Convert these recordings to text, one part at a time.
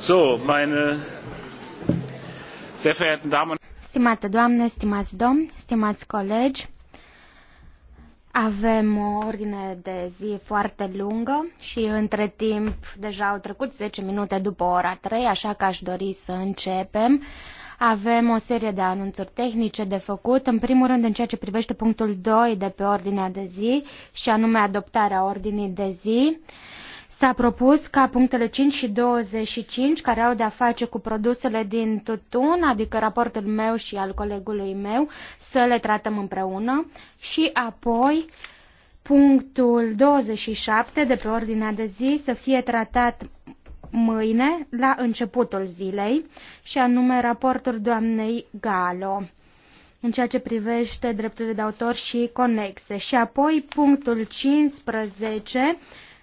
So, meine sehr verehrten Damen Stimate doamne, stimați domni, stimați colegi, avem o ordine de zi foarte lungă și între timp deja au trecut 10 minute după ora 3, așa că aș dori să începem. Avem o serie de anunțuri tehnice de făcut, în primul rând în ceea ce privește punctul 2 de pe ordinea de zi și anume adoptarea ordinii de zi. Uh, S-a propus ca punctele 5 și 25, care au de-a face cu produsele din tutun, adică raportul meu și al colegului meu, să le tratăm împreună și apoi punctul 27 de pe ordinea de zi să fie tratat mâine la începutul zilei și anume raportul doamnei Galo în ceea ce privește drepturile de autor și conexe. Și apoi punctul 15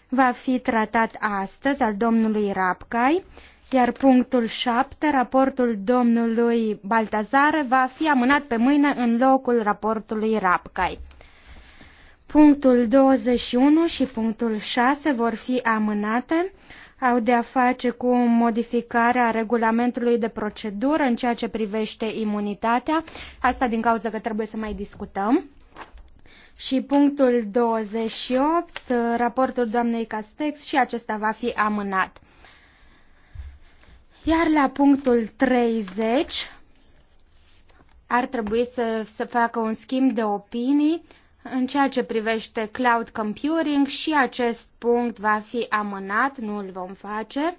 va fi tratat astăzi al domnului Rapcai, iar punctul 7, raportul domnului Baltazar va fi amânat pe mâine în locul raportului Rapcai. Punctul 21 și punctul 6 vor fi amânate, au de a face cu modificarea regulamentului de procedură în ceea ce privește imunitatea, asta din cauza că trebuie să mai discutăm. Și punctul 28, raportul doamnei Castex și acesta va fi amânat. Iar la punctul 30 ar trebui să, să facă un schimb de opinii în ceea ce privește cloud computing și acest punct va fi amânat, nu îl vom face.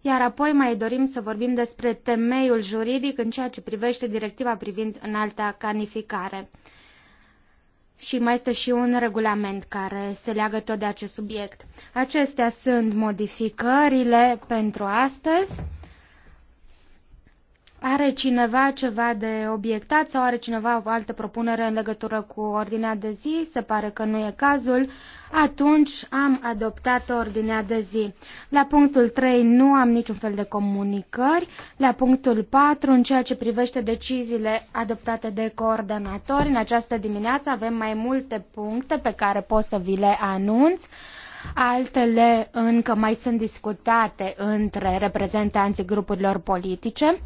Iar apoi mai dorim să vorbim despre temeiul juridic în ceea ce privește directiva privind înalta canificare și mai este și un regulament care se leagă tot de acest subiect. Acestea sunt modificările pentru astăzi. Are cineva ceva de obiectat sau are cineva o altă propunere în legătură cu ordinea de zi? Se pare că nu e cazul. Atunci am adoptat ordinea de zi. La punctul 3 nu am niciun fel de comunicări. La punctul 4, în ceea ce privește deciziile adoptate de coordonatori, în această dimineață avem mai multe puncte pe care pot să vi le anunț altele încă mai sunt discutate între reprezentanții grupurilor politice.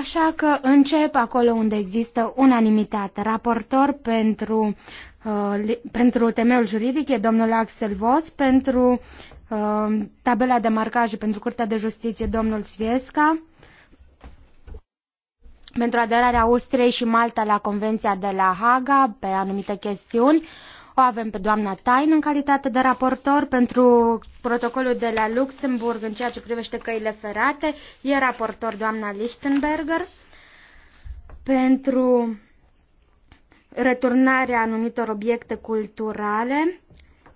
Așa că încep acolo unde există unanimitate. Raportor pentru, uh, pentru temeul juridic e domnul Axel Vos, pentru uh, tabela de marcaje pentru Curtea de Justiție domnul Sviesca, pentru aderarea Austriei și Malta la Convenția de la Haga pe anumite chestiuni, uh, o avem pe doamna Tain în calitate de raportor pentru protocolul de la Luxemburg în ceea ce privește căile ferate. E raportor doamna Lichtenberger pentru returnarea anumitor obiecte culturale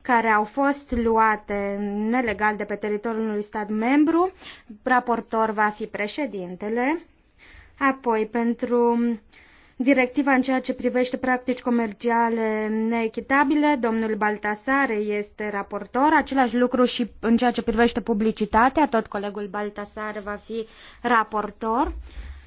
care au fost luate nelegal de pe teritoriul unui stat membru. Raportor va fi președintele. Apoi, pentru directiva în ceea ce privește practici comerciale neechitabile. Domnul Baltasare este raportor. Același lucru și în ceea ce privește publicitatea. Tot colegul Baltasare va fi raportor.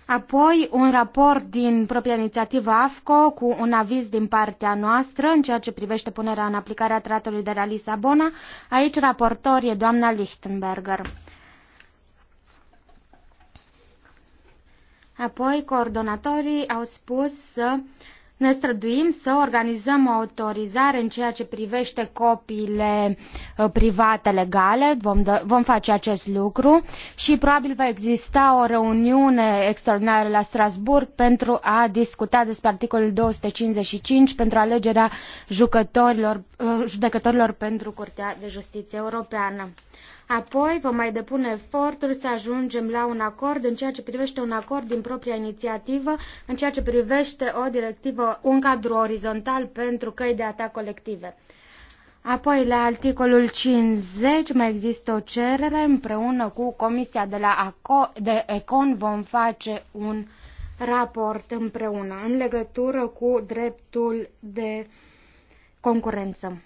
Apoi un raport din propria inițiativă AFCO cu un aviz din partea noastră în ceea ce privește punerea în aplicare a tratului de la Lisabona. Aici raportor e doamna Lichtenberger. Apoi, coordonatorii au spus să ne străduim să organizăm o autorizare în ceea ce privește copiile uh, private legale. Vom, dă, vom face acest lucru și probabil va exista o reuniune extraordinară la Strasburg pentru a discuta despre articolul 255 pentru alegerea jucătorilor, uh, judecătorilor pentru Curtea de Justiție Europeană. Apoi vom mai depune eforturi să ajungem la un acord în ceea ce privește un acord din propria inițiativă, în ceea ce privește o directivă, un cadru orizontal pentru căi de atac colective. Apoi, la articolul 50 mai există o cerere. Împreună cu Comisia de la ACO, de ECON vom face un raport împreună în legătură cu dreptul de concurență.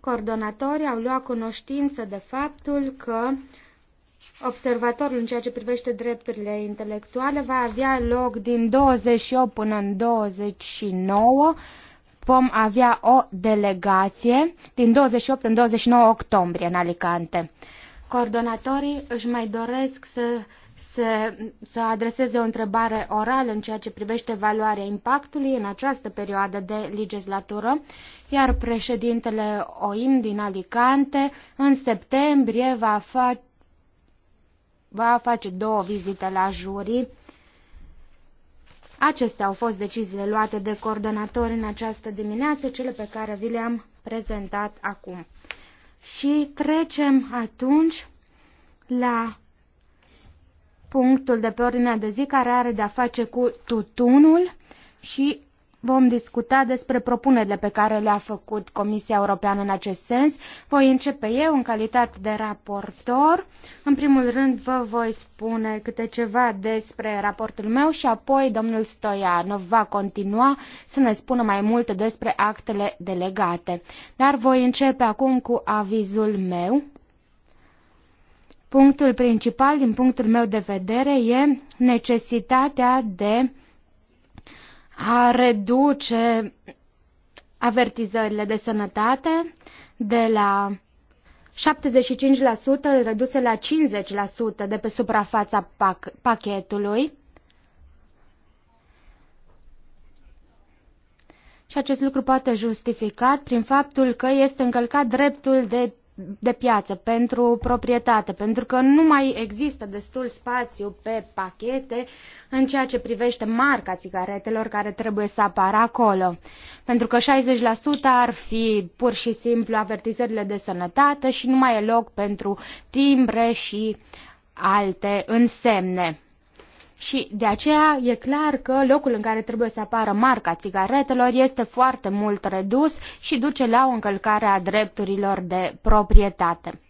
Coordonatorii au luat cunoștință de faptul că observatorul în ceea ce privește drepturile intelectuale va avea loc din 28 până în 29 vom avea o delegație din 28 în 29 octombrie în Alicante. Coordonatorii își mai doresc să, să, să adreseze o întrebare orală în ceea ce privește evaluarea impactului în această perioadă de legislatură iar președintele OIM din Alicante în septembrie va, fa- va face două vizite la jurii. Acestea au fost deciziile luate de coordonatori în această dimineață, cele pe care vi le-am prezentat acum. Și trecem atunci la punctul de pe ordinea de zi care are de-a face cu tutunul și vom discuta despre propunerile pe care le-a făcut Comisia Europeană în acest sens. Voi începe eu în calitate de raportor. În primul rând vă voi spune câte ceva despre raportul meu și apoi domnul Stoianov va continua să ne spună mai multe despre actele delegate. Dar voi începe acum cu avizul meu. Punctul principal din punctul meu de vedere e necesitatea de a reduce avertizările de sănătate de la 75% reduse la 50% de pe suprafața pac- pachetului. Și acest lucru poate justificat prin faptul că este încălcat dreptul de de piață, pentru proprietate, pentru că nu mai există destul spațiu pe pachete în ceea ce privește marca țigaretelor care trebuie să apară acolo. Pentru că 60% ar fi pur și simplu avertizările de sănătate și nu mai e loc pentru timbre și alte însemne. Și de aceea e clar că locul în care trebuie să apară marca țigaretelor este foarte mult redus și duce la o încălcare a drepturilor de proprietate.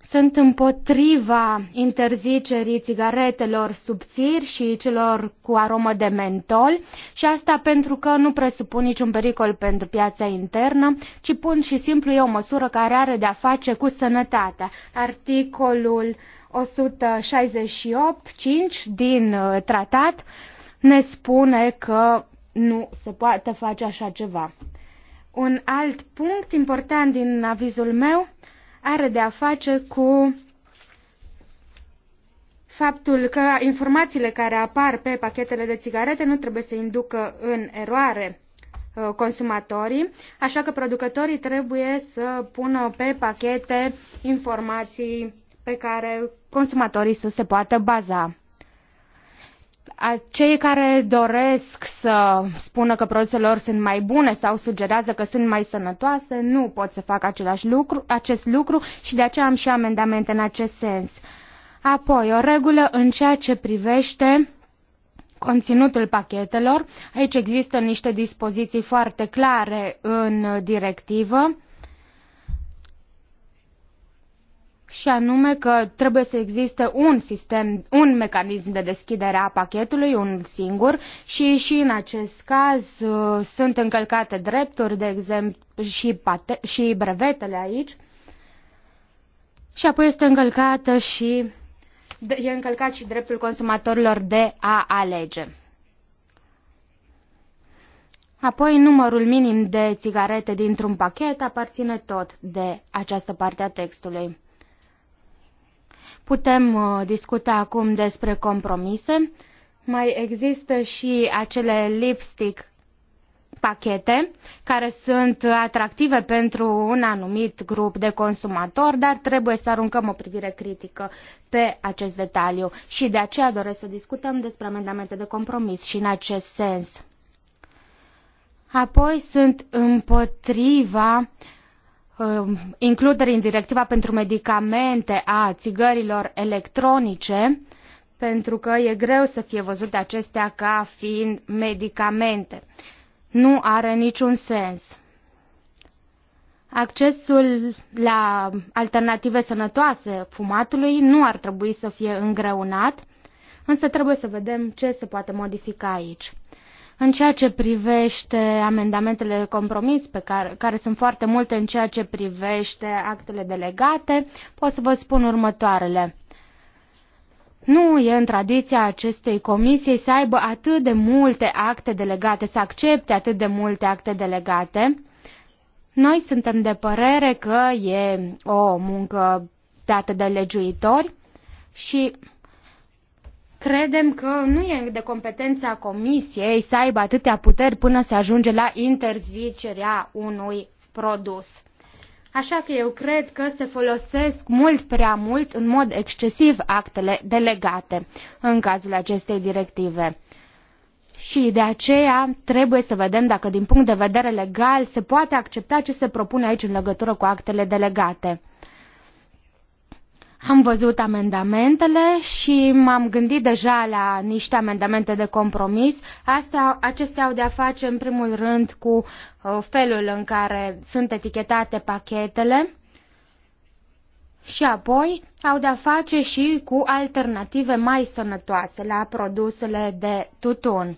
Sunt împotriva interzicerii țigaretelor subțiri și celor cu aromă de mentol și asta pentru că nu presupun niciun pericol pentru piața internă, ci pun și simplu e o măsură care are de-a face cu sănătatea. Articolul uh, 168.5 din uh, tratat ne spune că nu se poate face așa ceva. Un alt punct important din avizul meu are de a face cu faptul că informațiile care apar pe pachetele de țigarete nu trebuie să inducă în eroare uh, consumatorii, așa că producătorii trebuie să pună pe pachete informații pe care consumatorii să se poată baza. Cei care doresc să spună că produsele lor sunt mai bune sau sugerează că sunt mai sănătoase, nu pot să facă același lucru, acest lucru și de aceea am și amendamente în acest sens. Apoi, o regulă în ceea ce privește conținutul pachetelor. Aici există niște dispoziții foarte clare în directivă și anume că trebuie să existe un sistem, un mecanism de deschidere a pachetului, un singur, și și în acest caz uh, sunt încălcate drepturi, de exemplu, și, pate- și brevetele aici. Și apoi este încălcată și e încălcat și dreptul consumatorilor de a alege. Apoi, numărul minim de țigarete dintr-un pachet aparține tot de această parte a textului. Putem uh, discuta acum despre compromise. Mai există și acele lipstick pachete care sunt atractive pentru un anumit grup de consumatori, dar trebuie să aruncăm o privire critică pe acest detaliu și de aceea doresc să discutăm despre amendamente de compromis și în acest sens. Apoi sunt împotriva uh, Um, includerii în directiva pentru medicamente a țigărilor electronice, pentru că e greu să fie văzute acestea ca fiind medicamente. Nu are niciun sens. Accesul la alternative sănătoase fumatului nu ar trebui să fie îngreunat, însă trebuie să vedem ce se poate modifica aici. În ceea ce privește amendamentele de compromis, pe care, care sunt foarte multe în ceea ce privește actele delegate, pot să vă spun următoarele. Nu e în tradiția acestei comisii să aibă atât de multe acte delegate, să accepte atât de multe acte delegate. Noi suntem de părere că e o muncă dată de legiuitori și Credem că nu e de competența comisiei să aibă atâtea puteri până se ajunge la interzicerea unui produs. Așa că eu cred că se folosesc mult prea mult, în mod excesiv, actele delegate în cazul acestei directive. Și de aceea trebuie să vedem dacă din punct de vedere legal se poate accepta ce se propune aici în legătură cu actele delegate. Am văzut amendamentele și m-am gândit deja la niște amendamente de compromis. Astea, acestea au de-a face în primul rând cu uh, felul în care sunt etichetate pachetele și apoi au de-a face și cu alternative mai sănătoase la produsele de tutun.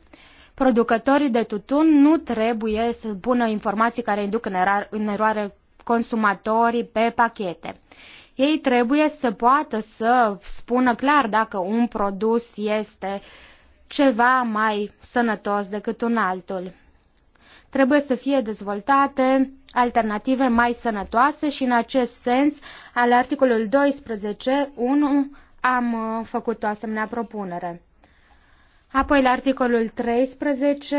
Producătorii de tutun nu trebuie să pună informații care induc în, erar, în eroare consumatorii pe pachete. Ei trebuie să poată să spună clar dacă un produs este ceva mai sănătos decât un altul. Trebuie să fie dezvoltate alternative mai sănătoase și în acest sens, al articolul 12.1 am uh, făcut o asemenea propunere. Apoi la articolul 13,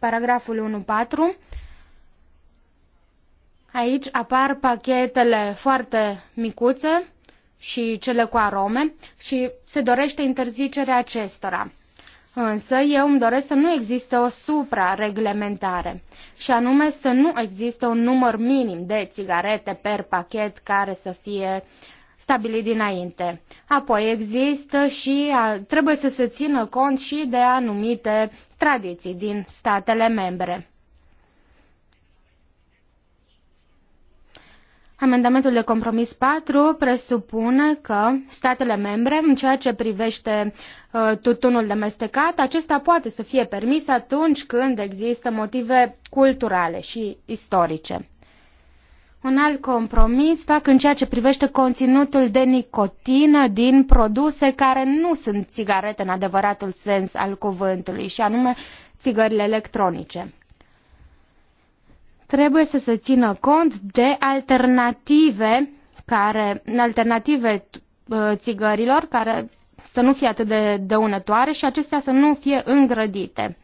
paragraful 1.4, Aici apar pachetele foarte micuțe și cele cu arome și se dorește interzicerea acestora. Însă eu îmi doresc să nu existe o suprareglementare și anume să nu existe un număr minim de țigarete per pachet care să fie stabilit dinainte. Apoi există și trebuie să se țină cont și de anumite tradiții din statele membre. Amendamentul de compromis 4 presupune că statele membre, în ceea ce privește uh, tutunul mestecat, acesta poate să fie permis atunci când există motive culturale și istorice. Un alt compromis fac în ceea ce privește conținutul de nicotină din produse care nu sunt țigarete în adevăratul sens al cuvântului, și anume țigările electronice trebuie să se țină cont de alternative care, alternative uh, țigărilor care să nu fie atât de dăunătoare și acestea să nu fie îngrădite.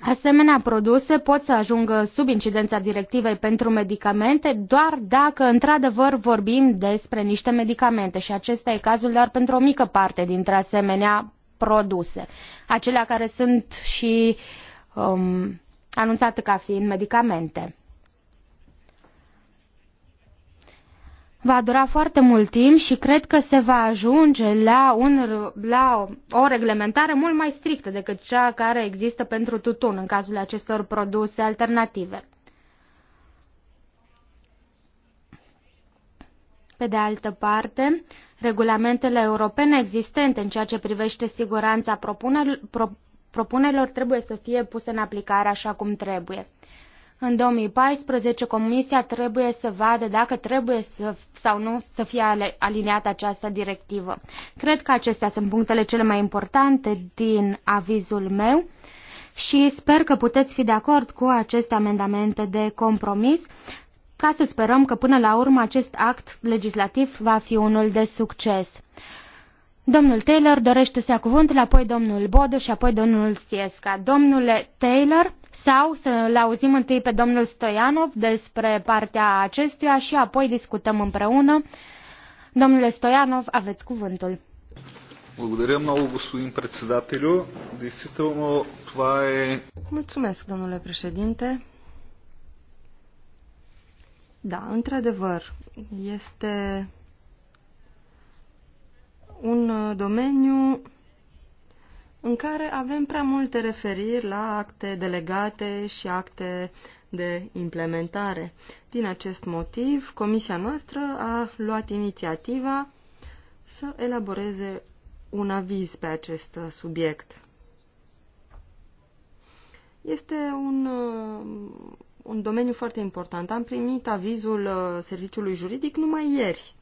Asemenea, produse pot să ajungă sub incidența directivei pentru medicamente doar dacă într-adevăr vorbim despre niște medicamente și acesta e cazul doar pentru o mică parte dintre asemenea produse, acelea care sunt și um, anunțată ca fiind medicamente. Va dura foarte mult timp și cred că se va ajunge la, un, la o reglementare mult mai strictă decât cea care există pentru tutun în cazul acestor produse alternative. Pe de altă parte, regulamentele europene existente în ceea ce privește siguranța propunerilor trebuie să fie puse în aplicare așa cum trebuie. În 2014, Comisia trebuie să vadă dacă trebuie să, sau nu să fie aliniată această directivă. Cred că acestea sunt punctele cele mai importante din avizul meu și sper că puteți fi de acord cu aceste amendamente de compromis ca să sperăm că până la urmă acest act legislativ va fi unul de succes. Domnul Taylor dorește să ia cuvântul, apoi domnul Bodu și apoi domnul Siesca. Domnule Taylor, sau să-l auzim întâi pe domnul Stoianov despre partea acestuia și apoi discutăm împreună. Domnule Stoianov, aveți cuvântul. Благодаря много, господин председателю. Действително, това е... Mulțumesc, domnule președinte. Da, într-adevăr, este un uh, domeniu în care avem prea multe referiri la acte delegate și acte de implementare. Din acest motiv, comisia noastră a luat inițiativa să elaboreze un aviz pe acest uh, subiect. Este un, uh, un domeniu foarte important. Am primit avizul serviciului juridic numai ieri.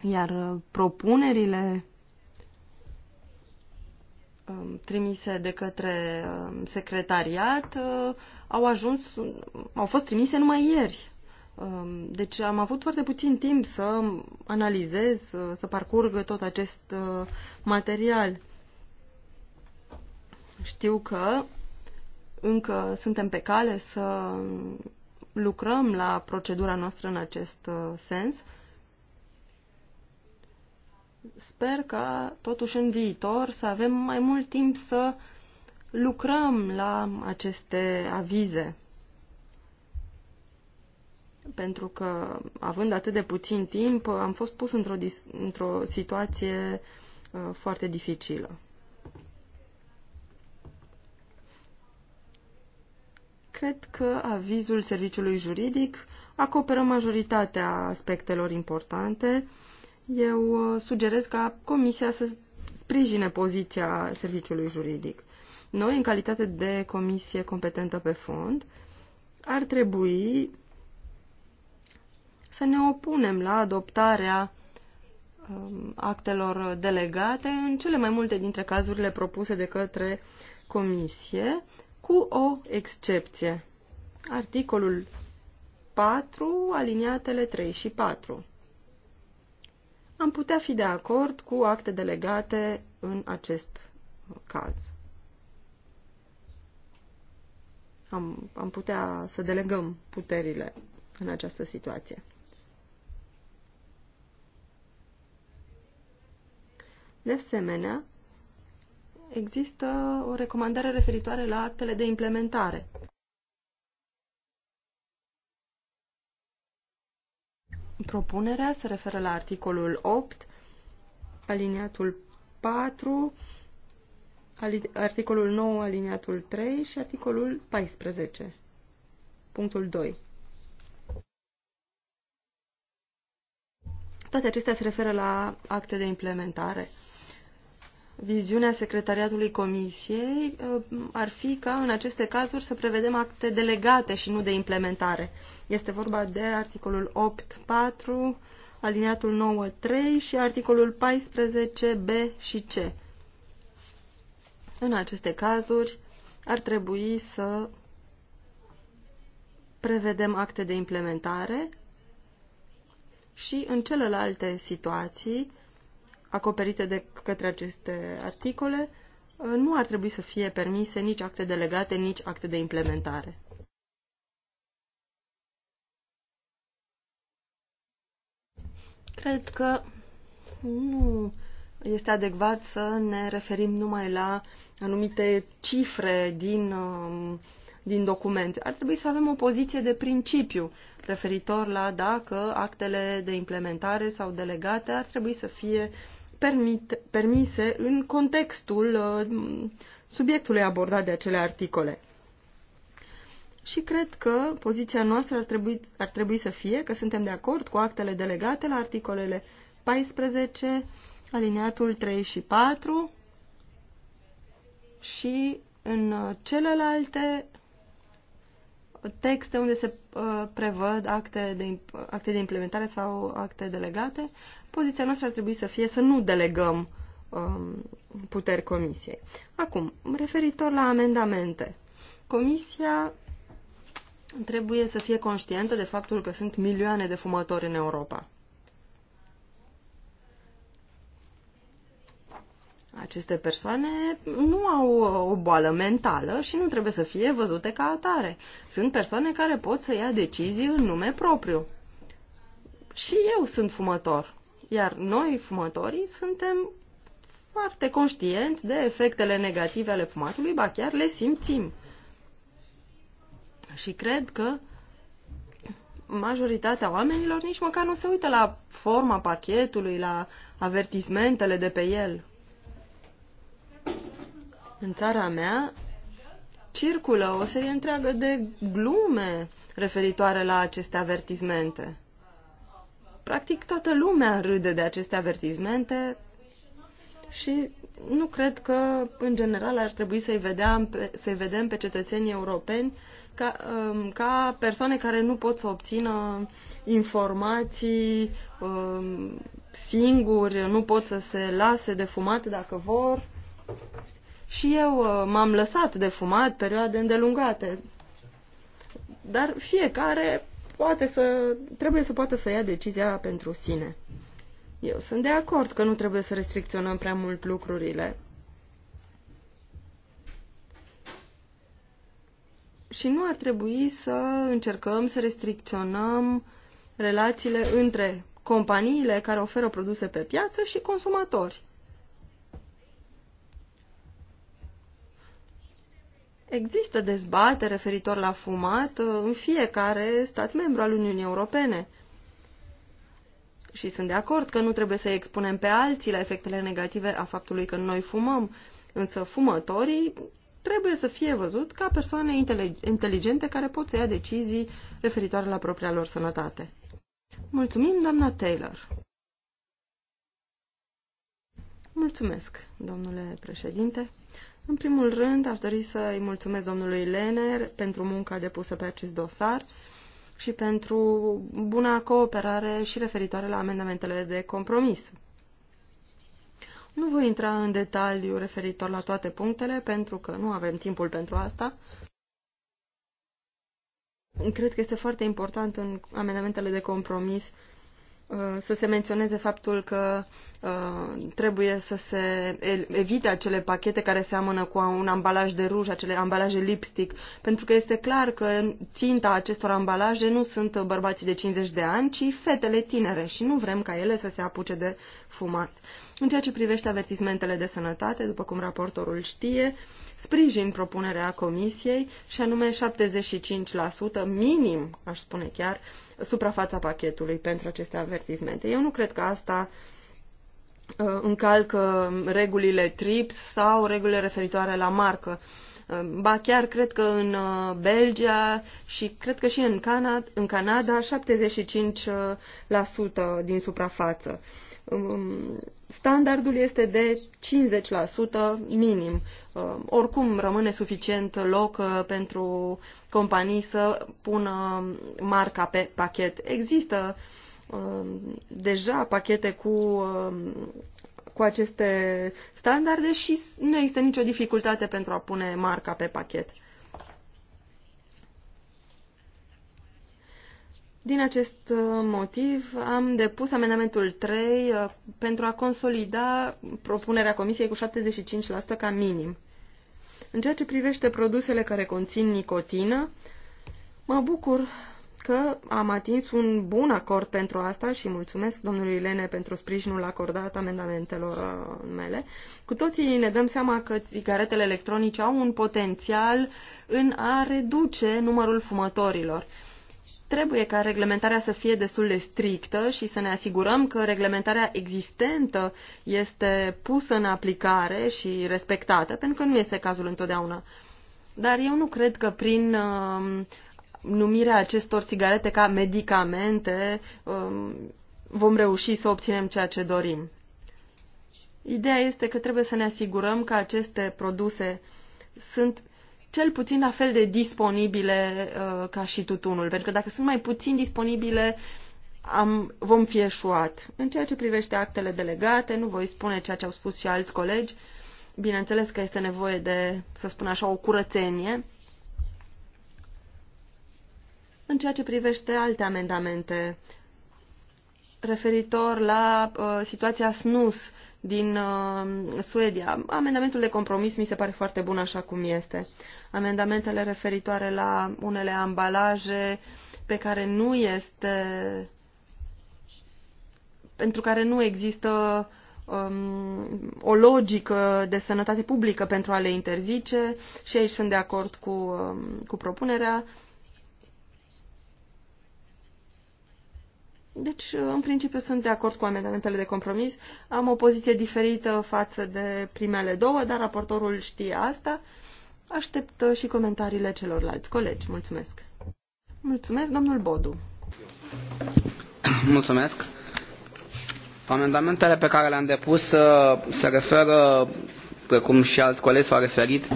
Iar uh, propunerile um, trimise de către um, secretariat uh, au ajuns, au fost trimise numai ieri. Um, deci am avut foarte puțin timp să analizez, uh, să parcurg tot acest material. Știu că încă suntem pe cale să lucrăm la procedura noastră în acest sens sper că totuși în viitor să avem mai mult timp să lucrăm la aceste avize. Pentru că, având atât de puțin timp, am fost pus într-o, într, -o, situație uh, foarte dificilă. Cred că avizul serviciului juridic acoperă majoritatea aspectelor importante uh, eu uh, sugerez ca Comisia să sprijine poziția serviciului juridic. Noi, în calitate de comisie competentă pe fond, ar trebui să ne opunem la adoptarea um, actelor delegate în cele mai multe dintre cazurile propuse de către comisie, cu o excepție. Articolul 4, aliniatele 3 și 4 am putea fi de acord cu acte delegate în acest caz. Am, am putea să delegăm puterile în această situație. De asemenea, există o recomandare referitoare la actele de implementare. Propunerea se referă la articolul 8, aliniatul 4, articolul 9, aliniatul 3 și articolul 14, punctul 2. Toate acestea se referă la acte de implementare viziunea secretariatului comisiei uh, ar fi ca în aceste cazuri să prevedem acte delegate și nu de implementare. Este vorba de articolul 8.4, aliniatul 9.3 și articolul 14b și c. În aceste cazuri ar trebui să prevedem acte de implementare și în celelalte situații acoperite de către aceste articole, uh, nu ar trebui să fie permise nici acte delegate, nici acte de implementare. Cred că nu este adecvat să ne referim numai la anumite cifre din, um, din documente. Ar trebui să avem o poziție de principiu referitor la dacă actele de implementare sau delegate ar trebui să fie uh, permit, permise în contextul uh, subiectului abordat de acele articole. Și cred că poziția noastră ar trebui, ar trebui să fie că suntem de acord cu actele delegate la articolele 14, aliniatul 3 și 4 și în uh, celelalte texte unde se uh, prevăd acte de, acte de implementare sau acte delegate, poziția noastră ar trebui să fie să nu delegăm um, puteri comisiei. Acum, referitor la amendamente, comisia trebuie să fie conștientă de faptul că sunt milioane de fumători în Europa. Aceste persoane nu au o boală mentală și nu trebuie să fie văzute ca atare. Sunt persoane care pot să ia decizii în nume propriu. Și eu sunt fumător. Iar noi, fumătorii, suntem foarte conștienți de efectele negative ale fumatului, ba chiar le simțim. Și cred că majoritatea oamenilor nici măcar nu se uită la forma pachetului, la avertismentele de pe el. În țara mea circulă o serie întreagă de glume referitoare la aceste avertismente. Practic toată lumea râde de aceste avertizmente și nu cred că, în general, ar trebui să-i vedem, să vedem pe cetățenii europeni ca, um, ca persoane care nu pot să obțină informații um, singuri, nu pot să se lase de fumat dacă vor. Și eu uh, m-am lăsat de fumat perioade îndelungate. Dar fiecare poate să, trebuie să poată să ia decizia pentru sine. Eu sunt de acord că nu trebuie să restricționăm prea mult lucrurile. Și nu ar trebui să încercăm să restricționăm relațiile între companiile care oferă produse pe piață și consumatori. Există dezbatere referitor la fumat uh, în fiecare stat membru al Uniunii Europene. Și sunt de acord că nu trebuie să expunem pe alții la efectele negative a faptului că noi fumăm, însă fumătorii trebuie să fie văzut ca persoane inteligente care pot să ia decizii referitoare la propria lor sănătate. Mulțumim, doamna Taylor. Mulțumesc, domnule președinte. În primul rând, aș dori să îi mulțumesc domnului Lener pentru munca depusă pe acest dosar și pentru buna cooperare și referitoare la amendamentele de compromis. Nu voi intra în detaliu referitor la toate punctele, pentru că nu avem timpul pentru asta. Cred că este foarte important în amendamentele de compromis Uh, să se menționeze faptul că uh, trebuie să se evite acele pachete care seamănă cu un ambalaj de ruj, acele ambalaje lipstick, pentru că este clar că ținta acestor ambalaje nu sunt bărbații de 50 de ani, ci fetele tinere și nu vrem ca ele să se apuce de fumat. În ceea ce privește avertismentele de sănătate, după cum raportorul știe, sprijin propunerea comisiei și anume 75% minim, aș spune chiar, suprafața pachetului pentru aceste avertizmente. Eu nu cred că asta uh, încalcă regulile TRIPS sau regulile referitoare la marcă. Uh, ba chiar cred că în uh, Belgia și cred că și în, Canada, în Canada 75% din suprafață. Uh, Um, standardul este de 50% minim. Um, oricum rămâne suficient loc uh, pentru companii să pună marca pe pachet. Există um, deja pachete cu, cu aceste standarde și nu există nicio dificultate pentru a pune marca pe pachet. Din acest uh, motiv am depus amendamentul 3 uh, pentru a consolida propunerea Comisiei cu 75% ca minim. În ceea ce privește produsele care conțin nicotină, mă bucur că am atins un bun acord pentru asta și mulțumesc domnului Lene pentru sprijinul acordat amendamentelor uh, mele. Cu toții ne dăm seama că țigaretele electronice au un potențial în a reduce numărul fumătorilor. Trebuie ca reglementarea să fie destul de strictă și să ne asigurăm că reglementarea existentă este pusă în aplicare și respectată, pentru că nu este cazul întotdeauna. Dar eu nu cred că prin uh, numirea acestor țigarete ca medicamente uh, vom reuși să obținem ceea ce dorim. Ideea este că trebuie să ne asigurăm că aceste produse sunt cel puțin la fel de disponibile uh, ca și tutunul, pentru că dacă sunt mai puțin disponibile, am, vom fi eșuat. În ceea ce privește actele delegate, nu voi spune ceea ce au spus și alți colegi, bineînțeles că este nevoie de, să spun așa, o curățenie. În ceea ce privește alte amendamente, referitor la uh, situația SNUS din uh, Suedia. Amendamentul de compromis mi se pare foarte bun așa cum este. Amendamentele referitoare la unele ambalaje pe care nu este pentru care nu există um, o logică de sănătate publică pentru a le interzice și aici sunt de acord cu, um, cu propunerea Deci, în principiu, sunt de acord cu amendamentele de compromis. Am o poziție diferită față de primele două, dar raportorul știe asta. Aștept uh, și comentariile celorlalți colegi. Mulțumesc! Mulțumesc, domnul Bodu! Mulțumesc! Amendamentele pe care le-am depus uh, se referă, precum și alți colegi s-au referit,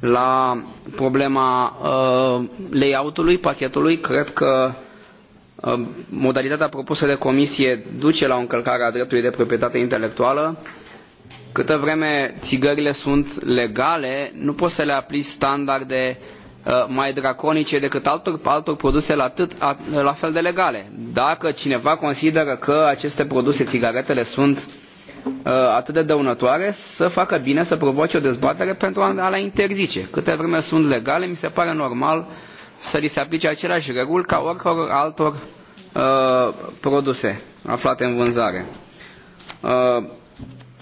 la problema uh, layout-ului, pachetului. Cred că modalitatea propusă de comisie duce la o încălcare a dreptului de proprietate intelectuală. Câtă vreme țigările sunt legale, nu poți să le aplici standarde uh, mai draconice decât altor, altor produse la, atât, a, la fel de legale. Dacă cineva consideră că aceste produse, țigaretele, sunt uh, atât de dăunătoare, să facă bine să provoace o dezbatere pentru a le interzice. Câtă vreme sunt legale, mi se pare normal uh, să li se aplice aceleași reguli ca oricăror altor uh, produse aflate în vânzare. Uh,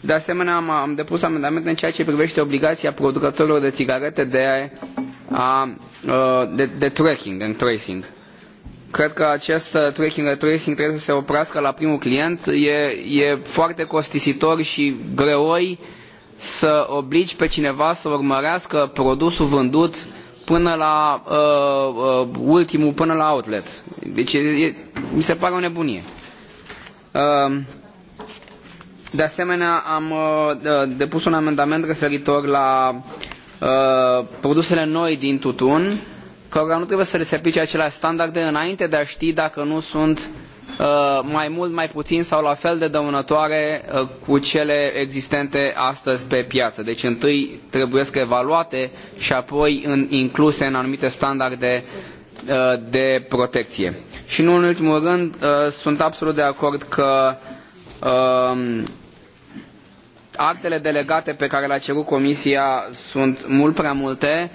de asemenea, am, am depus amendament în ceea ce privește obligația producătorilor de țigarete de, a, a, uh, de, de tracking în tracing. Cred că acest tracking tracing trebuie să se oprească la primul client. E, e foarte costisitor și greoi să obligi pe cineva să urmărească produsul vândut uh, până la uh, uh, ultimul, până la outlet. Deci e, e, mi se pare o nebunie. Uh, de asemenea, am uh, depus un amendament referitor la uh, produsele noi din tutun, că nu trebuie să le se aplice aceleași standarde înainte de a ști dacă nu sunt uh, Uh, mai mult, mai puțin sau la fel de dăunătoare uh, cu cele existente astăzi pe piață. Deci întâi trebuie să evaluate și apoi în, incluse în anumite standarde uh, de protecție. Și nu în ultimul rând, sunt absolut de acord că um, actele delegate pe care le-a cerut Comisia sunt mult prea multe.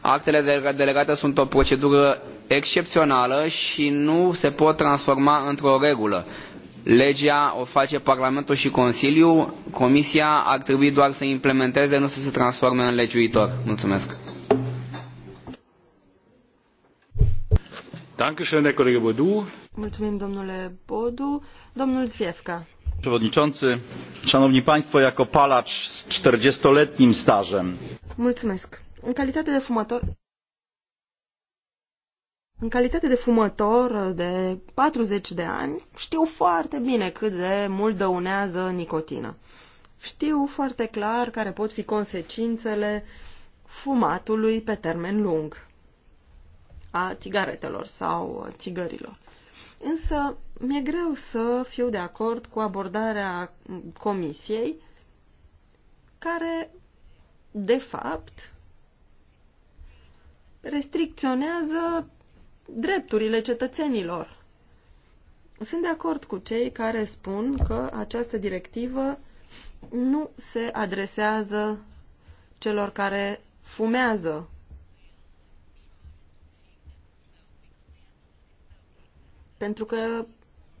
Actele delegate sunt o procedură excepțională și nu se pot transforma într-o regulă. Legea o face Parlamentul și Consiliul, Comisia ar trebui doar să implementeze, nu să se transforme în legiuitor. Mulțumesc. Mulțumim, domnule Bodu. Domnul Zwiefka. Przewodniczący, Szanowni Państwo, jako palacz z 40-letnim stażem. Mulțumesc. În calitate de fumator, în calitate de fumător de 40 de ani, știu foarte bine cât de mult dăunează nicotină. Știu foarte clar care pot fi consecințele fumatului pe termen lung, a țigaretelor sau țigărilor. Însă mi-e greu să fiu de acord cu abordarea comisiei care, de fapt, restricționează drepturile cetățenilor. Sunt de acord cu cei care spun că această directivă nu se adresează celor care fumează. Pentru că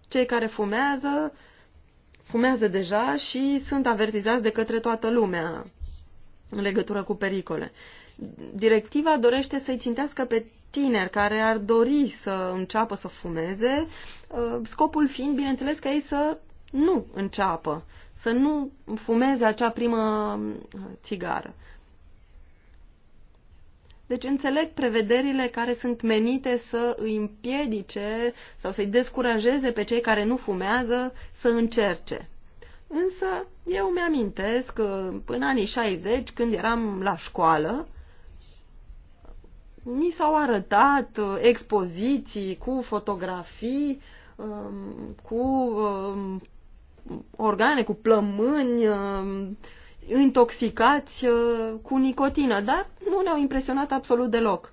cei care fumează, fumează deja și sunt avertizați de către toată lumea în legătură cu pericole. Directiva dorește să-i țintească pe tineri care ar dori să înceapă să fumeze, uh, scopul fiind, bineînțeles, că ei să nu înceapă, să nu fumeze acea primă um, țigară. Deci înțeleg prevederile care sunt menite să îi împiedice sau să-i descurajeze pe cei care nu fumează să încerce. Însă eu mi-amintesc că uh, până anii 60, când eram la școală, Ni s-au arătat uh, expoziții cu fotografii, um, cu um, organe, cu plămâni, um, intoxicați uh, cu nicotină, dar nu ne-au impresionat absolut deloc.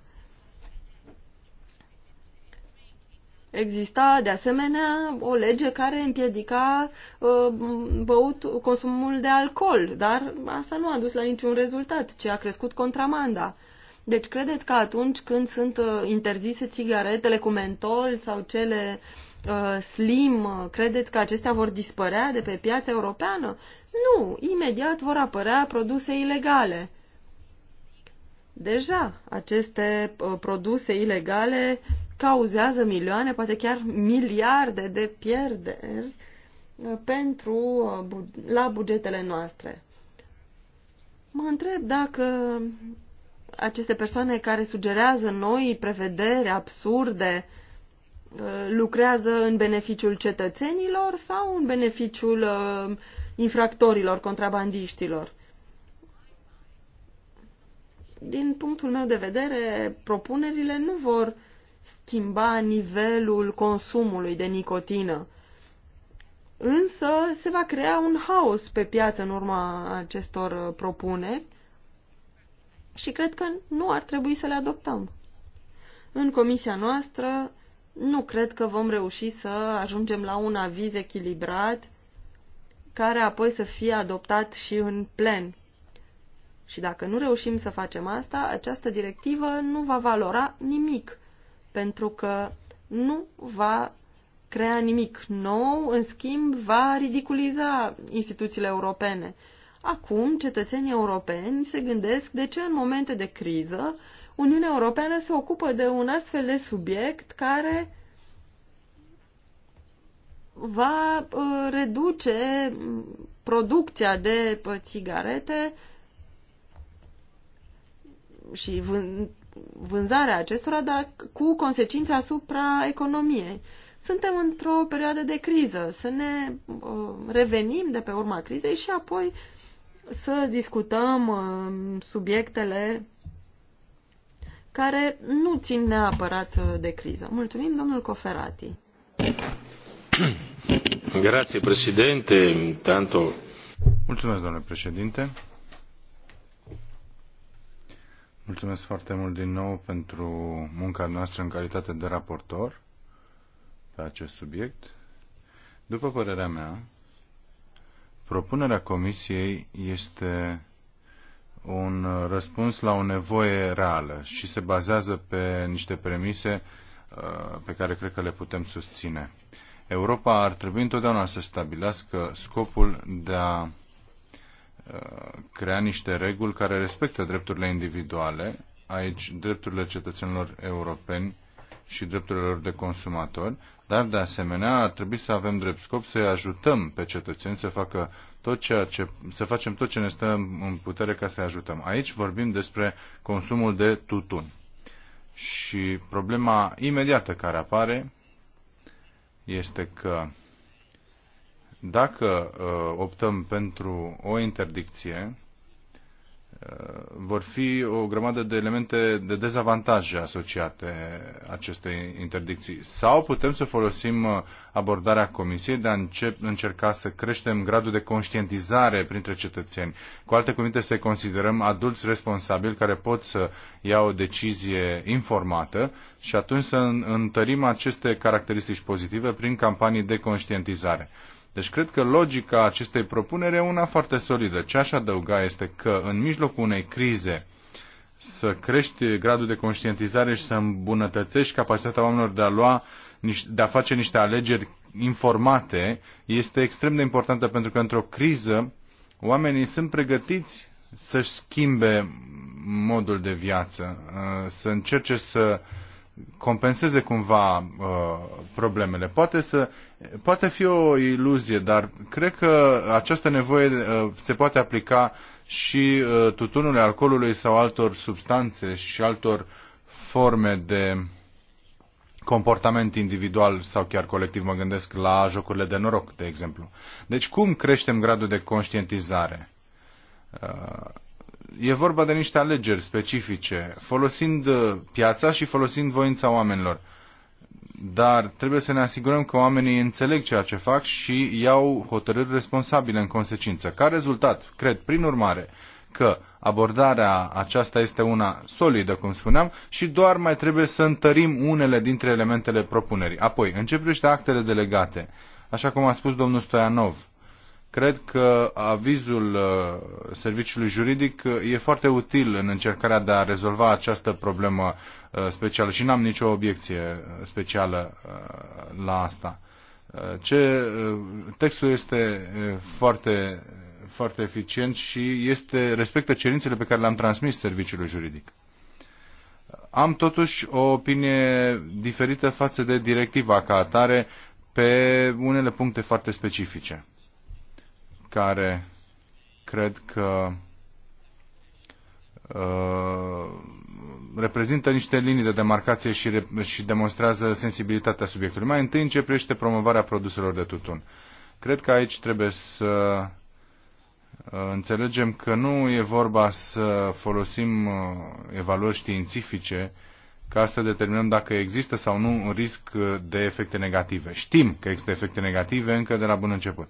Exista, de asemenea, o lege care împiedica uh, băut, consumul de alcool, dar asta nu a dus la niciun rezultat, ci a crescut contramanda. Deci credeți că atunci când sunt uh, interzise țigaretele cu mentol sau cele uh, slim, uh, credeți că acestea vor dispărea de pe piața europeană? Nu, imediat vor apărea produse ilegale. Deja aceste uh, produse ilegale cauzează milioane, poate chiar miliarde de pierderi uh, pentru, la bugetele noastre. Mă întreb dacă aceste persoane care sugerează noi prevederi absurde uh, lucrează în beneficiul cetățenilor sau în beneficiul uh, infractorilor, contrabandiștilor. Din punctul meu de vedere, propunerile nu vor schimba nivelul consumului de nicotină. Însă se va crea un haos pe piață în urma acestor uh, propuneri și cred că nu ar trebui să le adoptăm. În comisia noastră nu cred că vom reuși să ajungem la un aviz echilibrat care apoi să fie adoptat și în plen. Și dacă nu reușim să facem asta, această directivă nu va valora nimic, pentru că nu va crea nimic nou, în schimb va ridiculiza instituțiile europene Acum, cetățenii europeni se gândesc de ce în momente de criză Uniunea Europeană se ocupă de un astfel de subiect care va uh, reduce producția de uh, țigarete și vânzarea acestora, dar cu consecințe asupra economiei. Suntem într-o perioadă de criză, să ne uh, revenim de pe urma crizei și apoi să discutăm uh, subiectele care nu țin neapărat uh, de criză. Mulțumim, domnul Coferati. Grazie, președinte. Tanto... Mulțumesc, domnule președinte. Mulțumesc foarte mult din nou pentru munca noastră în calitate de raportor pe acest subiect. După părerea mea, Propunerea Comisiei este un răspuns la o nevoie reală și se bazează pe niște premise uh, pe care cred că le putem susține. Europa ar trebui întotdeauna să stabilească scopul de a uh, crea niște reguli care respectă drepturile individuale, aici drepturile cetățenilor europeni și drepturile lor de consumatori, dar de asemenea ar trebui să avem drept scop să ajutăm pe cetățeni să facă tot ceea ce, să facem tot ce ne stă în putere ca să-i ajutăm. Aici vorbim despre consumul de tutun. Și problema imediată care apare este că dacă uh, optăm pentru o interdicție, vor fi o grămadă de elemente de dezavantaje asociate acestei interdicții. Sau putem să folosim uh, abordarea Comisiei de a încep, încerca să creștem gradul de conștientizare printre cetățeni. Cu alte cuvinte, să considerăm adulți responsabili care pot să ia o decizie informată și atunci să întărim aceste caracteristici pozitive prin campanii de conștientizare. Deci cred că logica acestei propuneri e una foarte solidă. Ce aș adăuga este că în mijlocul unei crize să crești gradul de conștientizare și să îmbunătățești capacitatea oamenilor de a lua de a face niște alegeri informate este extrem de importantă pentru că într-o criză oamenii sunt pregătiți să-și schimbe modul de viață, uh, să încerce să compenseze cumva uh, problemele. Poate, să, poate fi o iluzie, dar cred că această nevoie uh, se poate aplica și uh, tutunului, alcoolului sau altor substanțe și altor forme de comportament individual sau chiar colectiv, mă gândesc la jocurile de noroc, de exemplu. Deci cum creștem gradul de conștientizare? Uh, e vorba de niște alegeri specifice, folosind uh, piața și folosind voința oamenilor. Dar trebuie să ne asigurăm că oamenii înțeleg ceea ce fac și iau hotărâri responsabile în consecință. Ca rezultat, cred, prin urmare, că abordarea aceasta este una solidă, cum spuneam, și doar mai trebuie să întărim unele dintre elementele propunerii. Apoi, în ce privește actele delegate, așa cum a spus domnul Stoianov, Cred că avizul uh, serviciului juridic uh, e foarte util în încercarea de a rezolva această problemă uh, specială și n-am nicio obiecție specială la asta. Ce, textul este foarte, foarte eficient și este, respectă cerințele pe care le-am transmis serviciului juridic. Am totuși o opinie diferită față de directiva ca atare pe unele puncte foarte specifice care cred că uh, reprezintă niște linii de demarcație și, și demonstrează sensibilitatea subiectului. Mai întâi începește promovarea produselor de tutun. Cred că aici trebuie să uh, înțelegem că nu e vorba să folosim uh, evaluări științifice ca să determinăm dacă există sau nu un risc de efecte negative. Știm că există efecte negative încă de la bun început.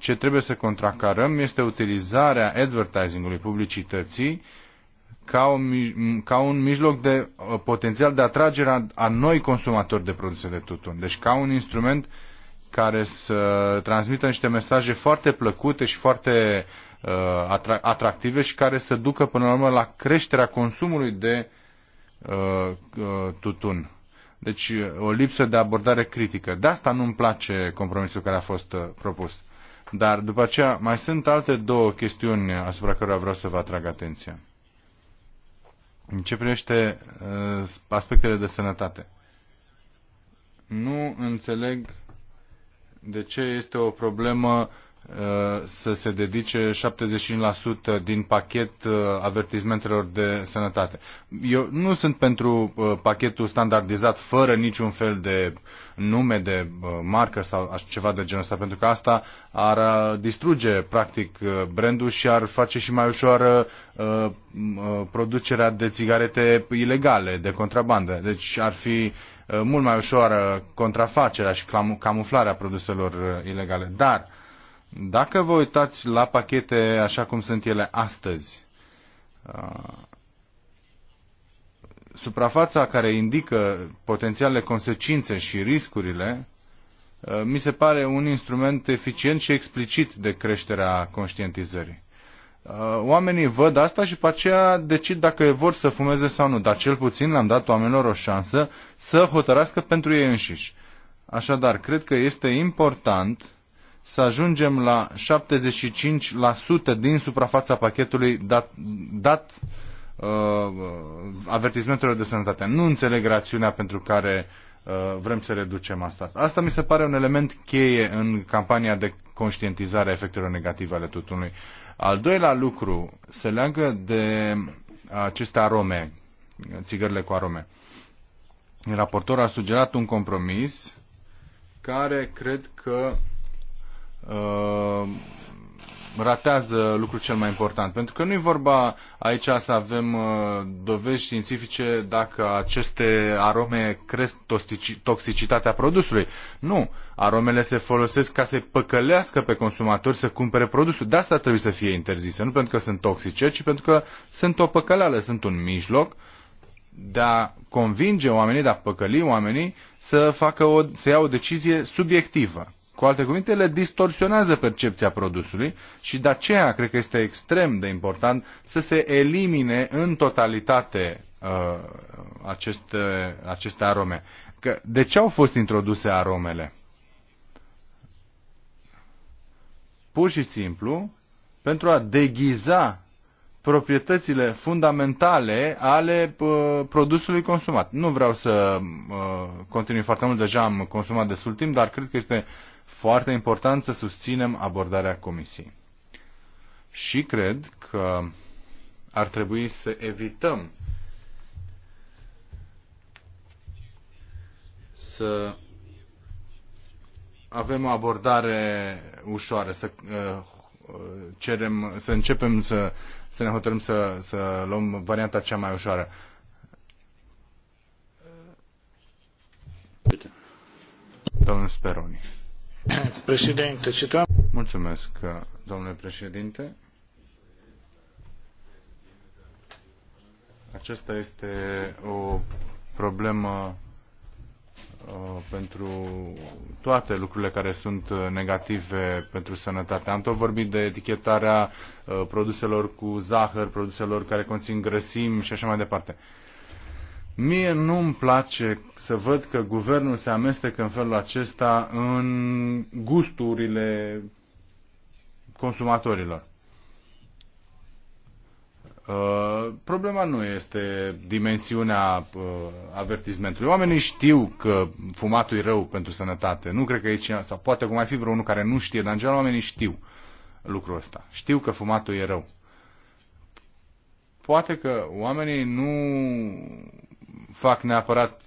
Ce trebuie să contracarăm este utilizarea advertisingului, publicității, ca un, ca un mijloc de uh, potențial de atragere a, a noi consumatori de produse de tutun. Deci ca un instrument care să transmită niște mesaje foarte plăcute și foarte uh, atra atractive și care să ducă până la urmă la creșterea consumului de uh, uh, tutun. Deci uh, o lipsă de abordare critică. De asta nu-mi place compromisul care a fost uh, propus. Dar după aceea mai sunt alte două chestiuni asupra cărora vreau să vă atrag atenția. În ce privește uh, aspectele de sănătate. Nu înțeleg de ce este o problemă uh, Uh, să se dedice 75% din pachet uh, avertizmentelor de sănătate. Eu nu sunt pentru uh, pachetul standardizat fără niciun fel de nume, de marcă sau ceva de genul ăsta, pentru că asta ar distruge practic brandul și ar face și mai ușoară producerea de țigarete ilegale, de contrabandă. Deci ar fi mult mai ușoară contrafacerea și camuflarea produselor ilegale. Dar dacă vă uitați la pachete așa cum sunt ele astăzi, uh, suprafața care indică potențialele consecințe și riscurile, uh, mi se pare un instrument eficient și explicit de creșterea conștientizării. Uh, oamenii văd asta și pe aceea decid dacă vor să fumeze sau nu, dar cel puțin le-am dat oamenilor o șansă să hotărască pentru ei înșiși. Așadar, cred că este important să ajungem la 75% din suprafața pachetului dat, dat uh, avertismentelor de sănătate. Nu înțeleg rațiunea pentru care uh, vrem să reducem asta. Asta mi se pare un element cheie în campania de conștientizare a efectelor negative ale tutunului. Al doilea lucru se leagă de aceste arome, țigările cu arome. Raportorul a sugerat un compromis care cred că uh, ratează lucrul cel mai important. Pentru că nu e vorba aici să avem uh, dovezi științifice dacă aceste arome cresc toxicitatea produsului. Nu. Aromele se folosesc ca să păcălească pe consumatori să cumpere produsul. De asta trebuie să fie interzise. Nu pentru că sunt toxice, ci pentru că sunt o păcăleală, sunt un mijloc de a convinge oamenii, de a păcăli oamenii să, facă o, să ia o decizie subiectivă. Cu alte cuvinte, le distorsionează percepția produsului și de aceea cred că este extrem de important să se elimine în totalitate uh, aceste, aceste arome. Că, de ce au fost introduse aromele? Pur și simplu pentru a deghiza proprietățile fundamentale ale uh, produsului consumat. Nu vreau să uh, continui foarte mult, deja am consumat destul timp, dar cred că este uh, foarte important să susținem abordarea Comisiei. Și cred că ar trebui să evităm să avem o abordare ușoară, să uh, cerem, să începem să, să ne hotărâm să, să luăm varianta cea mai ușoară. Domnul Speroni. Președinte, citam... Mulțumesc, domnule președinte. Aceasta este o problemă uh, pentru toate lucrurile care sunt uh, negative pentru sănătate. Am tot vorbit de etichetarea uh, produselor cu zahăr, produselor care conțin grăsimi și așa mai departe. Mie nu-mi place să văd că guvernul se amestecă în felul acesta în gusturile consumatorilor. Uh, problema nu este dimensiunea uh, avertismentului. Oamenii știu că fumatul e rău pentru sănătate. Nu cred că aici, sau poate că mai fi vreunul care nu știe, dar în general oamenii știu lucrul ăsta. Știu că fumatul e rău. Poate că oamenii nu fac neapărat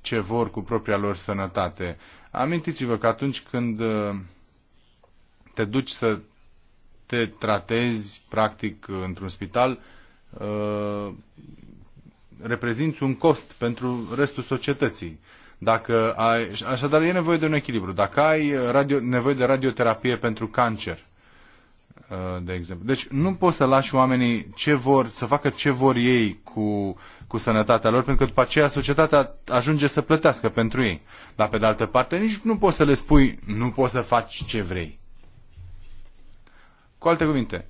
ce vor cu propria lor sănătate. Amintiți-vă că atunci când uh, te duci să te tratezi, practic, într-un spital, uh, reprezinți un cost pentru restul societății. Dacă ai, așadar, e nevoie de un echilibru. Dacă ai radio, nevoie de radioterapie pentru cancer, Uh, de exemplu. Deci nu poți să lași oamenii ce vor, să facă ce vor ei cu, cu sănătatea lor, pentru că după aceea societatea ajunge să plătească pentru ei. Dar pe de altă parte nici nu poți să le spui nu poți să faci ce vrei. Cu alte cuvinte,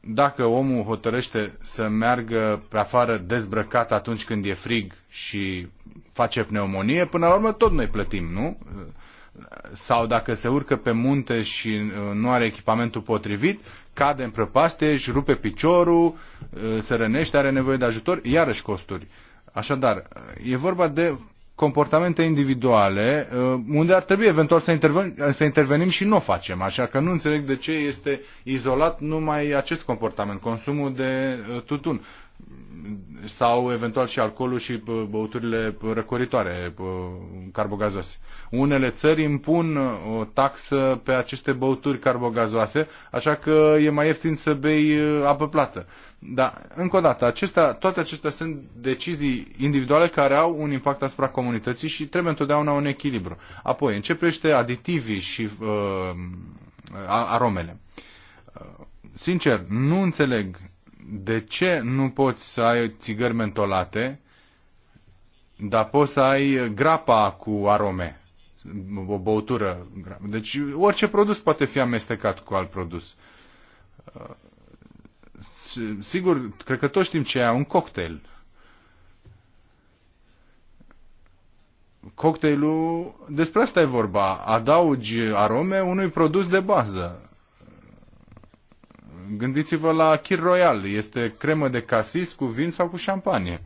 dacă omul hotărăște să meargă pe afară dezbrăcat atunci când e frig și face pneumonie, până la urmă tot noi plătim, nu? sau dacă se urcă pe munte și uh, nu are echipamentul potrivit, cade în prăpaste, își rupe piciorul, uh, se rănește, are nevoie de ajutor, iarăși costuri. Așadar, uh, e vorba de comportamente individuale unde ar trebui eventual să intervenim, să intervenim și nu o facem. Așa că nu înțeleg de ce este izolat numai acest comportament, consumul de tutun sau eventual și alcoolul și băuturile răcoritoare, carbogazoase. Unele țări impun uh, o taxă pe aceste băuturi carbogazoase, așa că e mai ieftin să bei uh, apă plată. Dar, încă o dată, acestea, toate acestea sunt decizii individuale care au un impact asupra comunității și trebuie întotdeauna un echilibru. Apoi, începește aditivii și uh, aromele. Uh, sincer, nu înțeleg de ce nu poți să ai țigări mentolate, dar poți să ai grapa cu arome, o băutură. Deci orice produs poate fi amestecat cu alt produs. Sigur, cred că toți știm ce e un cocktail. cocktailul, despre asta e vorba, adaugi arome unui produs de bază. Gândiți-vă la Kir Royal. Este cremă de casis cu vin sau cu șampanie.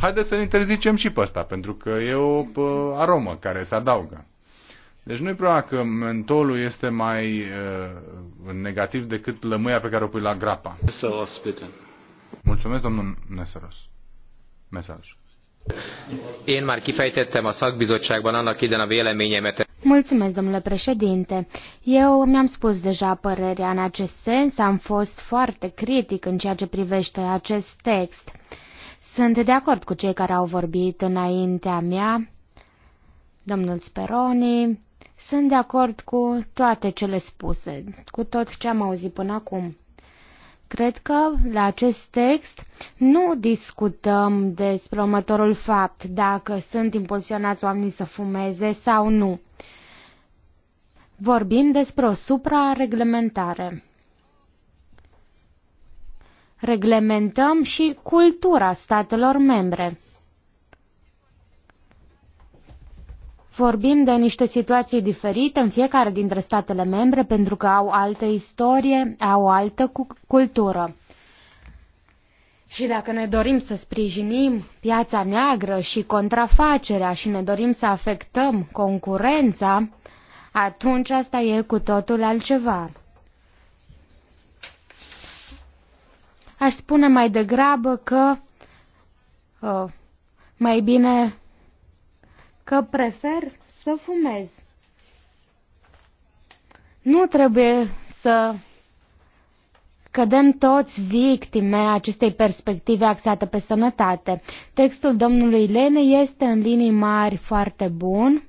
Haideți să-l interzicem și pe ăsta, pentru că e o aromă care se adaugă. Deci nu e problema că mentolul este mai uh, negativ decât lămâia pe care o pui la grapa. Mulțumesc, domnul Neseros. Mesaj. Én már kifejtettem a szakbizottságban annak idején a véleményemet. Mulțumesc, domnule președinte. Eu mi-am spus deja părerea în acest sens, am fost foarte critic în ceea ce privește acest text. Sunt de acord cu cei care au vorbit înaintea mea, domnul Speroni, sunt de acord cu toate cele spuse, cu tot ce am auzit până acum. Cred că la acest text nu discutăm despre următorul fapt, dacă sunt impulsionați oamenii să fumeze sau nu. Vorbim despre o suprareglementare. Reglementăm și cultura statelor membre. Vorbim de niște situații diferite în fiecare dintre statele membre pentru că au altă istorie, au altă cultură. Și dacă ne dorim să sprijinim piața neagră și contrafacerea și ne dorim să afectăm concurența, atunci asta e cu totul altceva. Aș spune mai degrabă că uh, mai bine că prefer să fumez. Nu trebuie să cădem toți victime acestei perspective axate pe sănătate. Textul domnului Lene este în linii mari foarte bun.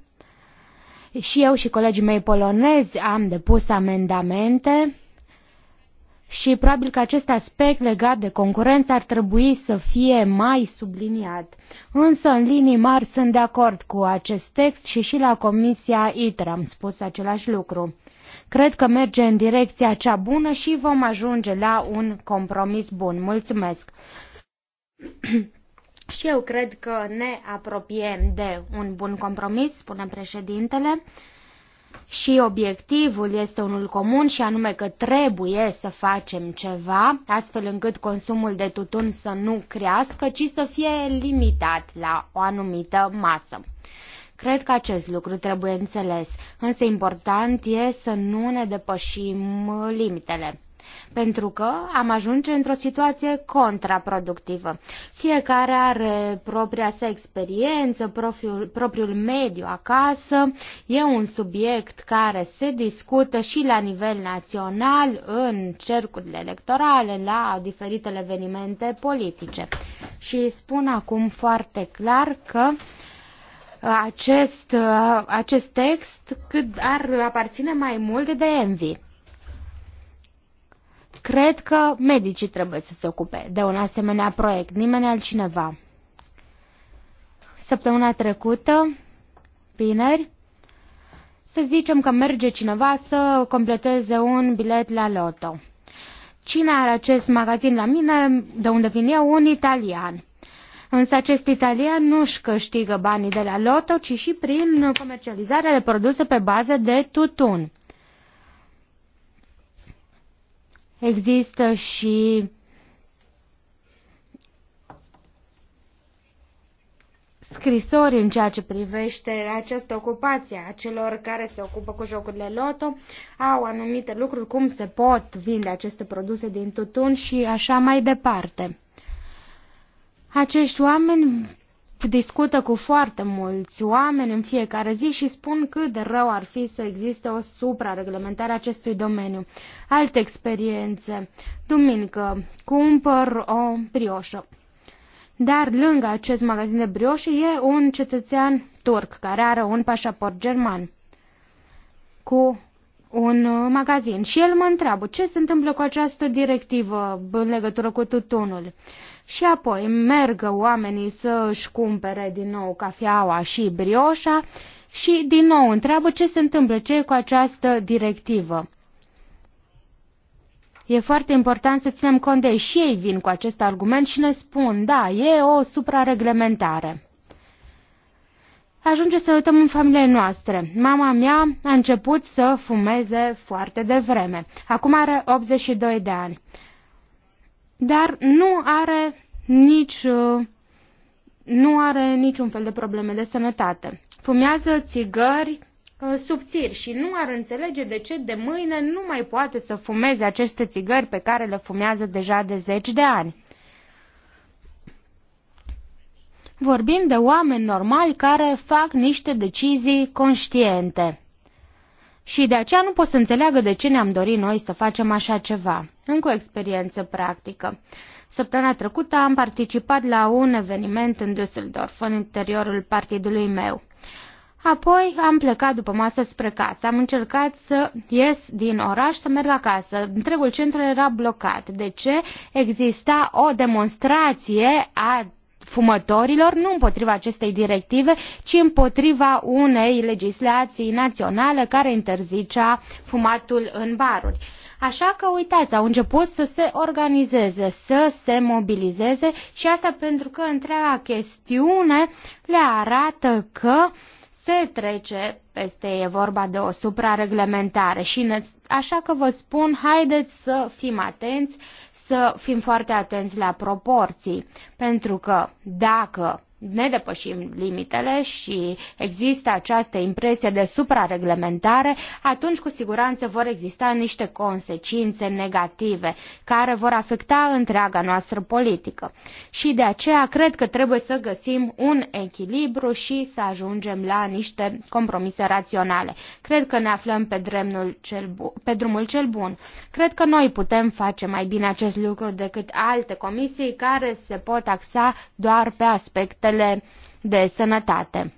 Și eu și colegii mei polonezi am depus amendamente și probabil că acest aspect legat de concurență ar trebui să fie mai subliniat. Însă, în linii mari, sunt de acord cu acest text și și la Comisia ITER am spus același lucru. Cred că merge în direcția cea bună și vom ajunge la un compromis bun. Mulțumesc! și eu cred că ne apropiem de un bun compromis, spune președintele și obiectivul este unul comun și anume că trebuie să facem ceva astfel încât consumul de tutun să nu crească, ci să fie limitat la o anumită masă. Cred că acest lucru trebuie înțeles, însă important e să nu ne depășim limitele pentru că am ajunge într-o situație contraproductivă. Fiecare are propria sa experiență, propriul, propriul mediu acasă. E un subiect care se discută și la nivel național, în cercurile electorale, la diferitele evenimente politice. Și spun acum foarte clar că acest, acest text cât ar aparține mai mult de Envy. Cred că medicii trebuie să se ocupe de un asemenea proiect, nimeni altcineva. Săptămâna trecută, vineri, să zicem că merge cineva să completeze un bilet la loto. Cine are acest magazin la mine, de unde vin eu, un italian. Însă acest italian nu își câștigă banii de la loto, ci și prin comercializarea de produse pe bază de tutun. Există și scrisori în ceea ce privește această ocupație a celor care se ocupă cu jocurile loto, au anumite lucruri, cum se pot vinde aceste produse din tutun și așa mai departe. Acești oameni discută cu foarte mulți oameni în fiecare zi și spun cât de rău ar fi să existe o suprareglementare a acestui domeniu. Alte experiențe. Duminică cumpăr o brioșă. Dar lângă acest magazin de brioșe e un cetățean turc care are un pașaport german cu un magazin și el mă întreabă ce se întâmplă cu această directivă în legătură cu tutunul și apoi mergă oamenii să își cumpere din nou cafeaua și brioșa și din nou întreabă ce se întâmplă, ce e cu această directivă. E foarte important să ținem cont de și ei vin cu acest argument și ne spun, da, e o suprareglementare. Ajunge să ne uităm în familiile noastre. Mama mea a început să fumeze foarte devreme. Acum are 82 de ani dar nu are nici uh, nu are niciun fel de probleme de sănătate. Fumează țigări uh, subțiri și nu ar înțelege de ce de mâine nu mai poate să fumeze aceste țigări pe care le fumează deja de zeci de ani. Vorbim de oameni normali care fac niște decizii conștiente. Și de aceea nu pot să înțeleagă de ce ne-am dorit noi să facem așa ceva. Încă o experiență practică. Săptămâna trecută am participat la un eveniment în Düsseldorf, în interiorul partidului meu. Apoi am plecat după masă spre casă. Am încercat să ies din oraș, să merg acasă. Întregul centru era blocat. De ce? Exista o demonstrație a fumătorilor, nu împotriva acestei directive, ci împotriva unei legislații naționale care interzicea fumatul în baruri. Așa că, uitați, au început să se organizeze, să se mobilizeze și asta pentru că întreaga chestiune le arată că se trece peste, e vorba de o suprareglementare și ne, așa că vă spun, haideți să fim atenți, să fim foarte atenți la proporții, pentru că dacă ne depășim limitele și există această impresie de suprareglementare, atunci cu siguranță vor exista niște consecințe negative care vor afecta întreaga noastră politică. Și de aceea cred că trebuie să găsim un echilibru și să ajungem la niște compromise raționale. Cred că ne aflăm pe, drumul cel bu- pe drumul cel bun. Cred că noi putem face mai bine acest lucru decât alte comisii care se pot axa doar pe aspectele sistemele de sănătate.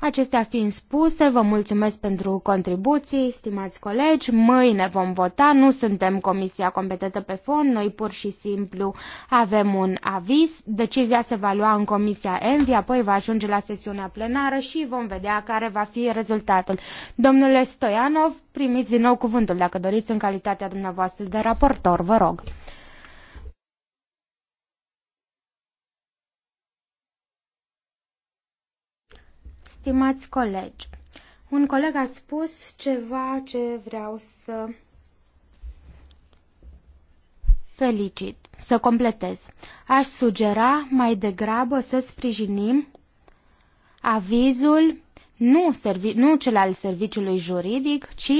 Acestea fiind spuse, vă mulțumesc pentru contribuții, stimați colegi. Mâine vom vota, nu suntem comisia competentă pe fond, noi pur și simplu avem un aviz. Decizia se va lua în comisia ENVI, apoi va ajunge la sesiunea plenară și vom vedea care va fi rezultatul. Domnule Stoianov, primiți din nou cuvântul dacă doriți în calitatea dumneavoastră de raportor, vă rog. Stimați colegi, un coleg a spus ceva ce vreau să felicit, să completez. Aș sugera mai degrabă să sprijinim avizul nu, servi, nu cel al serviciului juridic, ci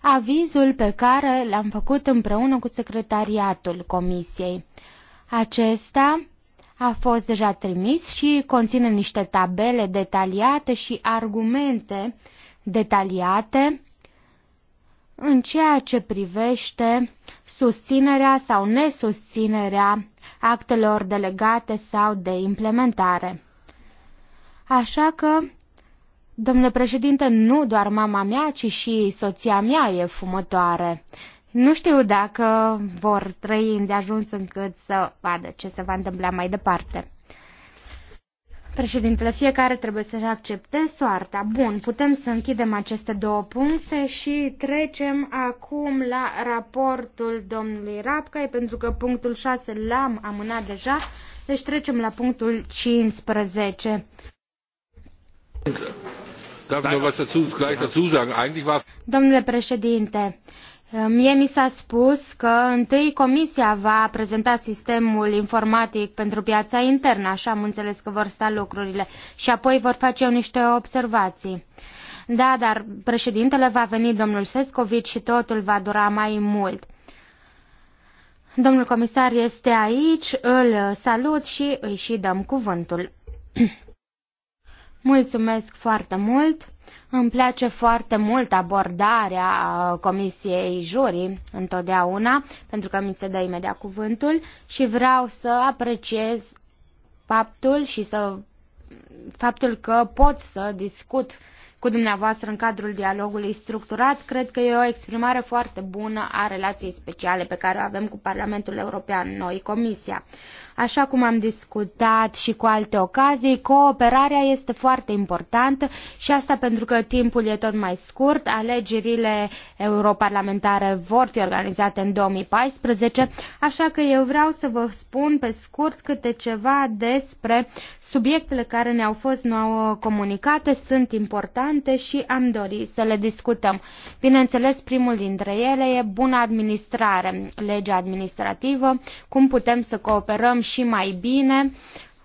avizul pe care l-am făcut împreună cu secretariatul comisiei. Acesta a fost deja trimis și conține niște tabele detaliate și argumente detaliate în ceea ce privește susținerea sau nesusținerea actelor delegate sau de implementare. Așa că, domnule președinte, nu doar mama mea, ci și soția mea e fumătoare. Nu știu dacă vor trăi îndeajuns încât să vadă ce se va întâmpla mai departe. Președintele, fiecare trebuie să-și accepte soarta. Bun, putem să închidem aceste două puncte și trecem acum la raportul domnului Rapcai, pentru că punctul 6 l-am amânat deja, deci trecem la punctul 15. Domnule președinte, Ehm, mie mi s-a spus că întâi Comisia va prezenta sistemul informatic pentru piața internă, așa am înțeles că vor sta lucrurile, și apoi vor face eu niște observații. Da, dar președintele va veni domnul Sescovici și totul va dura mai mult. Domnul comisar este aici, îl salut și îi și dăm cuvântul. Mulțumesc foarte mult! Îmi place foarte mult abordarea Comisiei Jurii întotdeauna, pentru că mi se dă imediat cuvântul și vreau să apreciez faptul și să faptul că pot să discut cu dumneavoastră în cadrul dialogului structurat, cred că e o exprimare foarte bună a relației speciale pe care o avem cu Parlamentul European, noi, Comisia. Așa cum am discutat și cu alte ocazii, cooperarea este foarte importantă și asta pentru că timpul e tot mai scurt. Alegerile europarlamentare vor fi organizate în 2014, așa că eu vreau să vă spun pe scurt câte ceva despre subiectele care ne-au fost nouă comunicate, sunt importante și am dorit să le discutăm. Bineînțeles, primul dintre ele e bună administrare, legea administrativă, cum putem să cooperăm și mai bine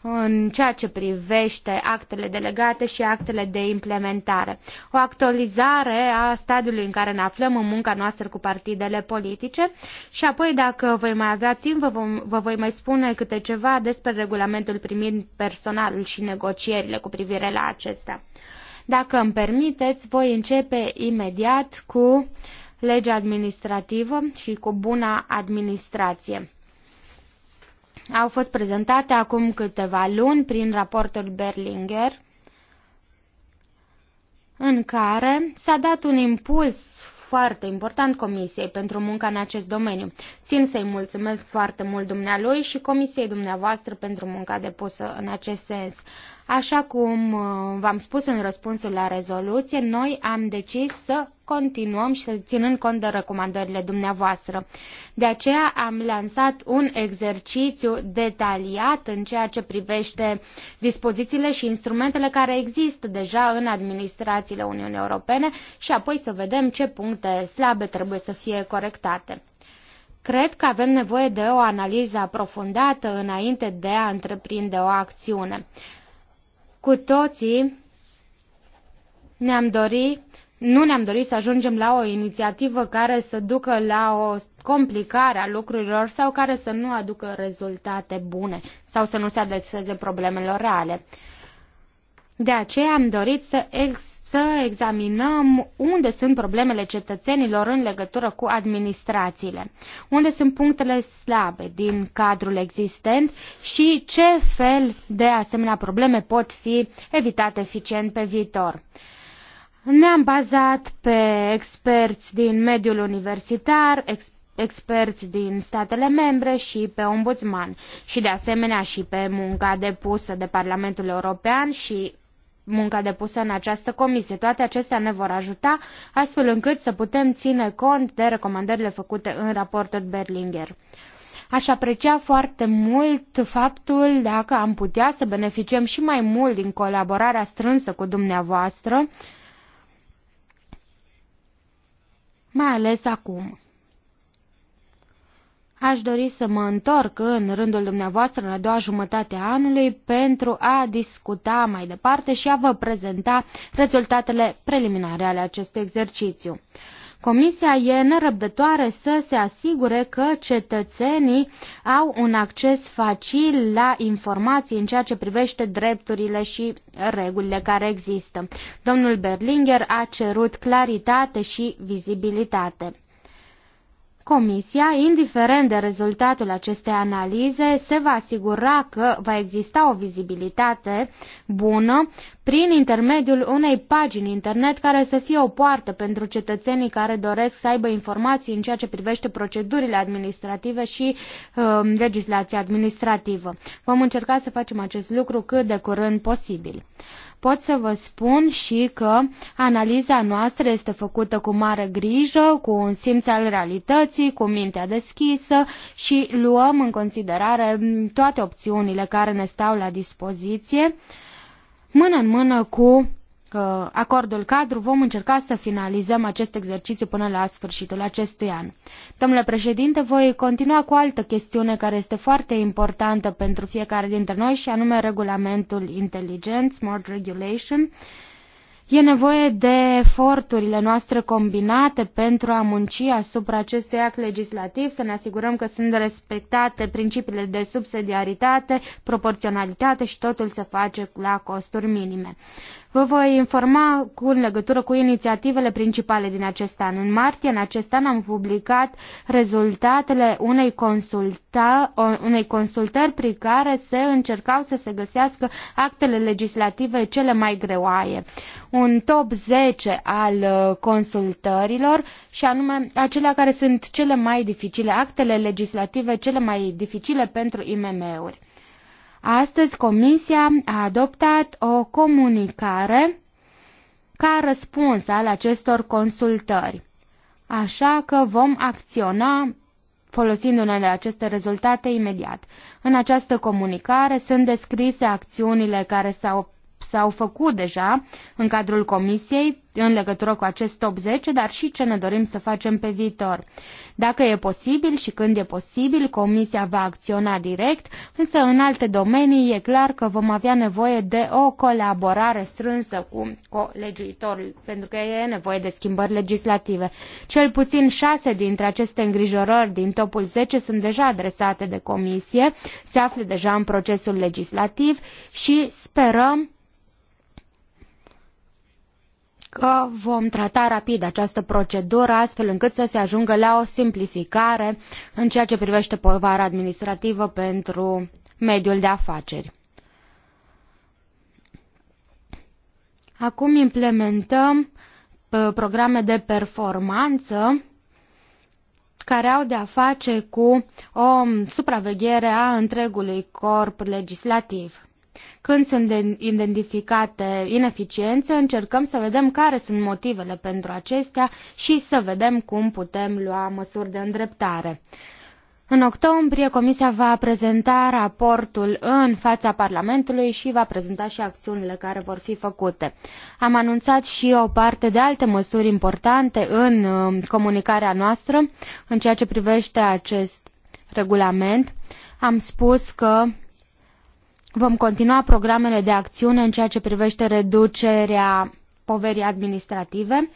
în ceea ce privește actele delegate și actele de implementare. O actualizare a stadiului în care ne aflăm în munca noastră cu partidele politice și apoi, dacă voi mai avea timp, vă, vom, vă voi mai spune câte ceva despre regulamentul primind personalul și negocierile cu privire la acesta. Dacă îmi permiteți, voi începe imediat cu legea administrativă și cu buna administrație au fost prezentate acum câteva luni prin raportul Berlinger, în care s-a dat un impuls foarte important Comisiei pentru munca în acest domeniu. Țin să-i mulțumesc foarte mult dumnealui și Comisiei dumneavoastră pentru munca depusă în acest sens. Așa cum uh, v-am spus în răspunsul la rezoluție, noi am decis să continuăm și să ținând cont de recomandările dumneavoastră. De aceea am lansat un exercițiu detaliat în ceea ce privește dispozițiile și instrumentele care există deja în administrațiile Uniunii Europene și apoi să vedem ce puncte slabe trebuie să fie corectate. Cred că avem nevoie de o analiză aprofundată înainte de a întreprinde o acțiune. Cu toții ne-am dorit nu ne-am dorit să ajungem la o inițiativă care să ducă la o complicare a lucrurilor sau care să nu aducă rezultate bune sau să nu se adreseze problemelor reale. De aceea am dorit să, ex- să examinăm unde sunt problemele cetățenilor în legătură cu administrațiile, unde sunt punctele slabe din cadrul existent și ce fel de asemenea probleme pot fi evitate eficient pe viitor. Ne-am bazat pe experți din mediul universitar, experți experți din statele membre și pe ombudsman și de asemenea și pe munca depusă de Parlamentul European și munca depusă în această comisie. Toate acestea ne vor ajuta astfel încât să putem ține cont de recomandările făcute în raportul Berlinger. Aș aprecia foarte mult faptul dacă am putea să beneficiem și mai mult din colaborarea strânsă cu dumneavoastră, mai ales acum. Aș dori să mă întorc în rândul dumneavoastră în a doua jumătate a anului pentru a discuta mai departe și a vă prezenta rezultatele preliminare ale acestui exercițiu. Comisia e nerăbdătoare să se asigure că cetățenii au un acces facil la informații în ceea ce privește drepturile și regulile care există. Domnul Berlinger a cerut claritate și vizibilitate. Comisia, indiferent de rezultatul acestei analize, se va asigura că va exista o vizibilitate bună prin intermediul unei pagini internet care să fie o poartă pentru cetățenii care doresc să aibă informații în ceea ce privește procedurile administrative și uh, legislația administrativă. Vom încerca să facem acest lucru cât de curând posibil. Pot să vă spun și că analiza noastră este făcută cu mare grijă, cu un simț al realității, cu mintea deschisă și luăm în considerare toate opțiunile care ne stau la dispoziție, mână în mână cu acordul cadru, vom încerca să finalizăm acest exercițiu până la sfârșitul acestui an. Domnule președinte, voi continua cu o altă chestiune care este foarte importantă pentru fiecare dintre noi și anume regulamentul inteligent, Smart Regulation. E nevoie de eforturile noastre combinate pentru a munci asupra acestui act legislativ, să ne asigurăm că sunt respectate principiile de subsidiaritate, proporționalitate și totul se face la costuri minime. Vă voi informa cu, în legătură cu inițiativele principale din acest an. În martie, în acest an, am publicat rezultatele unei, consulta, unei consultări prin care se încercau să se găsească actele legislative cele mai greoaie. Un top 10 al uh, consultărilor și anume acelea care sunt cele mai dificile, actele legislative cele mai dificile pentru IMM-uri. Astăzi Comisia a adoptat o comunicare ca răspuns al acestor consultări. Așa că vom acționa folosindu-ne de aceste rezultate imediat. În această comunicare sunt descrise acțiunile care s-au, s-au făcut deja în cadrul Comisiei în legătură cu acest top 10, dar și ce ne dorim să facem pe viitor. Dacă e posibil și când e posibil, Comisia va acționa direct, însă în alte domenii e clar că vom avea nevoie de o colaborare strânsă cu, cu legiuitorul, pentru că e nevoie de schimbări legislative. Cel puțin șase dintre aceste îngrijorări din topul 10 sunt deja adresate de Comisie, se află deja în procesul legislativ și sperăm că vom trata rapid această procedură astfel încât să se ajungă la o simplificare în ceea ce privește povara administrativă pentru mediul de afaceri. Acum implementăm uh, programe de performanță care au de a face cu o supraveghere a întregului corp legislativ. Când sunt identificate ineficiențe, încercăm să vedem care sunt motivele pentru acestea și să vedem cum putem lua măsuri de îndreptare. În octombrie, Comisia va prezenta raportul în fața Parlamentului și va prezenta și acțiunile care vor fi făcute. Am anunțat și o parte de alte măsuri importante în uh, comunicarea noastră în ceea ce privește acest regulament. Am spus că Vom continua programele de acțiune în ceea ce privește reducerea poverii administrative,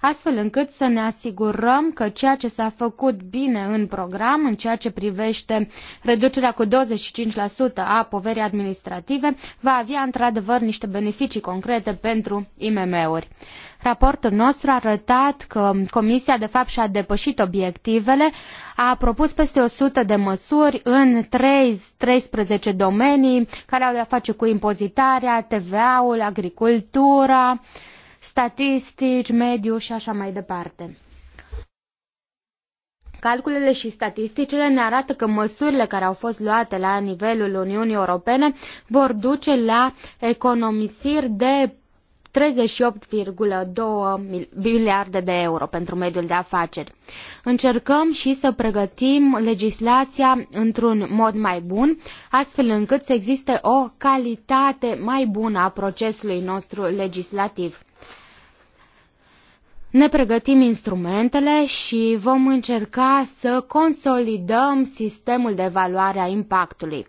astfel încât să ne asigurăm că ceea ce s-a făcut bine în program, în ceea ce privește reducerea cu 25% a poverii administrative, va avea într-adevăr niște beneficii concrete pentru IMM-uri. Raportul nostru a arătat că Comisia de fapt și-a depășit obiectivele, a propus peste 100 de măsuri în 3, 13 domenii care au de-a face cu impozitarea, TVA-ul, agricultura, statistici, mediu și așa mai departe. Calculele și statisticile ne arată că măsurile care au fost luate la nivelul Uniunii Europene vor duce la economisiri de 38,2 miliarde de euro pentru mediul de afaceri. Încercăm și să pregătim legislația într-un mod mai bun, astfel încât să existe o calitate mai bună a procesului nostru legislativ. Ne pregătim instrumentele și vom încerca să consolidăm sistemul de evaluare a impactului.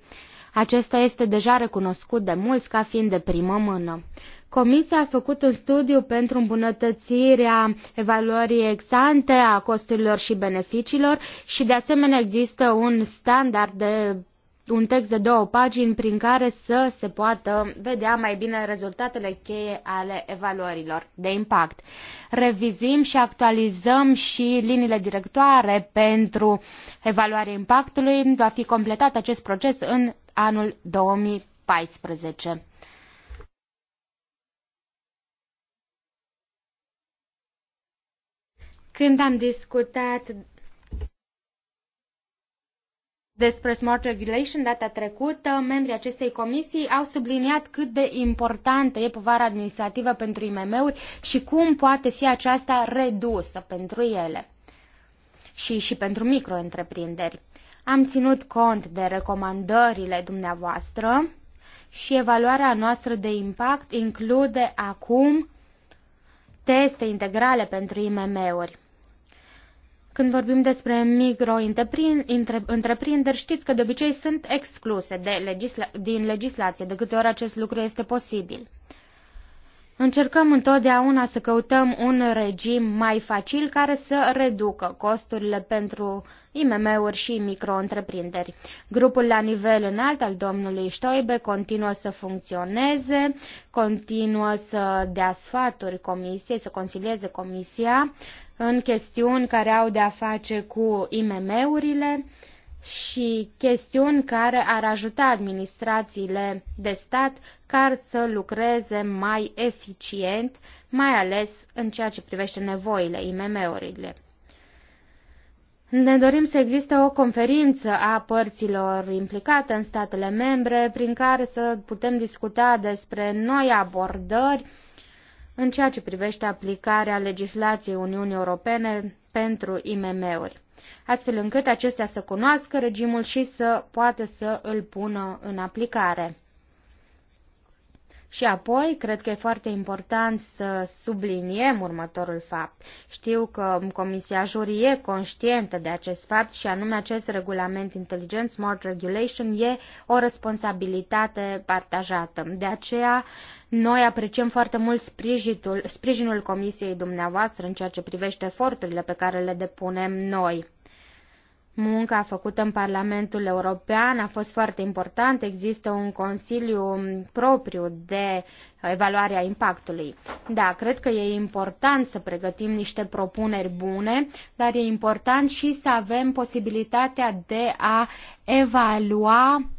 Acesta este deja recunoscut de mulți ca fiind de primă mână. Comisia a făcut un studiu pentru îmbunătățirea evaluării exante a costurilor și beneficiilor și de asemenea există un standard de un text de două pagini prin care să se poată vedea mai bine rezultatele cheie ale evaluărilor de impact. Revizuim și actualizăm și liniile directoare pentru evaluarea impactului. Va fi completat acest proces în anul 2014. Când am discutat despre Smart Regulation data trecută, membrii acestei comisii au subliniat cât de importantă e povara administrativă pentru IMM-uri și cum poate fi aceasta redusă pentru ele și, și pentru micro-întreprinderi. Am ținut cont de recomandările dumneavoastră și evaluarea noastră de impact include acum teste integrale pentru IMM-uri. Când vorbim despre micro-întreprinderi, știți că de obicei sunt excluse de legisla- din legislație de câte ori acest lucru este posibil. Încercăm întotdeauna să căutăm un regim mai facil care să reducă costurile pentru IMM-uri și micro-întreprinderi. Grupul la nivel înalt al domnului Stoibe continuă să funcționeze, continuă să dea sfaturi comisiei, să consilieze comisia în chestiuni care au de a face cu IMM-urile și chestiuni care ar ajuta administrațiile de stat ca să lucreze mai eficient, mai ales în ceea ce privește nevoile, IMM-urile. Ne dorim să existe o conferință a părților implicate în statele membre prin care să putem discuta despre noi abordări în ceea ce privește aplicarea legislației Uniunii Europene pentru IMM-uri astfel încât acestea să cunoască regimul și să poată să îl pună în aplicare. Și apoi, cred că e foarte important să subliniem următorul fapt. Știu că Comisia Jurie e conștientă de acest fapt și anume acest regulament inteligent, Smart Regulation, e o responsabilitate partajată. De aceea, noi apreciem foarte mult sprijinul, sprijinul Comisiei dumneavoastră în ceea ce privește eforturile pe care le depunem noi. Munca făcută în Parlamentul European a fost foarte importantă. Există un consiliu propriu de evaluare a impactului. Da, cred că e important să pregătim niște propuneri bune, dar e important și să avem posibilitatea de a evalua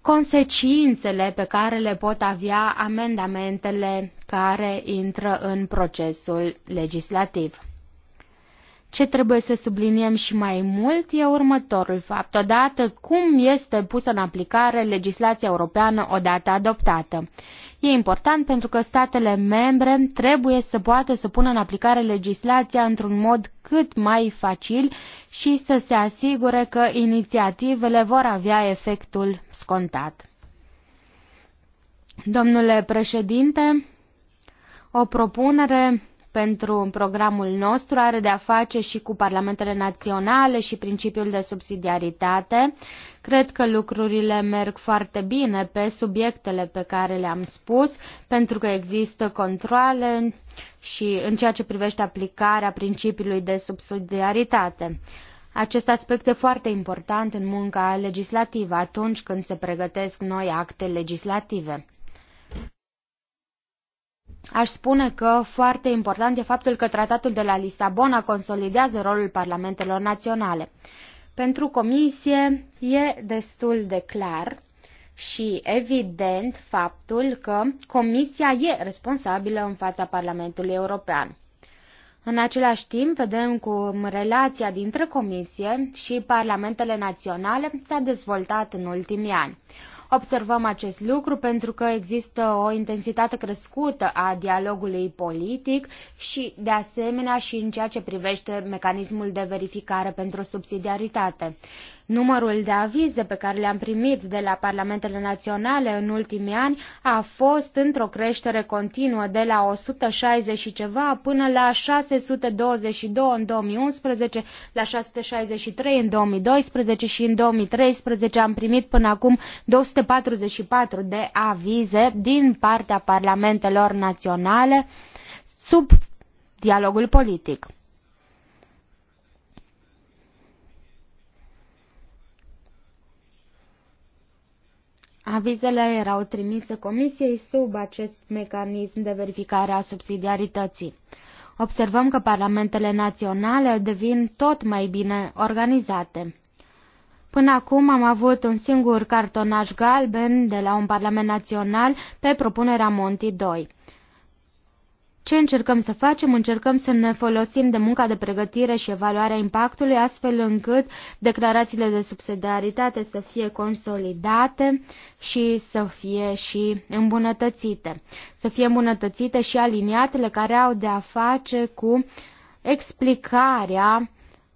consecințele pe care le pot avea amendamentele care intră în procesul legislativ. Ce trebuie să subliniem și mai mult e următorul fapt. Odată cum este pusă în aplicare legislația europeană odată adoptată. E important pentru că statele membre trebuie să poată să pună în aplicare legislația într-un mod cât mai facil și să se asigure că inițiativele vor avea efectul scontat. Domnule președinte, o propunere pentru programul nostru are de a face și cu parlamentele naționale și principiul de subsidiaritate. Cred că lucrurile merg foarte bine pe subiectele pe care le-am spus, pentru că există controle și în ceea ce privește aplicarea principiului de subsidiaritate. Acest aspect e foarte important în munca legislativă atunci când se pregătesc noi acte legislative. Aș spune că foarte important e faptul că tratatul de la Lisabona consolidează rolul parlamentelor naționale. Pentru comisie e destul de clar și evident faptul că comisia e responsabilă în fața Parlamentului European. În același timp, vedem cum relația dintre Comisie și Parlamentele Naționale s-a dezvoltat în ultimii ani. Observăm acest lucru pentru că există o intensitate crescută a dialogului politic și, de asemenea, și în ceea ce privește mecanismul de verificare pentru subsidiaritate. Numărul de avize pe care le-am primit de la parlamentele naționale în ultimii ani a fost într-o creștere continuă de la 160 și ceva până la 622 în 2011, la 663 în 2012 și în 2013 am primit până acum 244 de avize din partea parlamentelor naționale sub dialogul politic. Avizele erau trimise Comisiei sub acest mecanism de verificare a subsidiarității. Observăm că parlamentele naționale devin tot mai bine organizate. Până acum am avut un singur cartonaș galben de la un parlament național pe propunerea Monti 2. Ce încercăm să facem? Încercăm să ne folosim de munca de pregătire și evaluarea impactului, astfel încât declarațiile de subsidiaritate să fie consolidate și să fie și îmbunătățite. Să fie îmbunătățite și aliniatele care au de a face cu explicarea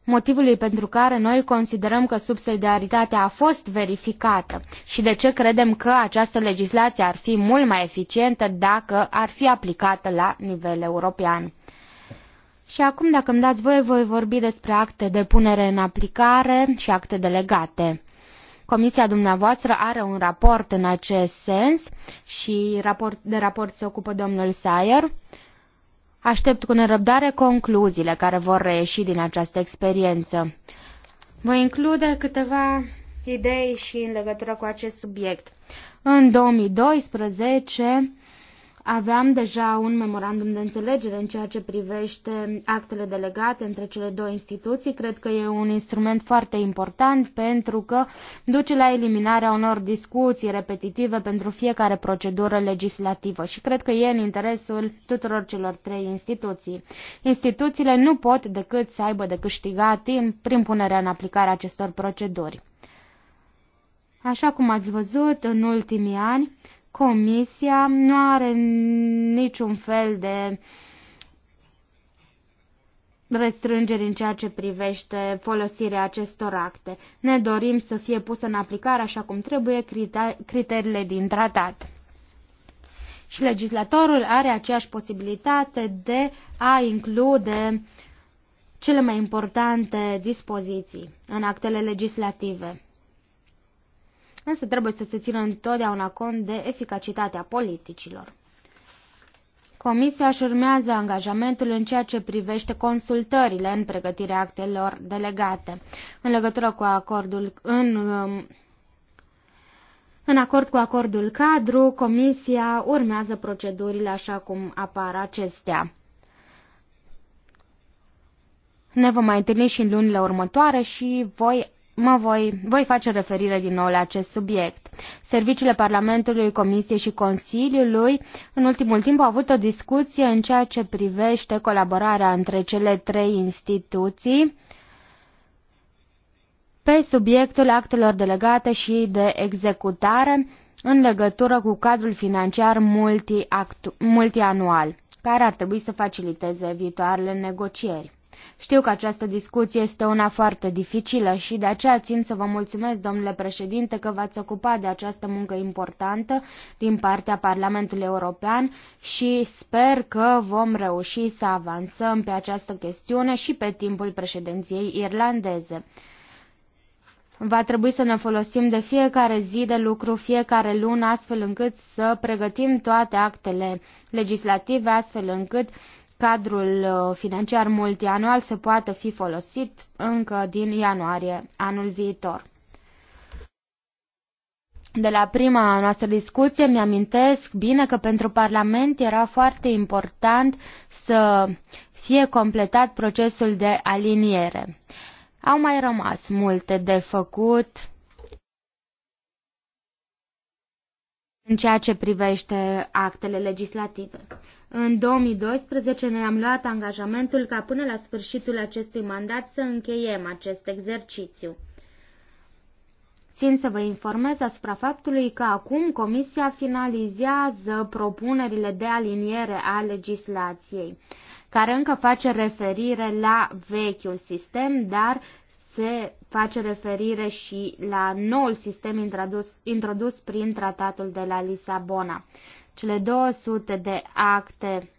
motivului pentru care noi considerăm că subsidiaritatea a fost verificată și de ce credem că această legislație ar fi mult mai eficientă dacă ar fi aplicată la nivel european. Și acum, dacă îmi dați voie, voi vorbi despre acte de punere în aplicare și acte delegate. Comisia dumneavoastră are un raport în acest sens și raport, de raport se ocupă domnul Sayer. Uh, Aștept cu nerăbdare concluziile care vor reieși din această experiență. Voi include câteva idei și în legătură cu acest subiect. În 2012, Aveam deja un memorandum de înțelegere în ceea ce privește actele delegate între cele două instituții. Cred că e un instrument foarte important pentru că duce la eliminarea unor discuții repetitive pentru fiecare procedură legislativă și cred că e în interesul tuturor celor trei instituții. Instituțiile nu pot decât să aibă de câștigat timp prin punerea în aplicare acestor proceduri. Așa cum ați văzut în ultimii ani, Comisia nu are niciun fel de restrângeri în ceea ce privește folosirea acestor acte. Ne dorim să fie pusă în aplicare așa cum trebuie criteriile din tratat. Și legislatorul are aceeași posibilitate de a include cele mai importante dispoziții în actele legislative însă trebuie să se țină întotdeauna cont de eficacitatea politicilor. Comisia își urmează angajamentul în ceea ce privește consultările în pregătirea actelor delegate. În legătură cu acordul în, um, în acord cu acordul cadru, Comisia urmează procedurile așa cum apar acestea. Ne vom mai întâlni și în lunile următoare și voi mă voi, voi face referire din nou la acest subiect. Serviciile Parlamentului, Comisiei și Consiliului în ultimul timp au avut o discuție în ceea ce privește colaborarea între cele trei instituții pe subiectul actelor delegate și de executare în legătură cu cadrul financiar multianual, care ar trebui să faciliteze viitoarele negocieri. Știu că această discuție este una foarte dificilă și de aceea țin să vă mulțumesc, domnule președinte, că v-ați ocupat de această muncă importantă din partea Parlamentului European și sper că vom reuși să avansăm pe această chestiune și pe timpul președinției irlandeze. Va trebui să ne folosim de fiecare zi de lucru, fiecare lună, astfel încât să pregătim toate actele legislative, astfel încât cadrul uh, financiar multianual să poată fi folosit încă din ianuarie anul viitor. De la prima noastră discuție mi-amintesc bine că pentru Parlament era foarte important să fie completat procesul de aliniere. Au mai rămas multe de făcut în ceea ce privește actele legislative. În 2012 ne-am luat angajamentul ca până la sfârșitul acestui mandat să încheiem acest exercițiu. Țin să vă informez asupra faptului că acum Comisia finalizează propunerile de aliniere a legislației, care încă face referire la vechiul sistem, dar se face referire și la noul sistem introdus, introdus prin tratatul de la Lisabona. Cele 200 de acte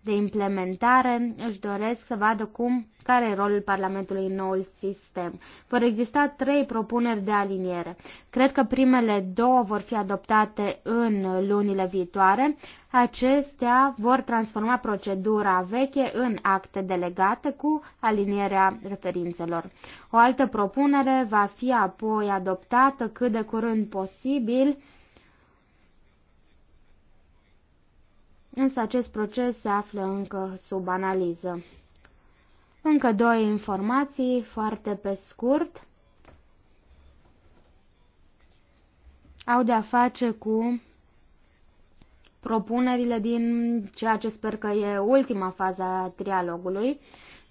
de implementare își doresc să vadă cum, care e rolul Parlamentului în noul sistem. Vor exista trei propuneri de aliniere. Cred că primele două vor fi adoptate în lunile viitoare. Acestea vor transforma procedura veche în acte delegate cu alinierea referințelor. O altă propunere va fi apoi adoptată cât de curând posibil însă acest proces se află încă sub analiză. Încă două informații, foarte pe scurt. Au de-a face cu propunerile din ceea ce sper că e ultima fază a trialogului.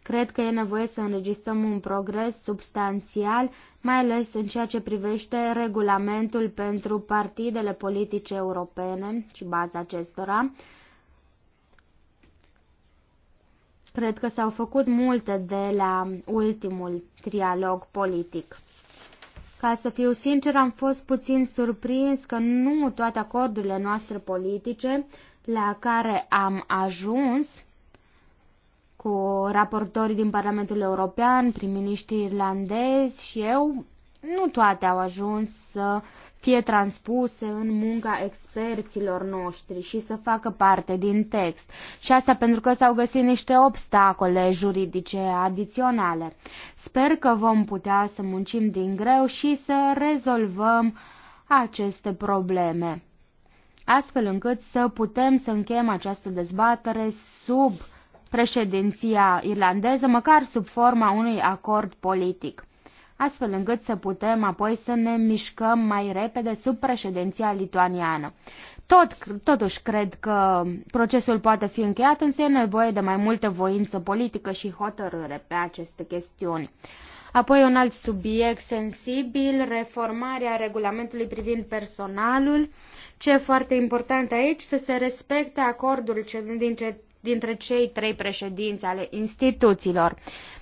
Cred că e nevoie să înregistrăm un progres substanțial, mai ales în ceea ce privește regulamentul pentru partidele politice europene și baza acestora, Cred că s-au făcut multe de la ultimul trialog politic. Ca să fiu sincer, am fost puțin surprins că nu toate acordurile noastre politice la care am ajuns cu raportorii din Parlamentul European, prim-ministrii irlandezi și eu, nu toate au ajuns să uh, fie transpuse în munca experților noștri și să facă parte din text. Și asta pentru că s-au găsit niște obstacole juridice adiționale. Sper că vom putea să muncim din greu și să rezolvăm aceste probleme, astfel încât să putem să încheiem această dezbatere sub președinția irlandeză, măcar sub forma unui acord politic astfel încât să putem apoi să ne mișcăm mai repede sub președinția lituaniană. Tot, totuși, cred că procesul poate fi încheiat, însă e nevoie de mai multă voință politică și hotărâre pe aceste chestiuni. Apoi un alt subiect sensibil, reformarea regulamentului privind personalul. Ce e foarte important aici, să se respecte acordul din dintre cei trei președinți ale instituțiilor,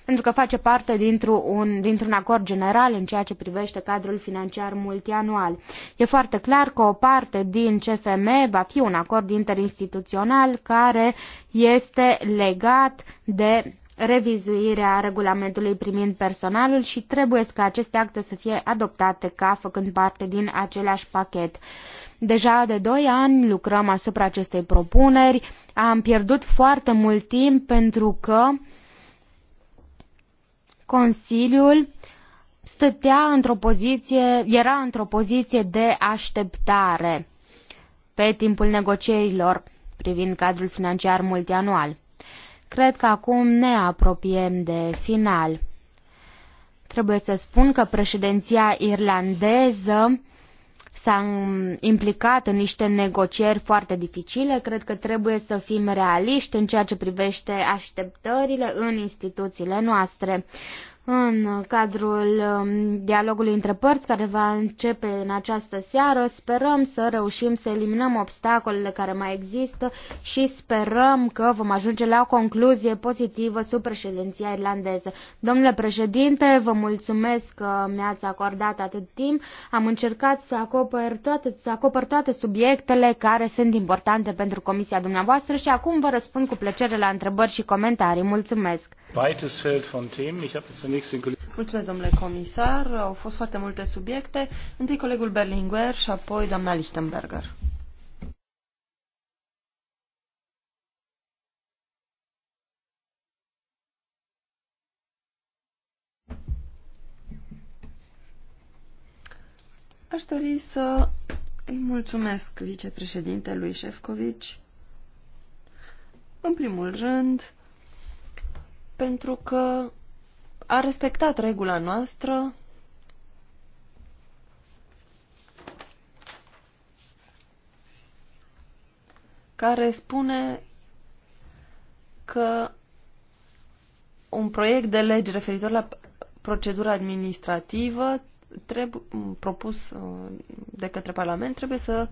pentru că face parte dintr-un, dintr-un acord general în ceea ce privește cadrul financiar multianual. E foarte clar că o parte din CFM va fi un acord interinstituțional care este legat de revizuirea regulamentului primind personalul și trebuie ca aceste acte să fie adoptate ca făcând parte din același pachet. Deja de 2 ani lucrăm asupra acestei propuneri, am pierdut foarte mult timp pentru că Consiliul stătea într-o poziție, era într-o poziție de așteptare pe timpul negocierilor privind cadrul financiar multianual. Cred că acum ne apropiem de final. Trebuie să spun că președinția irlandeză s-a mm, implicat în niște negocieri foarte dificile. Cred că trebuie să fim realiști în ceea ce privește așteptările în instituțiile noastre în cadrul um, dialogului între părți care va începe în această seară. Sperăm să reușim să eliminăm obstacolele care mai există și sperăm că vom ajunge la o concluzie pozitivă sub președinția irlandeză. Domnule președinte, vă mulțumesc că mi-ați acordat atât timp. Am încercat să acopăr toate, să acopăr toate subiectele care sunt importante pentru comisia dumneavoastră și acum vă răspund cu plăcere la întrebări și comentarii. Mulțumesc! weites Feld von Themen. Ich habe zunächst den Kollegen Mulțumesc, domnule comisar. Au fost foarte multe subiecte. Întâi colegul Berlinguer și apoi doamna Lichtenberger. Aș dori să îi mulțumesc vicepreședintelui Șefcovici. În primul rând, pentru că a respectat regula noastră care spune că un proiect de lege referitor la procedura administrativă trebu- propus uh, de către Parlament trebuie să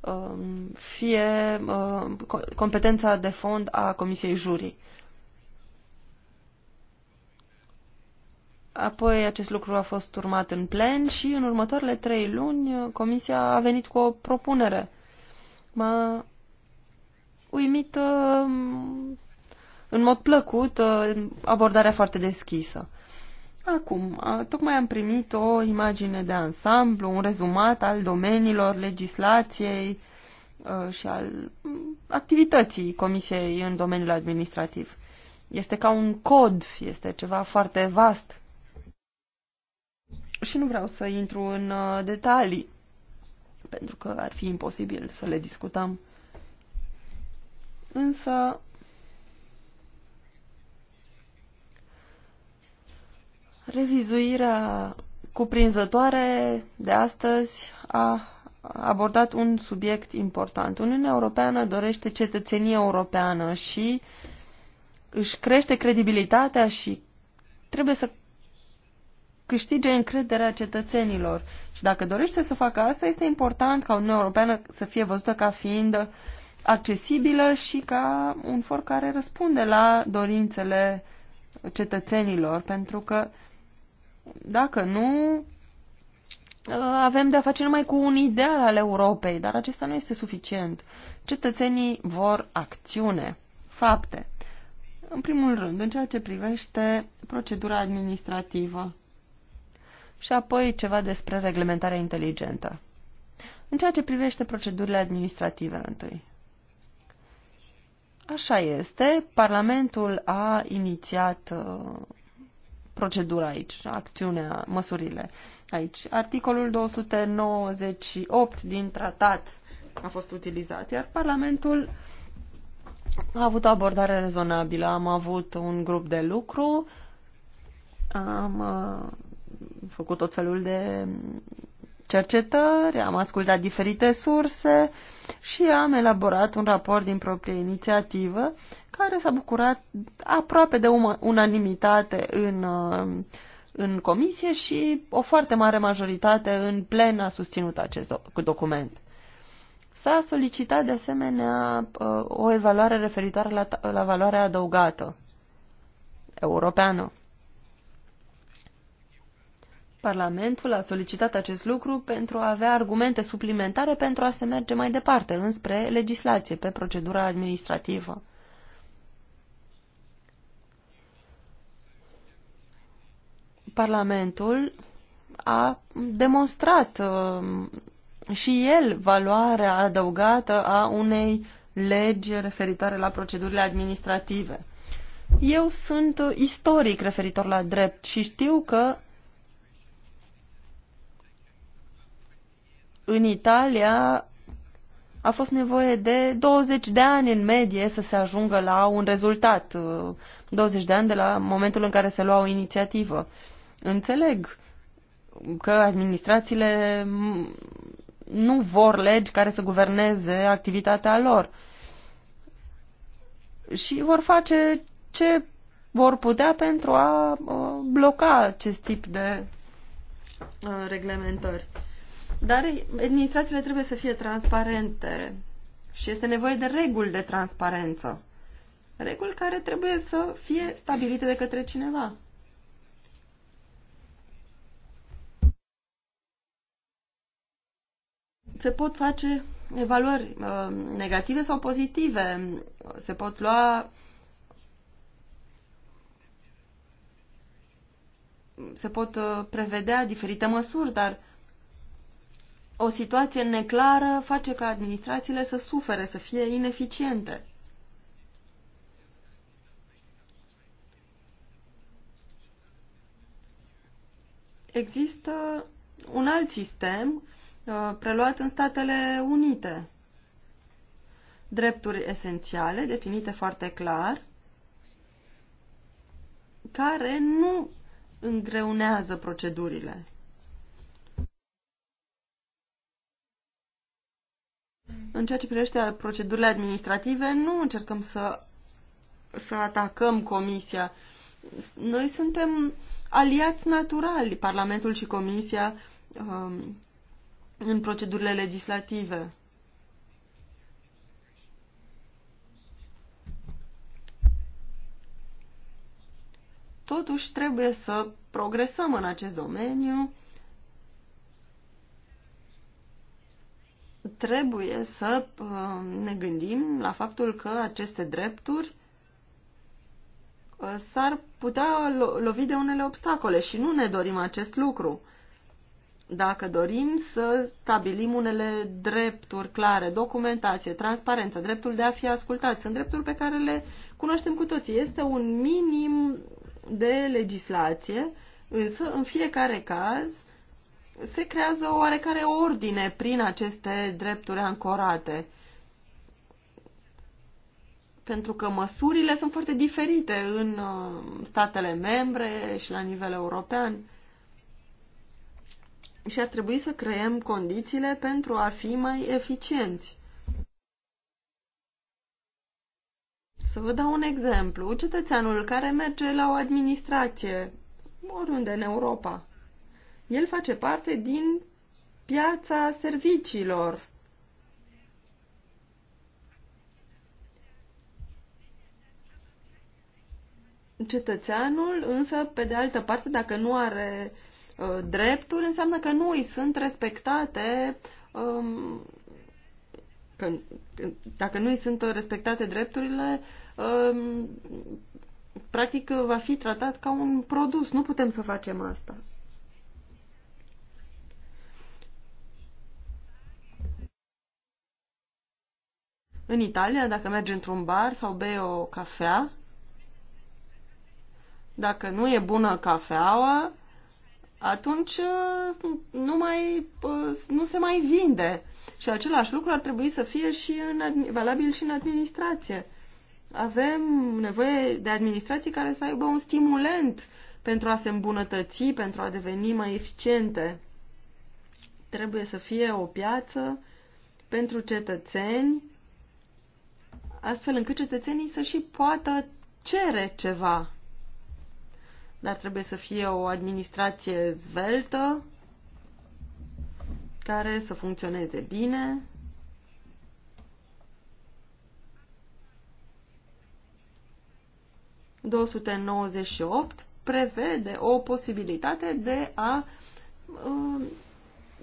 um, fie uh, competența de fond a Comisiei Jurii. Apoi acest lucru a fost urmat în plen și în următoarele trei luni uh, Comisia a venit cu o propunere. M-a uimit uh, în mod plăcut uh, abordarea foarte deschisă. Acum, tocmai am primit o imagine de ansamblu, un rezumat al domeniilor legislației și al mm, activității Comisiei în domeniul administrativ. Este ca un cod, este ceva foarte vast și nu vreau să intru în uh, detalii, pentru că ar fi imposibil să le discutăm. Însă, revizuirea cuprinzătoare de astăzi a abordat un subiect important. Uniunea Europeană dorește cetățenie europeană și își crește credibilitatea și trebuie să câștige încrederea cetățenilor. Și dacă dorește să facă asta, este important ca Uniunea Europeană să fie văzută ca fiind accesibilă și ca un for care răspunde la dorințele cetățenilor, pentru că dacă nu, avem de-a face numai cu un ideal al Europei, dar acesta nu este suficient. Cetățenii vor acțiune, fapte. În primul rând, în ceea ce privește procedura administrativă și apoi ceva despre reglementarea inteligentă. În ceea ce privește procedurile administrative întâi. Așa este, Parlamentul a inițiat uh, procedura aici, acțiunea, măsurile aici. Articolul 298 din tratat a fost utilizat, iar Parlamentul a avut o abordare rezonabilă. Am avut un grup de lucru, am uh, făcut tot felul de cercetări, am ascultat diferite surse și am elaborat un raport din proprie inițiativă care s-a bucurat aproape de unanimitate în, uh, în comisie și o foarte mare majoritate în plen a susținut acest document. S-a solicitat de asemenea uh, o evaluare referitoare la, la valoarea adăugată europeană. Parlamentul a solicitat acest lucru pentru a avea argumente suplimentare pentru a se merge mai departe înspre legislație pe procedura administrativă. Parlamentul a demonstrat uh, și el valoarea adăugată a unei legi referitoare la procedurile administrative. Eu sunt istoric referitor la drept și știu că în Italia a fost nevoie de 20 de ani în medie să se ajungă la un rezultat. 20 uh, de ani de la momentul în care se lua o inițiativă. Înțeleg că administrațiile nu vor legi care să guverneze activitatea lor și vor face ce vor putea pentru a uh, bloca acest tip de uh, reglementări. Dar administrațiile trebuie să fie transparente și este nevoie de reguli de transparență. Reguli care trebuie să fie stabilite de către cineva. se pot face evaluări uh, negative sau pozitive, se pot lua se pot uh, prevedea diferite măsuri, dar o situație neclară face ca administrațiile să sufere, să fie ineficiente. Există un alt sistem uh, preluat în Statele Unite. Drepturi esențiale, definite foarte clar, care nu îngreunează procedurile. În ceea ce privește procedurile administrative, nu încercăm să, să atacăm Comisia. Noi suntem aliați naturali, Parlamentul și Comisia, um, în procedurile legislative. Totuși, trebuie să progresăm în acest domeniu trebuie să uh, ne gândim la faptul că aceste drepturi uh, s-ar putea lo lovi de unele obstacole și nu ne dorim acest lucru. Dacă dorim să stabilim unele drepturi clare, documentație, transparență, dreptul de a fi ascultat, sunt drepturi pe care le cunoaștem cu toții. Este un minim de legislație, însă în fiecare caz se creează o oarecare ordine prin aceste drepturi ancorate. Pentru că măsurile sunt foarte diferite în uh, statele membre și la nivel european. Și ar trebui să creăm condițiile pentru a fi mai eficienți. Să vă dau un exemplu. Cetățeanul care merge la o administrație, oriunde în Europa, el face parte din piața serviciilor. Cetățeanul, însă, pe de altă parte, dacă nu are uh, drepturi, înseamnă că nu îi sunt respectate um, că, dacă nu îi sunt respectate drepturile, um, practic va fi tratat ca un produs. Nu putem să facem asta. În Italia, dacă mergi într-un bar sau bei o cafea, dacă nu e bună cafeaua, atunci uh, nu, mai, uh, nu se mai vinde. Și același lucru ar trebui să fie și în, valabil și în administrație. Avem nevoie de administrații care să aibă un stimulent pentru a se îmbunătăți, pentru a deveni mai eficiente. Trebuie să fie o piață pentru cetățeni astfel încât cetățenii să și poată cere ceva. Dar trebuie să fie o administrație zveltă, care să funcționeze bine, ...298 prevede o posibilitate de a uh,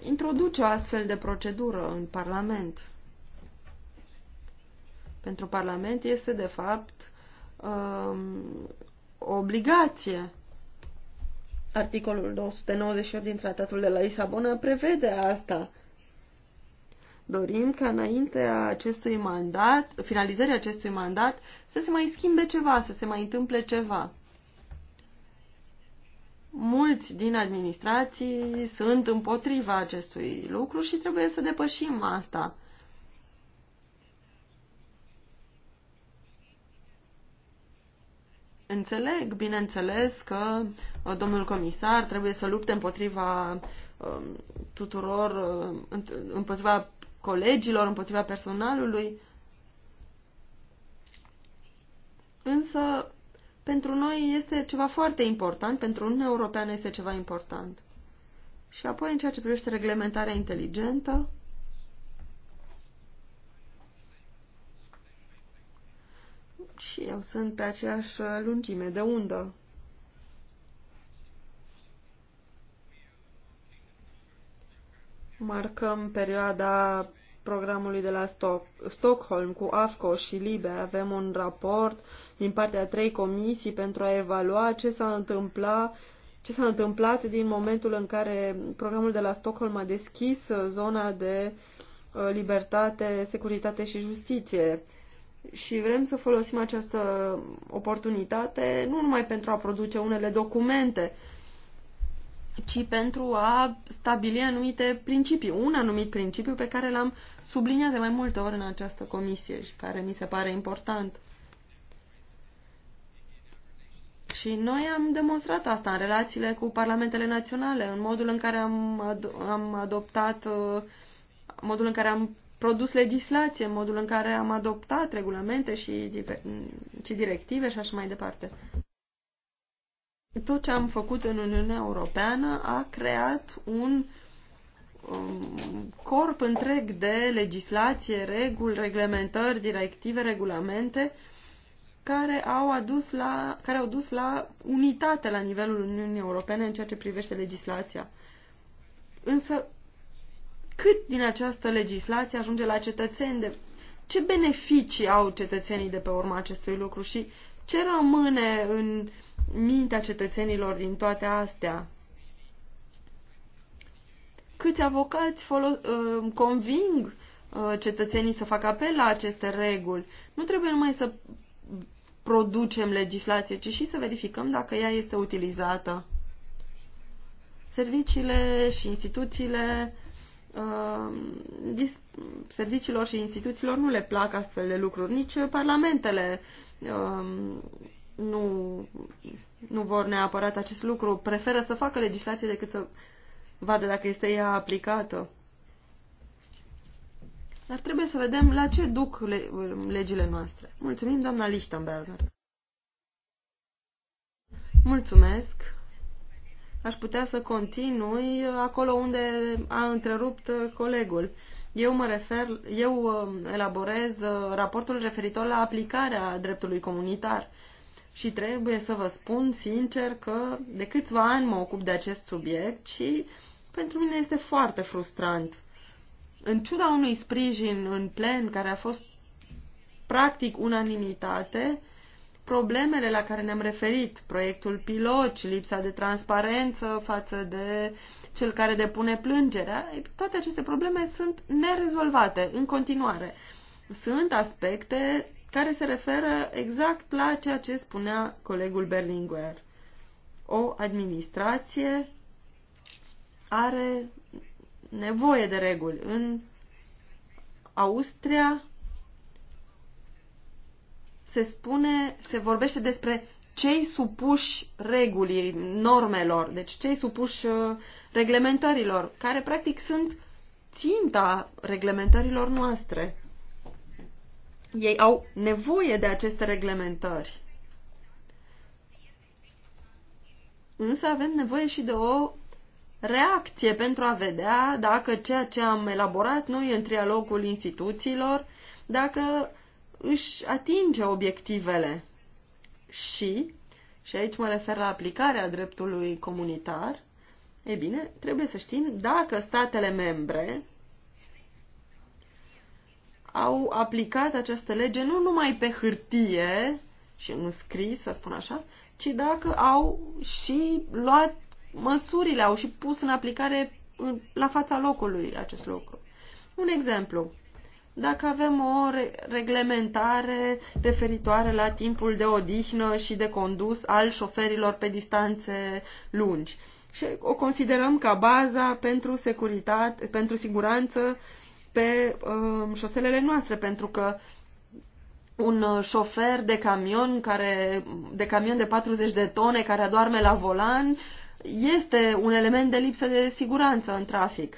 introduce o astfel de procedură în Parlament pentru Parlament este, de fapt, um, o obligație. Articolul 298 din Tratatul de la Lisabona prevede asta. Dorim ca înaintea acestui mandat, finalizării acestui mandat, să se mai schimbe ceva, să se mai întâmple ceva. Mulți din administrații sunt împotriva acestui lucru și trebuie să depășim asta Înțeleg, bineînțeles, că uh, domnul comisar trebuie să lupte împotriva um, tuturor, uh, împotriva colegilor, împotriva personalului. Însă, pentru noi este ceva foarte important, pentru Uniunea Europeană este ceva important. Și apoi, în ceea ce privește reglementarea inteligentă, Și eu sunt pe aceeași lungime de undă. Marcăm perioada programului de la Stoc Stockholm cu AFCO și LIBE. Avem un raport din partea a trei comisii pentru a evalua ce s-a întâmplat ce s-a întâmplat din momentul în care programul de la Stockholm a deschis zona de uh, libertate, securitate și justiție și vrem să folosim această oportunitate nu numai pentru a produce unele documente, ci pentru a stabili anumite principii, un anumit principiu pe care l-am subliniat de mai multe ori în această comisie și care mi se pare important. Și noi am demonstrat asta în relațiile cu parlamentele naționale, în modul în care am, ad am adoptat, uh, modul în care am produs legislație, modul în care am adoptat regulamente și, și directive și așa mai departe. Tot ce am făcut în Uniunea Europeană a creat un um, corp întreg de legislație, reguli, reglementări, directive, regulamente care au, adus la, care au dus la unitate la nivelul Uniunii Europene în ceea ce privește legislația. Însă cât din această legislație ajunge la cetățeni, de ce beneficii au cetățenii de pe urma acestui lucru și ce rămâne în mintea cetățenilor din toate astea? Câți avocați folo- uh, conving uh, cetățenii să facă apel la aceste reguli? Nu trebuie numai să producem legislație, ci și să verificăm dacă ea este utilizată. Serviciile și instituțiile uh, serviciilor și instituțiilor nu le plac astfel de lucruri, nici parlamentele uh, nu, nu vor neapărat acest lucru, preferă să facă legislație decât să vadă dacă este ea aplicată. Dar trebuie să vedem la ce duc le legile noastre. Mulțumim, doamna Lichtenberger. Mulțumesc aș putea să continui acolo unde a întrerupt colegul. Eu mă refer, eu um, elaborez uh, raportul referitor la aplicarea dreptului comunitar și trebuie să vă spun sincer că de câțiva ani mă ocup de acest subiect și pentru mine este foarte frustrant. În ciuda unui sprijin în plen care a fost practic unanimitate, problemele la care ne-am referit, proiectul pilot și lipsa de transparență față de cel care depune plângerea, toate aceste probleme sunt nerezolvate în continuare. Sunt aspecte care se referă exact la ceea ce spunea colegul Berlinguer. O administrație are nevoie de reguli. În Austria se spune, se vorbește despre cei supuși regulii, normelor, deci cei supuși uh, reglementărilor, care practic sunt ținta reglementărilor noastre. Ei au nevoie de aceste reglementări. Însă avem nevoie și de o reacție pentru a vedea dacă ceea ce am elaborat noi în trialogul instituțiilor, dacă își atinge obiectivele și, și aici mă refer la aplicarea dreptului comunitar, e bine, trebuie să știm dacă statele membre au aplicat această lege nu numai pe hârtie și în scris, să spun așa, ci dacă au și luat măsurile, au și pus în aplicare la fața locului acest lucru. Un exemplu dacă avem o reglementare referitoare la timpul de odihnă și de condus al șoferilor pe distanțe lungi. Și o considerăm ca baza pentru, securitate, pentru siguranță pe uh, șoselele noastre, pentru că un uh, șofer de camion, care, de camion de 40 de tone care adorme la volan este un element de lipsă de siguranță în trafic.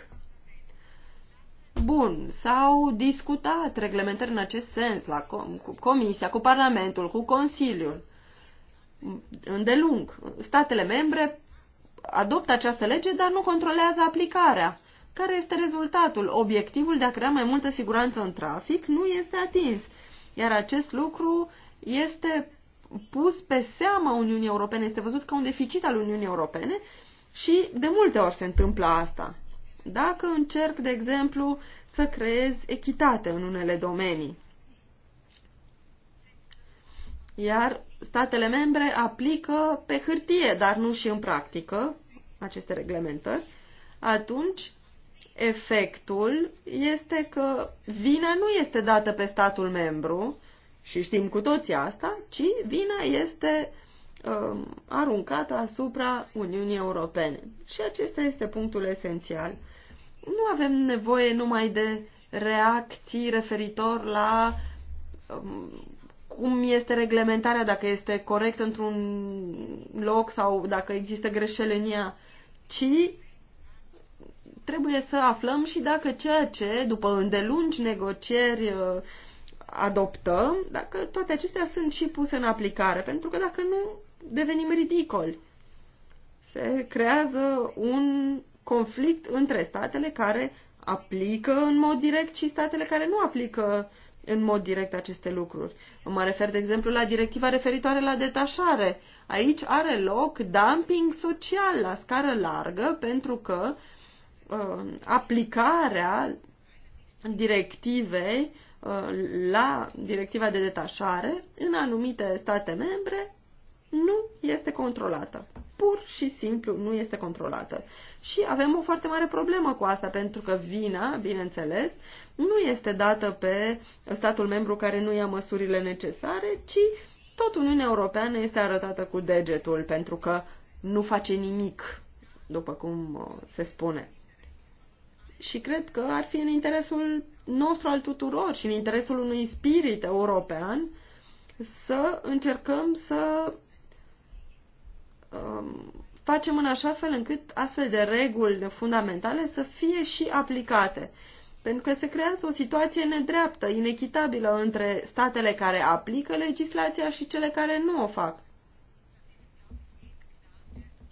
Bun, s-au discutat reglementări în acest sens la com cu Comisia, cu Parlamentul, cu Consiliul. Îndelung, statele membre adoptă această lege, dar nu controlează aplicarea. Care este rezultatul? Obiectivul de a crea mai multă siguranță în trafic nu este atins. Iar acest lucru este pus pe seama Uniunii Europene, este văzut ca un deficit al Uniunii Europene și de multe ori se întâmplă asta. Dacă încerc, de exemplu, să creez echitate în unele domenii, iar statele membre aplică pe hârtie, dar nu și în practică, aceste reglementări, atunci efectul este că vina nu este dată pe statul membru, și știm cu toții asta, ci vina este um, aruncată asupra Uniunii Europene. Și acesta este punctul esențial nu avem nevoie numai de reacții referitor la um, cum este reglementarea, dacă este corect într-un loc sau dacă există greșeli în ea, ci trebuie să aflăm și dacă ceea ce, după îndelungi negocieri, uh, adoptăm, dacă toate acestea sunt și puse în aplicare, pentru că dacă nu, devenim ridicoli. Se creează un conflict între statele care aplică în mod direct și statele care nu aplică în mod direct aceste lucruri. Mă refer, de exemplu, la directiva referitoare la detașare. Aici are loc dumping social la scară largă pentru că uh, aplicarea directivei uh, la directiva de detașare în anumite state membre nu este controlată pur și simplu nu este controlată. Și avem o foarte mare problemă cu asta, pentru că vina, bineînțeles, nu este dată pe statul membru care nu ia măsurile necesare, ci tot Uniunea Europeană este arătată cu degetul, pentru că nu face nimic, după cum uh, se spune. Și cred că ar fi în interesul nostru al tuturor și în interesul unui spirit european să încercăm să Um, facem în așa fel încât astfel de reguli fundamentale să fie și aplicate. Pentru că se creează o situație nedreaptă, inechitabilă între statele care aplică legislația și cele care nu o fac.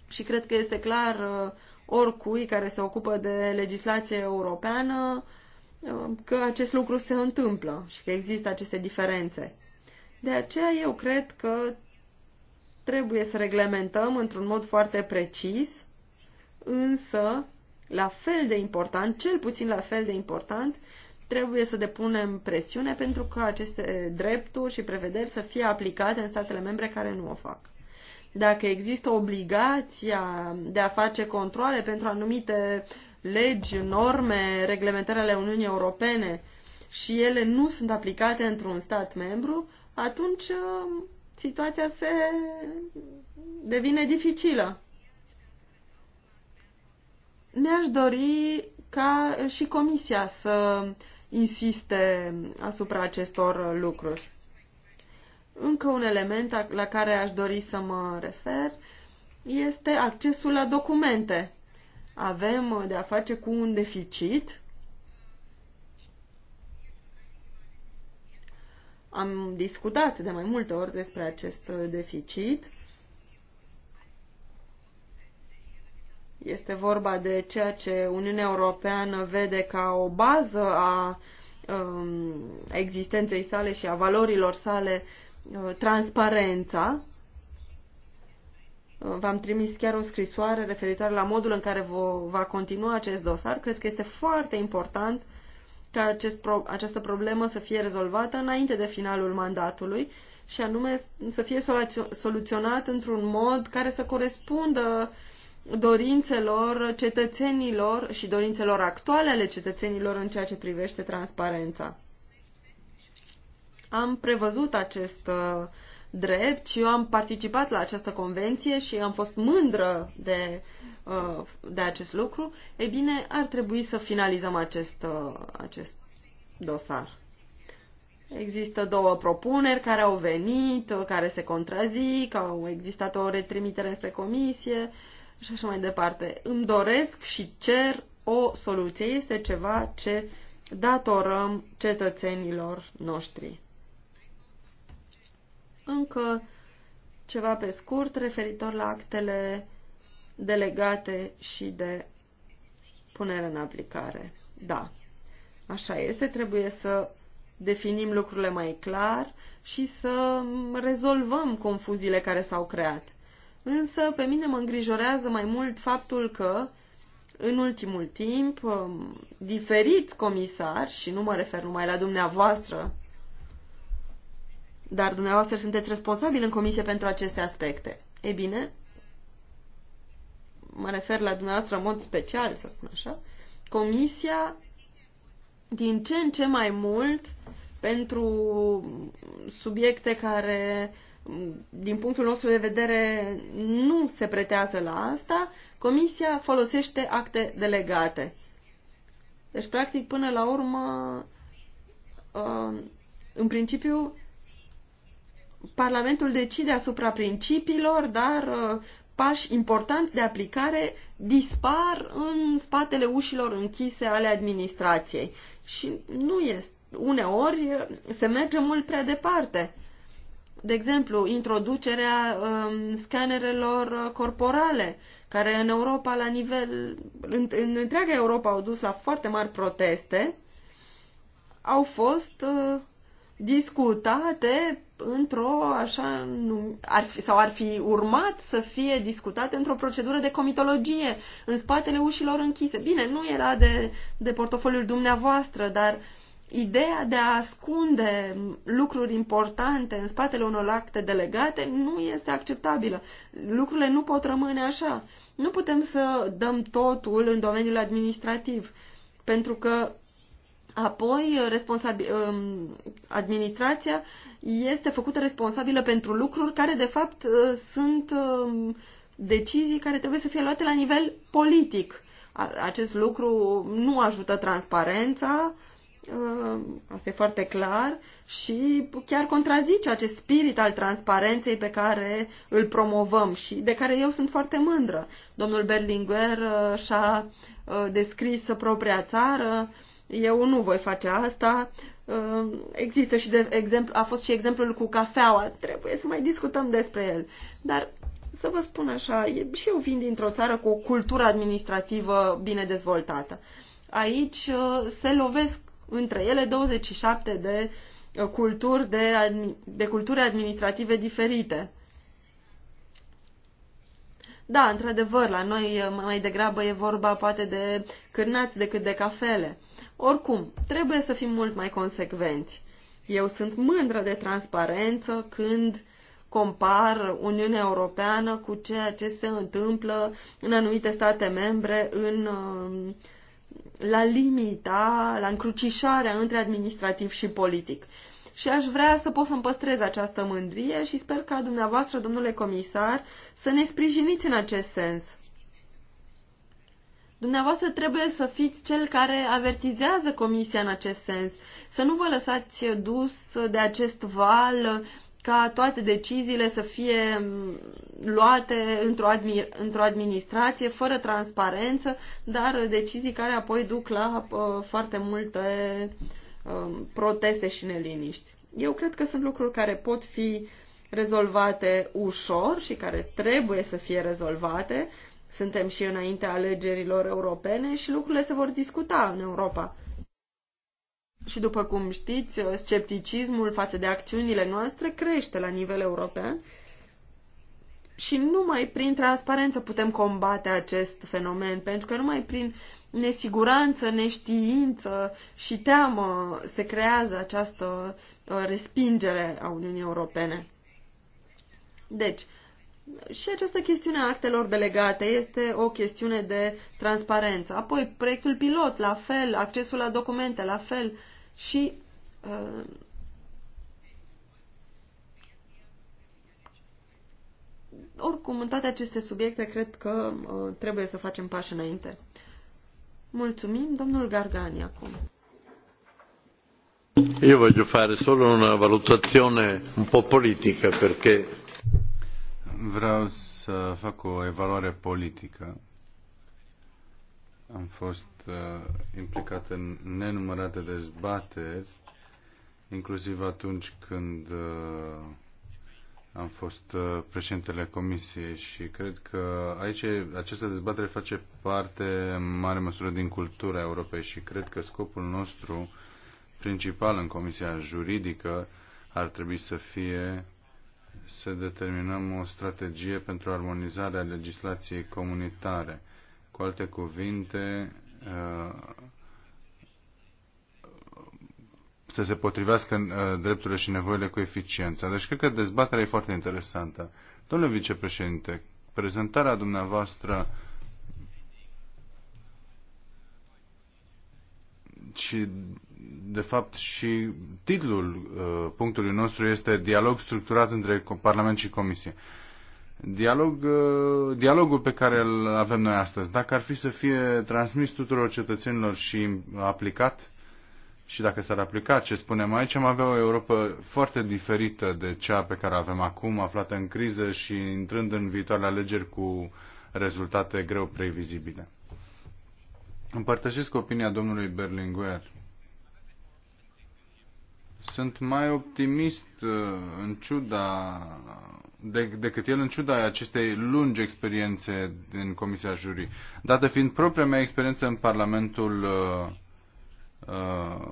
Și cred că este clar uh, oricui care se ocupă de legislație europeană um, că acest lucru se întâmplă și că există aceste diferențe. De aceea eu cred că Trebuie să reglementăm într-un mod foarte precis, însă, la fel de important, cel puțin la fel de important, trebuie să depunem presiune pentru ca aceste drepturi și prevederi să fie aplicate în statele membre care nu o fac. Dacă există obligația de a face controle pentru anumite legi, norme, reglementări ale Uniunii Europene și ele nu sunt aplicate într-un stat membru, atunci situația se devine dificilă. Mi-aș dori ca și Comisia să insiste asupra acestor lucruri. Încă un element la care aș dori să mă refer este accesul la documente. Avem de a face cu un deficit Am discutat de mai multe ori despre acest deficit. Este vorba de ceea ce Uniunea Europeană vede ca o bază a um, existenței sale și a valorilor sale uh, transparența. Uh, v-am trimis chiar o scrisoare referitoare la modul în care va continua acest dosar. Cred că este foarte important uh, ca acest pro această problemă să fie rezolvată înainte de finalul mandatului și anume să fie soluționat într-un mod care să corespundă dorințelor cetățenilor și dorințelor actuale ale cetățenilor în ceea ce privește transparența. Am prevăzut acest uh, drept și eu am participat la această convenție și am fost mândră de, uh, de acest lucru, e bine, ar trebui să finalizăm acest, uh, acest dosar. Există două propuneri care au venit, uh, care se contrazic, au existat o retrimitere spre comisie și așa mai departe. Îmi doresc și cer o soluție. Este ceva ce datorăm cetățenilor noștri. Încă ceva pe scurt referitor la actele delegate și de punere în aplicare. Da, așa este, trebuie să definim lucrurile mai clar și să rezolvăm confuziile care s-au creat. Însă pe mine mă îngrijorează mai mult faptul că în ultimul timp um, diferiți comisari, și nu mă refer numai la dumneavoastră, dar dumneavoastră sunteți responsabil în comisie pentru aceste aspecte. E bine, mă refer la dumneavoastră în mod special, să spun așa, comisia din ce în ce mai mult pentru subiecte care, din punctul nostru de vedere, nu se pretează la asta, comisia folosește acte delegate. Deci, practic, până la urmă, uh, în principiu, Parlamentul decide asupra principiilor, dar uh, pași importanți de aplicare dispar în spatele ușilor închise ale administrației. Și nu este. Uneori uh, se merge mult prea departe. De exemplu, introducerea um, scanerelor uh, corporale, care în Europa, la nivel. În, în întreaga Europa au dus la foarte mari proteste, au fost uh, discutate într-o așa ar fi, sau ar fi urmat să fie discutate într-o procedură de comitologie în spatele ușilor închise. Bine, nu era de, de portofoliul dumneavoastră, dar ideea de a ascunde lucruri importante în spatele unor acte delegate nu este acceptabilă. Lucrurile nu pot rămâne așa. Nu putem să dăm totul în domeniul administrativ, pentru că Apoi, um, administrația este făcută responsabilă pentru lucruri care, de fapt, uh, sunt um, decizii care trebuie să fie luate la nivel politic. Acest lucru nu ajută transparența, um, asta e foarte clar, și chiar contrazice acest spirit al transparenței pe care îl promovăm și de care eu sunt foarte mândră. Domnul Berlinguer uh, și-a uh, descris propria țară, eu nu voi face asta. Uh, există și de exemplu, a fost și exemplul cu cafeaua. Trebuie să mai discutăm despre el. Dar să vă spun așa, și eu vin dintr-o țară cu o cultură administrativă bine dezvoltată. Aici uh, se lovesc între ele 27 de uh, culturi, de, de culturi administrative diferite. Da, într-adevăr, la noi mai degrabă e vorba poate de cârnați decât de cafele. Oricum, trebuie să fim mult mai consecvenți. Eu sunt mândră de transparență când compar Uniunea Europeană cu ceea ce se întâmplă în anumite state membre în, um, la limita, la încrucișarea între administrativ și politic. Și aș vrea să pot să-mi păstrez această mândrie și sper ca dumneavoastră, domnule comisar, să ne sprijiniți în acest sens Dumneavoastră trebuie să fiți cel care avertizează Comisia în acest sens. Să nu vă lăsați dus de acest val ca toate deciziile să fie mm, luate într-o, admi- într administrație fără transparență, dar decizii care apoi duc la uh, foarte multe uh, proteste și neliniști. Eu cred că sunt lucruri care pot fi rezolvate ușor și care trebuie să fie rezolvate, suntem și înaintea alegerilor europene și lucrurile se vor discuta în Europa. Și după cum știți, scepticismul față de acțiunile noastre crește la nivel european și numai prin transparență putem combate acest fenomen, pentru că numai prin nesiguranță, neștiință și teamă se creează această uh, respingere a Uniunii Europene. Deci, și această chestiune a actelor delegate este o chestiune de transparență. Apoi, proiectul pilot, la fel, accesul la documente, la fel. Și uh, oricum, în toate aceste subiecte, cred că uh, trebuie să facem pași înainte. Mulțumim, domnul Gargani, acum. Eu voglio fare solo una valutazione un po' politica perché Vreau să fac o evaluare politică. Am fost uh, implicat în nenumărate dezbateri, inclusiv atunci când uh, am fost uh, președintele comisiei și cred că aici această dezbatere face parte în mare măsură din cultura Europei și cred că scopul nostru principal în comisia juridică ar trebui să fie să determinăm o strategie pentru armonizarea legislației comunitare. Cu alte cuvinte, uh, să se potrivească uh, drepturile și nevoile cu eficiența. Deci cred că dezbaterea e foarte interesantă. Domnule vicepreședinte, prezentarea dumneavoastră și de fapt și titlul uh, punctului nostru este Dialog structurat între Parlament și Comisie. Dialog, uh, dialogul pe care îl avem noi astăzi, dacă ar fi să fie transmis tuturor cetățenilor și aplicat, și dacă s-ar aplica ce spunem aici, am avea o Europa foarte diferită de cea pe care o avem acum, aflată în criză și intrând în viitoarele alegeri cu rezultate greu previzibile. Împărtășesc opinia domnului Berlinguer sunt mai optimist uh, în ciuda, dec- decât el în ciuda acestei lungi experiențe din Comisia Jurii. Dată fiind propria mea experiență în Parlamentul uh, uh,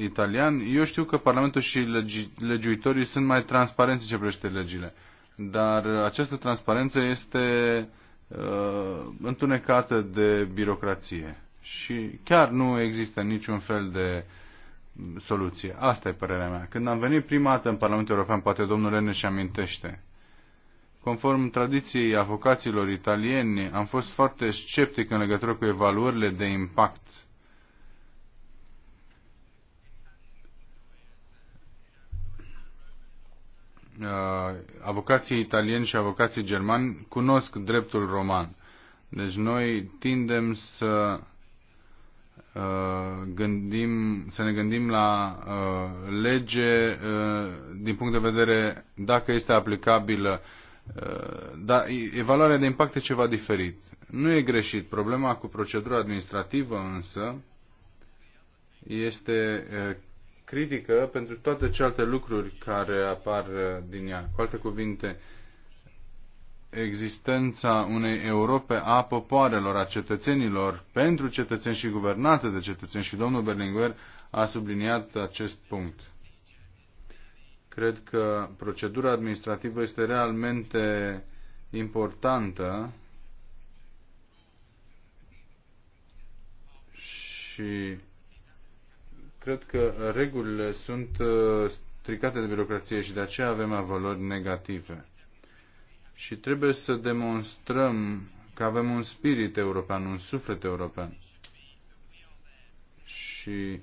italian, eu știu că Parlamentul și legi- legiuitorii sunt mai transparenți în ce privește legile. Dar această transparență este uh, întunecată de birocrație. Și chiar nu există niciun fel de uh, soluție. Asta e părerea mea. Când am venit prima dată în Parlamentul European, poate domnul Lene și amintește, conform tradiției avocaților italieni, am fost foarte sceptic în legătură cu evaluările de impact uh, avocații italieni și avocații germani cunosc dreptul roman. Deci noi tindem să Uh, gândim, să ne gândim la uh, lege uh, din punct de vedere dacă este aplicabilă. dar evaluarea de impact e ceva diferit. Nu e greșit. Problema cu procedura administrativă însă este critică pentru toate celelalte lucruri care apar din ea. Cu alte cuvinte, uh, existența unei Europe a popoarelor, a cetățenilor, pentru cetățeni și guvernate de cetățeni. Și domnul Berlinguer a subliniat acest punct. Cred că procedura administrativă este realmente importantă și cred că regulile sunt uh, stricate de birocrație și de aceea avem valori negative și trebuie să demonstrăm că avem un spirit european, un suflet european. Și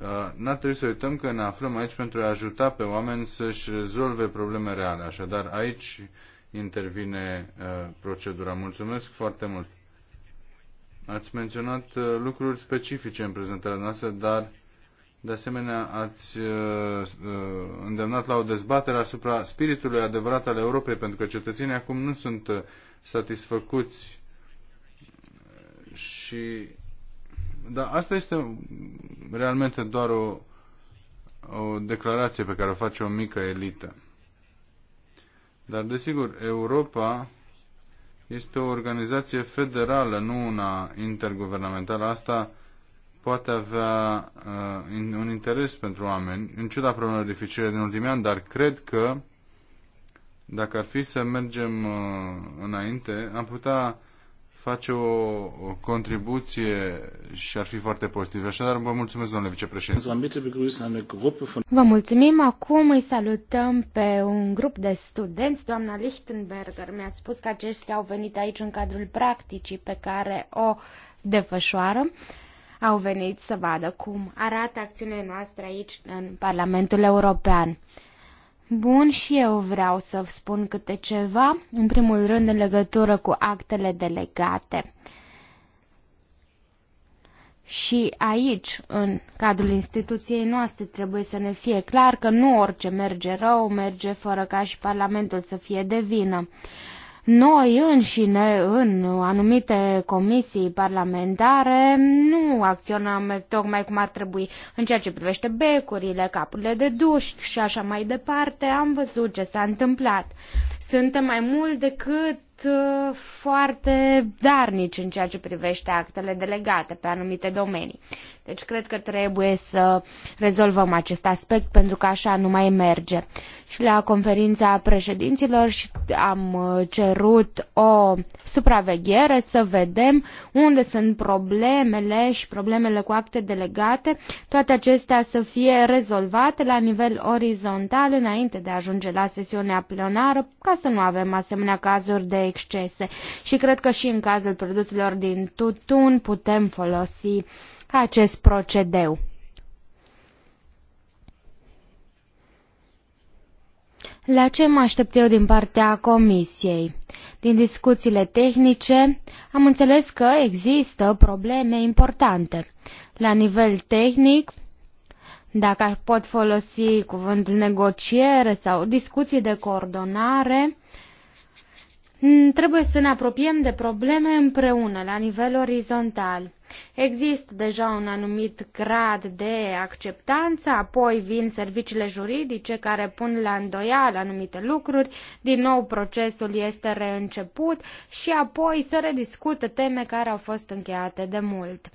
uh, n-ar trebui să uităm că ne aflăm aici pentru a ajuta pe oameni să-și rezolve probleme reale. Așadar, aici intervine uh, procedura. Mulțumesc foarte mult. Ați menționat uh, lucruri specifice în prezentarea noastră, dar de asemenea, ați uh, uh, îndemnat la o dezbatere asupra spiritului adevărat al Europei, pentru că cetățenii acum nu sunt uh, satisfăcuți și da, asta este realmente doar o, o declarație pe care o face o mică elită. Dar, desigur, Europa este o organizație federală, nu una interguvernamentală. Asta uh, poate avea uh, un interes pentru oameni, în ciuda problemelor dificile din ultimii ani, dar cred că dacă ar fi să mergem uh, înainte, am putea face o, o contribuție și ar fi foarte pozitiv. Așadar, vă mulțumesc, domnule vicepreședinte. Vă mulțumim. Acum îi salutăm pe un grup de studenți. Doamna Lichtenberger mi-a spus că aceștia au venit aici în cadrul practicii pe care o defășoară. Uh, au venit să vadă cum arată acțiunea noastră aici în Parlamentul European. Bun, și eu vreau să spun câte ceva, în primul rând în legătură cu actele delegate. Și aici, în cadrul instituției noastre, trebuie să ne fie clar că nu orice merge rău merge fără ca și Parlamentul să fie de vină noi înșine în anumite comisii parlamentare nu acționăm tocmai cum ar trebui în ceea ce privește becurile, capurile de duș și așa mai departe. Am văzut ce s-a întâmplat. Suntem mai mult decât Uh, foarte darnici în ceea ce privește actele delegate pe anumite domenii. Deci cred că trebuie să rezolvăm acest aspect pentru că așa nu mai merge. Și la conferința președinților am uh, cerut o supraveghere să vedem unde sunt problemele și problemele cu acte delegate, toate acestea să fie rezolvate la nivel orizontal înainte de a ajunge la sesiunea plenară ca să nu avem asemenea cazuri de excese. Și cred că și în cazul produselor din tutun putem folosi acest procedeu. La ce mă aștept eu din partea comisiei? Din discuțiile tehnice am înțeles că există probleme importante. La nivel tehnic, dacă pot folosi cuvântul negociere sau discuții de coordonare, Mm, trebuie să ne apropiem de probleme împreună, la nivel orizontal. Există deja un anumit grad de acceptanță, apoi vin serviciile juridice care pun la îndoială anumite lucruri, din nou procesul este reînceput și apoi se rediscută teme care au fost încheiate de mult.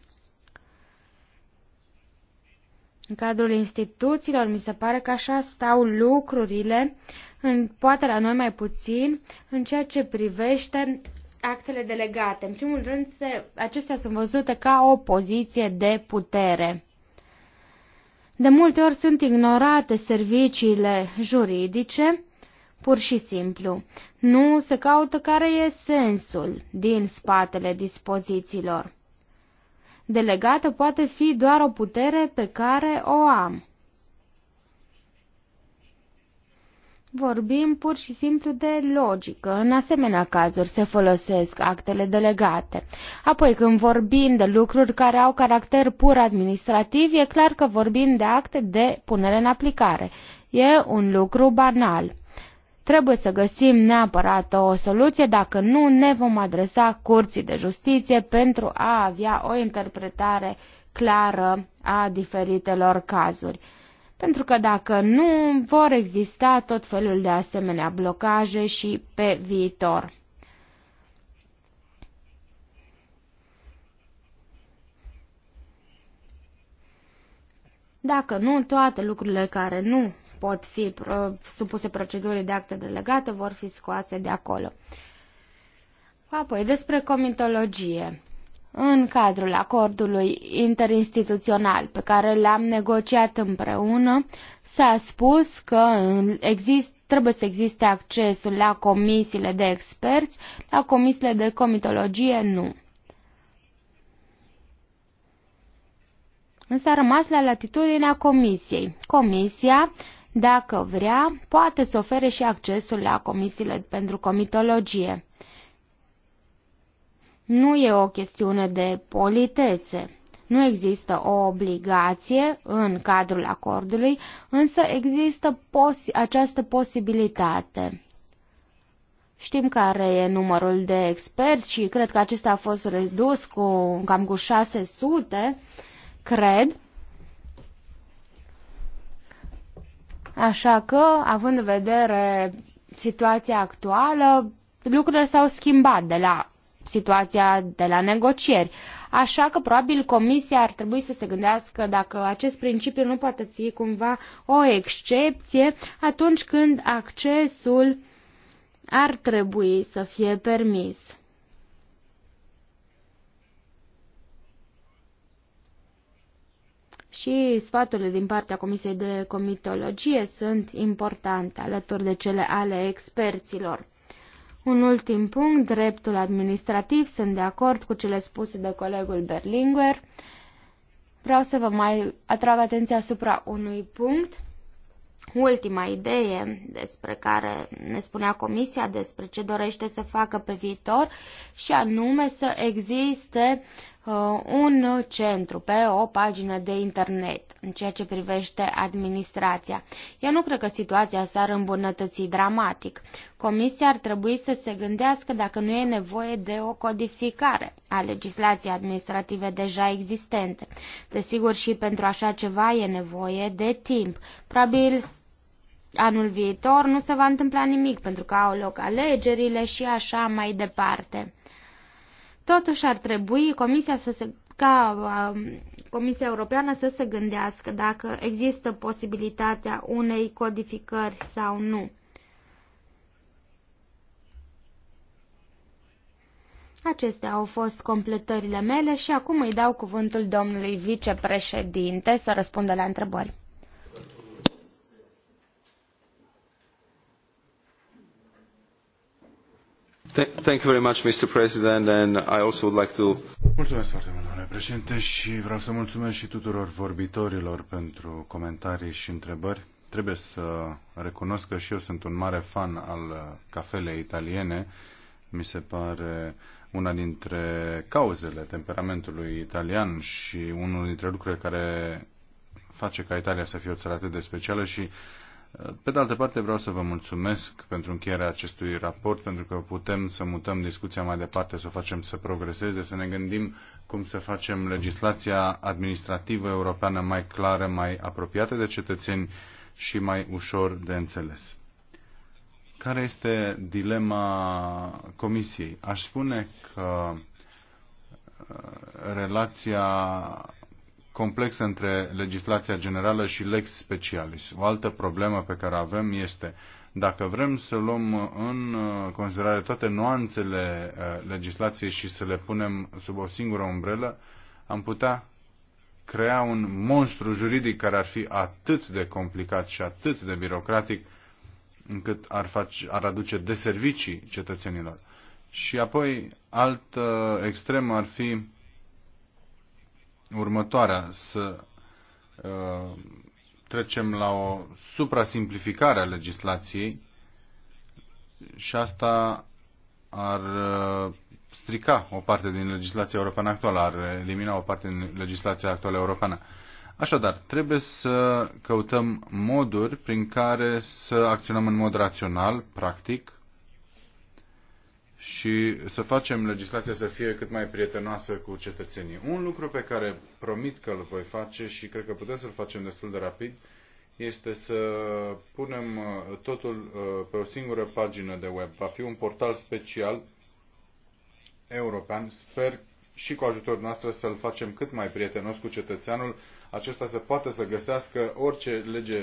În cadrul instituțiilor mi se pare că așa stau lucrurile. Uh, în, poate la noi mai puțin, în ceea ce privește actele delegate. În primul rând, se, acestea sunt văzute ca o poziție de putere. De multe ori sunt ignorate serviciile juridice, pur și simplu. Nu se caută care e sensul din spatele dispozițiilor. Delegată poate fi doar o putere pe care o am. Vorbim pur și simplu de logică. În asemenea cazuri se folosesc actele delegate. Apoi, când vorbim de lucruri care au caracter pur administrativ, e clar că vorbim de acte de punere în aplicare. E un lucru banal. Trebuie să găsim neapărat o soluție, dacă nu ne vom adresa curții de justiție pentru a avea o interpretare clară a diferitelor cazuri pentru că dacă nu, vor exista tot felul de asemenea blocaje și pe viitor. Dacă nu, toate lucrurile care nu pot fi supuse procedurii de acte delegate vor fi scoase de acolo. Apoi, despre comitologie în cadrul acordului interinstituțional pe care l-am negociat împreună, s-a spus că există trebuie să existe accesul la comisiile de experți, la comisiile de comitologie nu. Însă a rămas la latitudinea comisiei. Comisia, dacă vrea, poate să ofere și accesul la comisiile pentru comitologie. Nu e o chestiune de politețe. Nu există o obligație în cadrul acordului, însă există posi- această posibilitate. Știm care e numărul de experți și cred că acesta a fost redus cu cam cu 600, cred. Așa că, având în vedere situația actuală, lucrurile s-au schimbat de la situația de la negocieri. Așa că probabil Comisia ar trebui să se gândească dacă acest principiu nu poate fi cumva o excepție atunci când accesul ar trebui să fie permis. și sfaturile din partea Comisiei de Comitologie sunt importante alături de cele ale experților. Un ultim punct, dreptul administrativ, sunt de acord cu cele spuse de colegul Berlinguer. Vreau să vă mai atrag atenția asupra unui punct. Ultima idee despre care ne spunea Comisia despre ce dorește să facă pe viitor și anume să existe Uh, un centru pe o pagină de internet în ceea ce privește administrația. Eu nu cred că situația s-ar îmbunătăți dramatic. Comisia ar trebui să se gândească dacă nu e nevoie de o codificare a legislației administrative deja existente. Desigur, și pentru așa ceva e nevoie de timp. Probabil anul viitor nu se va întâmpla nimic pentru că au loc alegerile și așa mai departe. Totuși ar trebui Comisia să se ca um, Comisia Europeană să se gândească dacă există posibilitatea unei codificări sau nu. Acestea au fost completările mele și acum îi dau cuvântul domnului vicepreședinte să răspundă la întrebări. Thank you very much, Mr. President, and I also would like to... Mulțumesc foarte mult, domnule președinte, și vreau să mulțumesc și tuturor vorbitorilor pentru comentarii și întrebări. Trebuie să recunosc că și eu sunt un mare fan al cafelei italiene. Mi se pare una dintre cauzele temperamentului italian și unul dintre lucrurile care face ca Italia să fie o țară atât de specială și pe de altă parte, vreau să vă mulțumesc pentru încheierea acestui raport, pentru că putem să mutăm discuția mai departe, să o facem să progreseze, să ne gândim cum să facem legislația administrativă europeană mai clară, mai apropiată de cetățeni și mai ușor de înțeles. Care este dilema Comisiei? Aș spune că uh, relația complexă între legislația generală și lex specialis. O altă problemă pe care avem este dacă vrem să luăm în uh, considerare toate nuanțele uh, legislației și să le punem sub o singură umbrelă, am putea crea un monstru juridic care ar fi atât de complicat și atât de birocratic încât ar, face, ar aduce deservicii cetățenilor. Și apoi, alt extrem ar fi următoarea, să uh, trecem la o suprasimplificare a legislației și asta ar uh, strica o parte din legislația europeană actuală, ar elimina o parte din legislația actuală europeană. Așadar, trebuie să căutăm moduri prin care să acționăm în mod rațional, practic, și să facem legislația să fie cât mai prietenoasă cu cetățenii. Un lucru pe care promit că îl voi face și cred că putem să-l facem destul de rapid este să punem uh, totul uh, pe o singură pagină de web. Va fi un portal special european. Sper și cu ajutorul noastră să-l facem cât mai prietenos cu cetățeanul, acesta să poată să găsească orice lege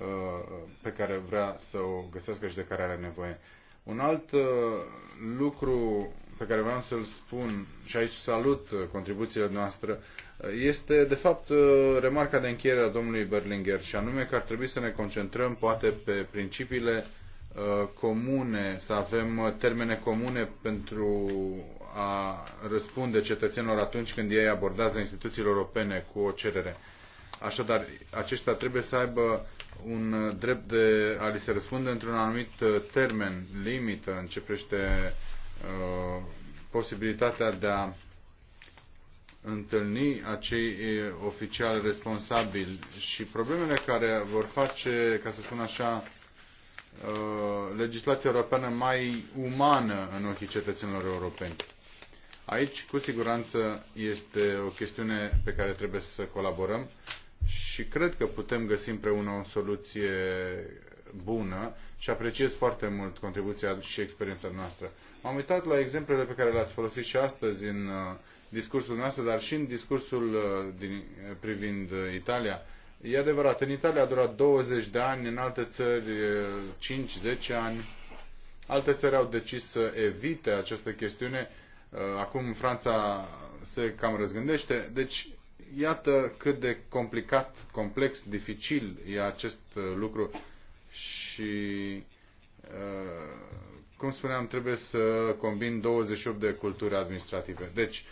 uh, pe care vrea să o găsească și de care are nevoie. Un alt uh, lucru pe care vreau să-l spun, și aici salut uh, contribuțiile noastre, uh, este de fapt remarca de încheiere a domnului Berlinger, și anume că ar trebui să ne concentrăm poate pe principiile comune, să avem termene comune pentru a răspunde cetățenilor atunci când ei abordează instituțiile europene cu o cerere. Așadar, aceștia trebuie să aibă un drept de a li se răspunde într-un anumit uh, termen, limită, începește uh, posibilitatea de a întâlni acei uh, oficiali responsabili și problemele care vor face, ca să spun așa, legislația europeană mai umană în ochii cetățenilor europeni. Aici, cu siguranță, este o chestiune pe care trebuie să colaborăm și cred că putem găsi împreună o soluție bună și apreciez foarte mult contribuția și experiența noastră. M-am uitat la exemplele pe care le-ați folosit și astăzi în uh, discursul noastră, dar și în discursul uh, din, uh, privind Italia. E adevărat, în Italia a durat 20 de ani, în alte țări 5-10 ani. Alte țări au decis să evite această chestiune. Acum Franța se cam răzgândește. Deci Iată cât de complicat, complex, dificil e acest uh, lucru și, uh, cum spuneam, trebuie să combin 28 de culturi administrative. Deci,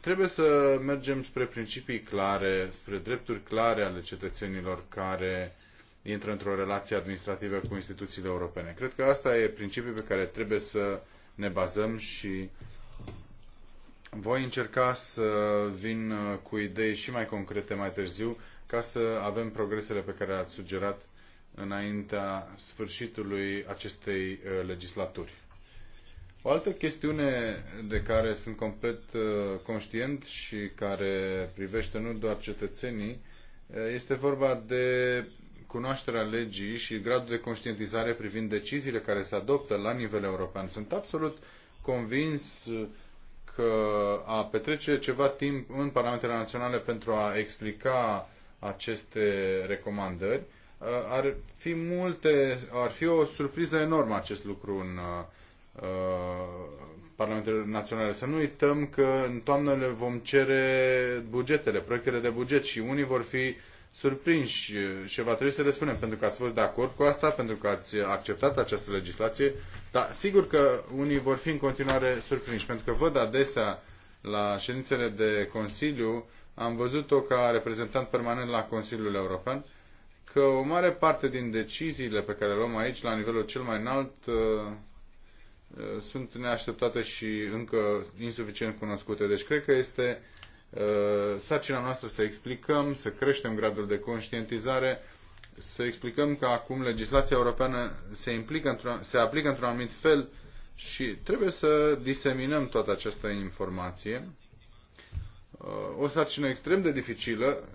trebuie să mergem spre principii clare, spre drepturi clare ale cetățenilor care intră într-o relație administrativă cu instituțiile europene. Cred că asta e principiul pe care trebuie să ne bazăm și uh, voi încerca să vin uh, cu idei și mai concrete mai târziu ca să avem progresele pe care ați sugerat înaintea sfârșitului acestei uh, legislaturi. O altă chestiune de care sunt complet uh, conștient și care privește nu doar cetățenii este vorba de cunoașterea legii și gradul de conștientizare privind deciziile care se adoptă la nivel european. Sunt absolut convins a petrece ceva timp în Parlamentele Naționale pentru a explica aceste recomandări. Uh, ar fi multe, ar fi o surpriză enormă acest lucru în uh, Parlamentele Naționale. Să nu uităm că în toamnă le vom cere bugetele, proiectele de buget și unii vor fi surprinși și va trebui să le spunem pentru că ați fost de acord cu asta, pentru că ați acceptat această legislație, dar sigur că unii vor fi în continuare surprinși, pentru că văd adesea la ședințele de Consiliu, am văzut-o ca reprezentant permanent la Consiliul European, că o mare parte din deciziile pe care le luăm aici, la nivelul cel mai înalt, uh, uh, sunt neașteptate și încă insuficient cunoscute. Deci cred că este Uh, sarcina noastră să explicăm, să creștem gradul de conștientizare, să explicăm că acum legislația europeană se, implică într se aplică într-un anumit fel și trebuie să diseminăm toată această informație. Uh, o sarcină extrem de dificilă,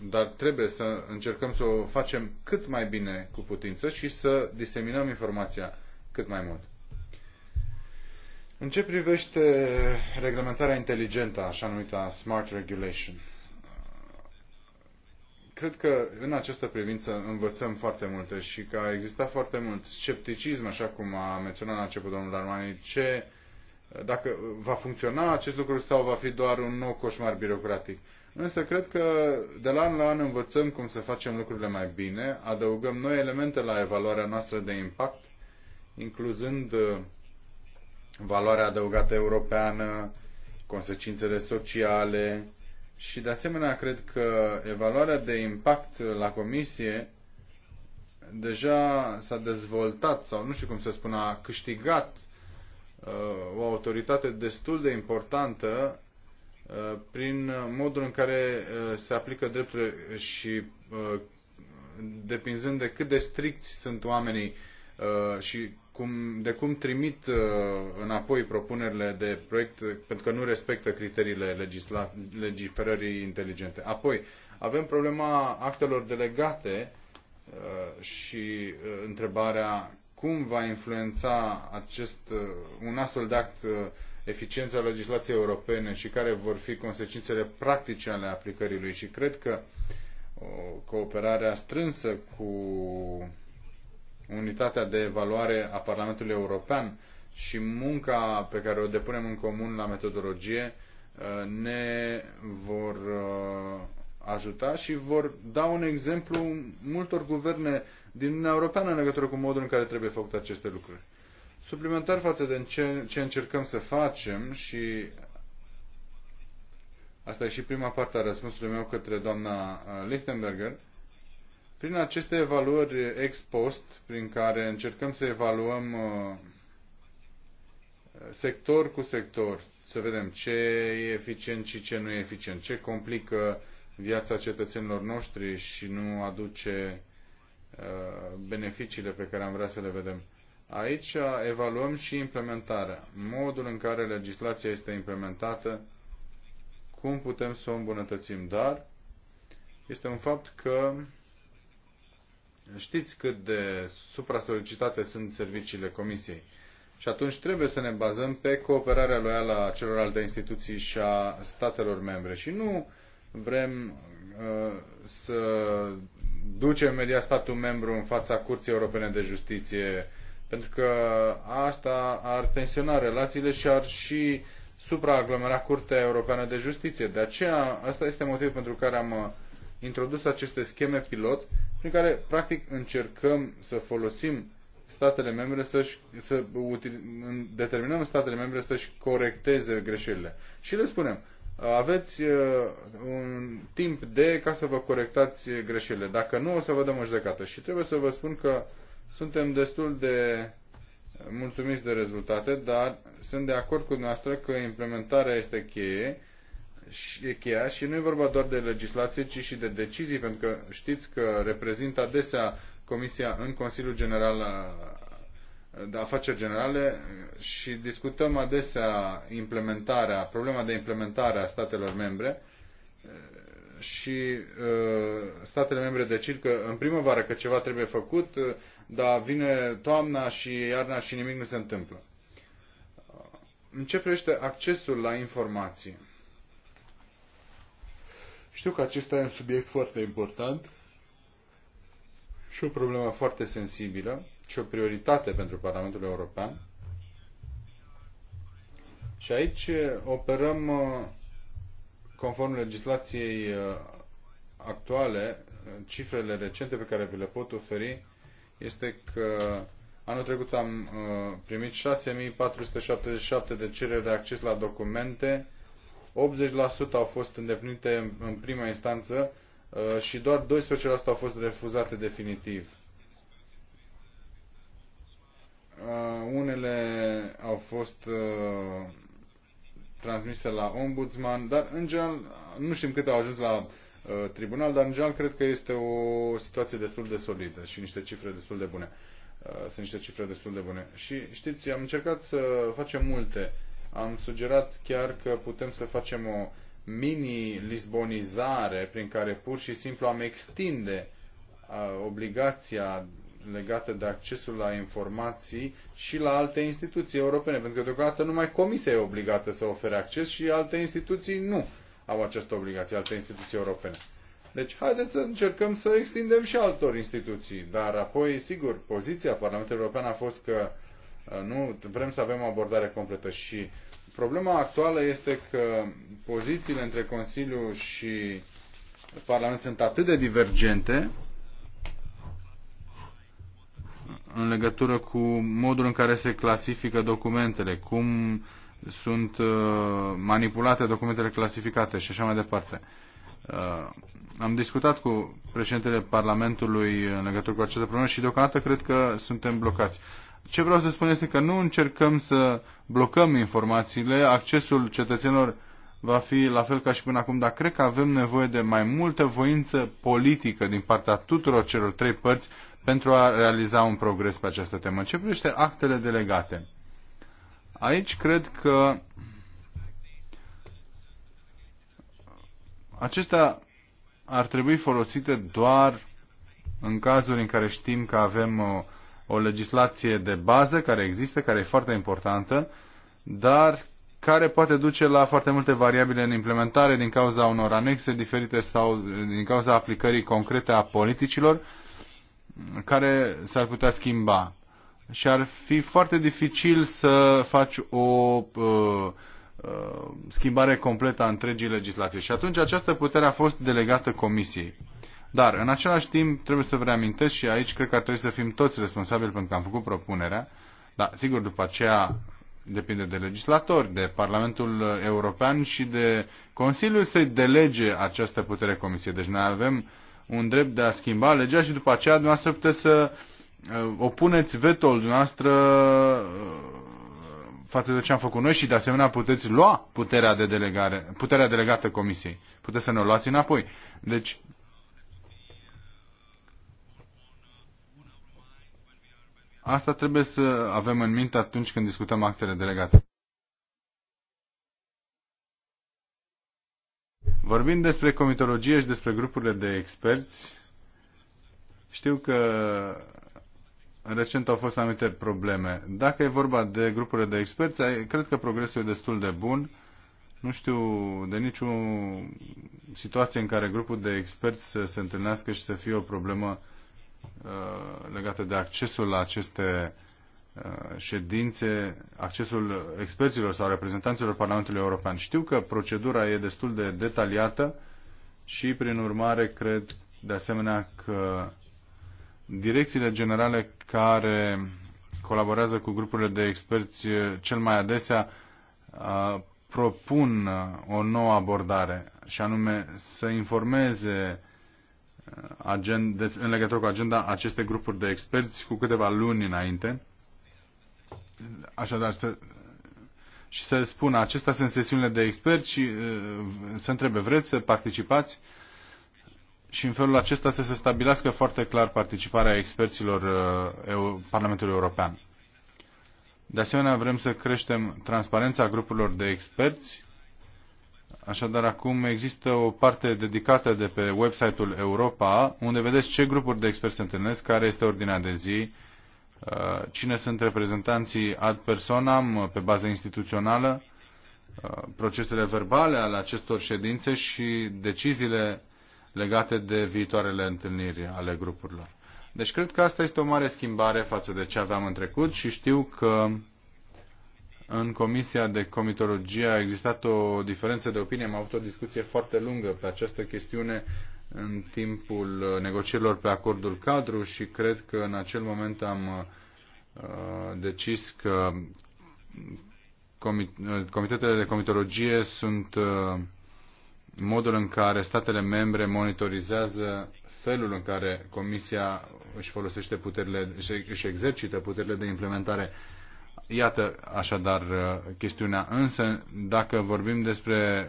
dar trebuie să încercăm să o facem cât mai bine cu putință și să diseminăm informația cât mai mult. În ce privește reglementarea inteligentă, așa numită smart regulation, cred că în această privință învățăm foarte multe și că a existat foarte mult scepticism, așa cum a menționat la început domnul Darmani, ce, dacă va funcționa acest lucru sau va fi doar un nou coșmar birocratic. Însă cred că de la an la an învățăm cum să facem lucrurile mai bine, adăugăm noi elemente la evaluarea noastră de impact, incluzând valoarea adăugată europeană, consecințele sociale și de asemenea cred că evaluarea de impact la comisie deja s-a dezvoltat sau nu știu cum să spun, a câștigat uh, o autoritate destul de importantă uh, prin modul în care uh, se aplică drepturile și uh, depinzând de cât de stricți sunt oamenii uh, și cum, de cum trimit uh, înapoi propunerile de proiect pentru că nu respectă criteriile legisla, legiferării inteligente. Apoi, avem problema actelor delegate uh, și uh, întrebarea cum va influența acest, uh, un astfel de act uh, eficiența legislației europene și care vor fi consecințele practice ale aplicării lui. Și cred că uh, cooperarea strânsă cu unitatea de evaluare a Parlamentului European și munca pe care o depunem în comun la metodologie uh, ne vor uh, ajuta și vor da un exemplu multor guverne din Uniunea Europeană în legătură cu modul în care trebuie făcut aceste lucruri. Suplimentar față de ce, ce încercăm să facem și asta e și prima parte a răspunsului meu către doamna uh, Lichtenberger, prin aceste evaluări ex post, prin care încercăm să evaluăm uh, sector cu sector, să vedem ce e eficient și ce nu e eficient, ce complică viața cetățenilor noștri și nu aduce uh, beneficiile pe care am vrea să le vedem. Aici evaluăm și implementarea, modul în care legislația este implementată, cum putem să o îmbunătățim, dar este un fapt că Știți cât de supra-solicitate sunt serviciile Comisiei. Și atunci trebuie să ne bazăm pe cooperarea loială a celorlalte instituții și a statelor membre. Și nu vrem uh, să ducem media statul membru în fața Curții Europene de Justiție, pentru că asta ar tensiona relațiile și ar și supraaglomera Curtea Europeană de Justiție. De aceea, asta este motivul pentru care am uh, introdus aceste scheme pilot prin care, practic, încercăm să folosim statele membre să-și, să util, determinăm statele membre să-și corecteze greșelile. Și le spunem, aveți uh, un timp de ca să vă corectați greșelile. Dacă nu, o să vă dăm o judecată. Și trebuie să vă spun că suntem destul de mulțumiți de rezultate, dar sunt de acord cu dumneavoastră că implementarea este cheie cheia și nu e vorba doar de legislație, ci și de decizii, pentru că știți că reprezintă adesea Comisia în Consiliul General de Afaceri Generale și discutăm adesea implementarea, problema de implementare a statelor membre și statele membre decid că în primăvară că ceva trebuie făcut, dar vine toamna și iarna și nimic nu se întâmplă. În ce privește accesul la informații? Știu că acesta e un subiect foarte important și o problemă foarte sensibilă și o prioritate pentru Parlamentul European. Și aici eh, operăm eh, conform legislației eh, actuale, cifrele recente pe care vi le pot oferi este că anul trecut am primit 6.477 de cereri de acces la documente 80% au fost îndeplinite în prima instanță uh, și doar 12% au fost refuzate definitiv. Uh, unele au fost uh, transmise la ombudsman, dar în general nu știm câte au ajuns la tribunal, dar în general cred că este o situație destul de solidă și niște cifre destul de bune. Sunt niște cifre destul de bune. Și știți, am încercat să facem multe am sugerat chiar că putem să facem o mini-lisbonizare prin care pur și simplu am extinde obligația legată de accesul la informații și la alte instituții europene, pentru că deocamdată numai Comisia e obligată să ofere acces și alte instituții nu au această obligație, alte instituții europene. Deci haideți să încercăm să extindem și altor instituții, dar apoi, sigur, poziția Parlamentului European a fost că Uh, nu, vrem să avem o abordare completă și problema actuală este că pozițiile între Consiliu și Parlament sunt atât de divergente în legătură cu modul în care se clasifică documentele, cum sunt uh, manipulate documentele clasificate și așa mai departe. Uh, am discutat cu președintele Parlamentului în legătură cu această problemă și deocamdată cred că suntem blocați. Ce vreau să spun este că nu încercăm să blocăm informațiile, accesul cetățenilor va fi la fel ca și până acum, dar cred că avem nevoie de mai multă voință politică din partea tuturor celor trei părți pentru a realiza un progres pe această temă. Ce privește actele delegate? Aici cred că acestea ar trebui folosite doar în cazuri în care știm că avem uh, o legislație de bază care există, care e foarte importantă, dar care poate duce la foarte multe variabile în implementare din cauza unor anexe diferite sau din cauza aplicării concrete a politicilor care s-ar putea schimba. Și ar fi foarte dificil să faci o uh, uh, schimbare completă a întregii legislații. Și atunci această putere a fost delegată Comisiei. Dar, în același timp, trebuie să vă reamintesc și aici cred că ar trebui să fim toți responsabili pentru că am făcut propunerea, dar, sigur, după aceea depinde de legislatori, de Parlamentul European și de Consiliul să-i delege această putere comisiei. Deci noi avem un drept de a schimba legea și după aceea dumneavoastră puteți să uh, opuneți veto dumneavoastră uh, față de ce am făcut noi și de asemenea puteți lua puterea, de delegare, puterea delegată comisiei. Puteți să ne o luați înapoi. Deci Asta trebuie să avem în minte atunci când discutăm actele delegate. Vorbind despre comitologie și despre grupurile de experți, știu că recent au fost anumite probleme. Dacă e vorba de grupurile de experți, cred că progresul e destul de bun. Nu știu de nicio situație în care grupul de experți să se întâlnească și să fie o problemă Uh, legate de accesul la aceste uh, ședințe, accesul experților sau reprezentanților Parlamentului European. Știu că procedura e destul de detaliată și, prin urmare, cred de asemenea că direcțiile generale care colaborează cu grupurile de experți cel mai adesea uh, propun o nouă abordare și anume să informeze deci, în legătură cu agenda acestei grupuri de experți cu câteva luni înainte. Așadar, să, și să spună, acestea sunt sesiunile de experți și uh, să întrebe, vreți să participați? Și în felul acesta să se stabilească foarte clar participarea experților uh, EU, Parlamentului European. De asemenea, vrem să creștem transparența grupurilor de experți Așadar, acum există o parte dedicată de pe website-ul Europa, unde vedeți ce grupuri de experți se întâlnesc, care este ordinea de zi, uh, cine sunt reprezentanții ad personam uh, pe bază instituțională, uh, procesele verbale ale acestor ședințe și deciziile legate de viitoarele întâlniri ale grupurilor. Deci cred că asta este o mare schimbare față de ce aveam în trecut și știu că în Comisia de Comitologie a existat o diferență de opinie, am avut o discuție foarte lungă pe această chestiune în timpul negocierilor pe acordul cadru și cred că în acel moment am uh, decis că comit uh, comitetele de comitologie sunt uh, modul în care statele membre monitorizează felul în care Comisia își folosește puterile, își exercită puterile de implementare Iată așadar uh, chestiunea. Însă, dacă vorbim despre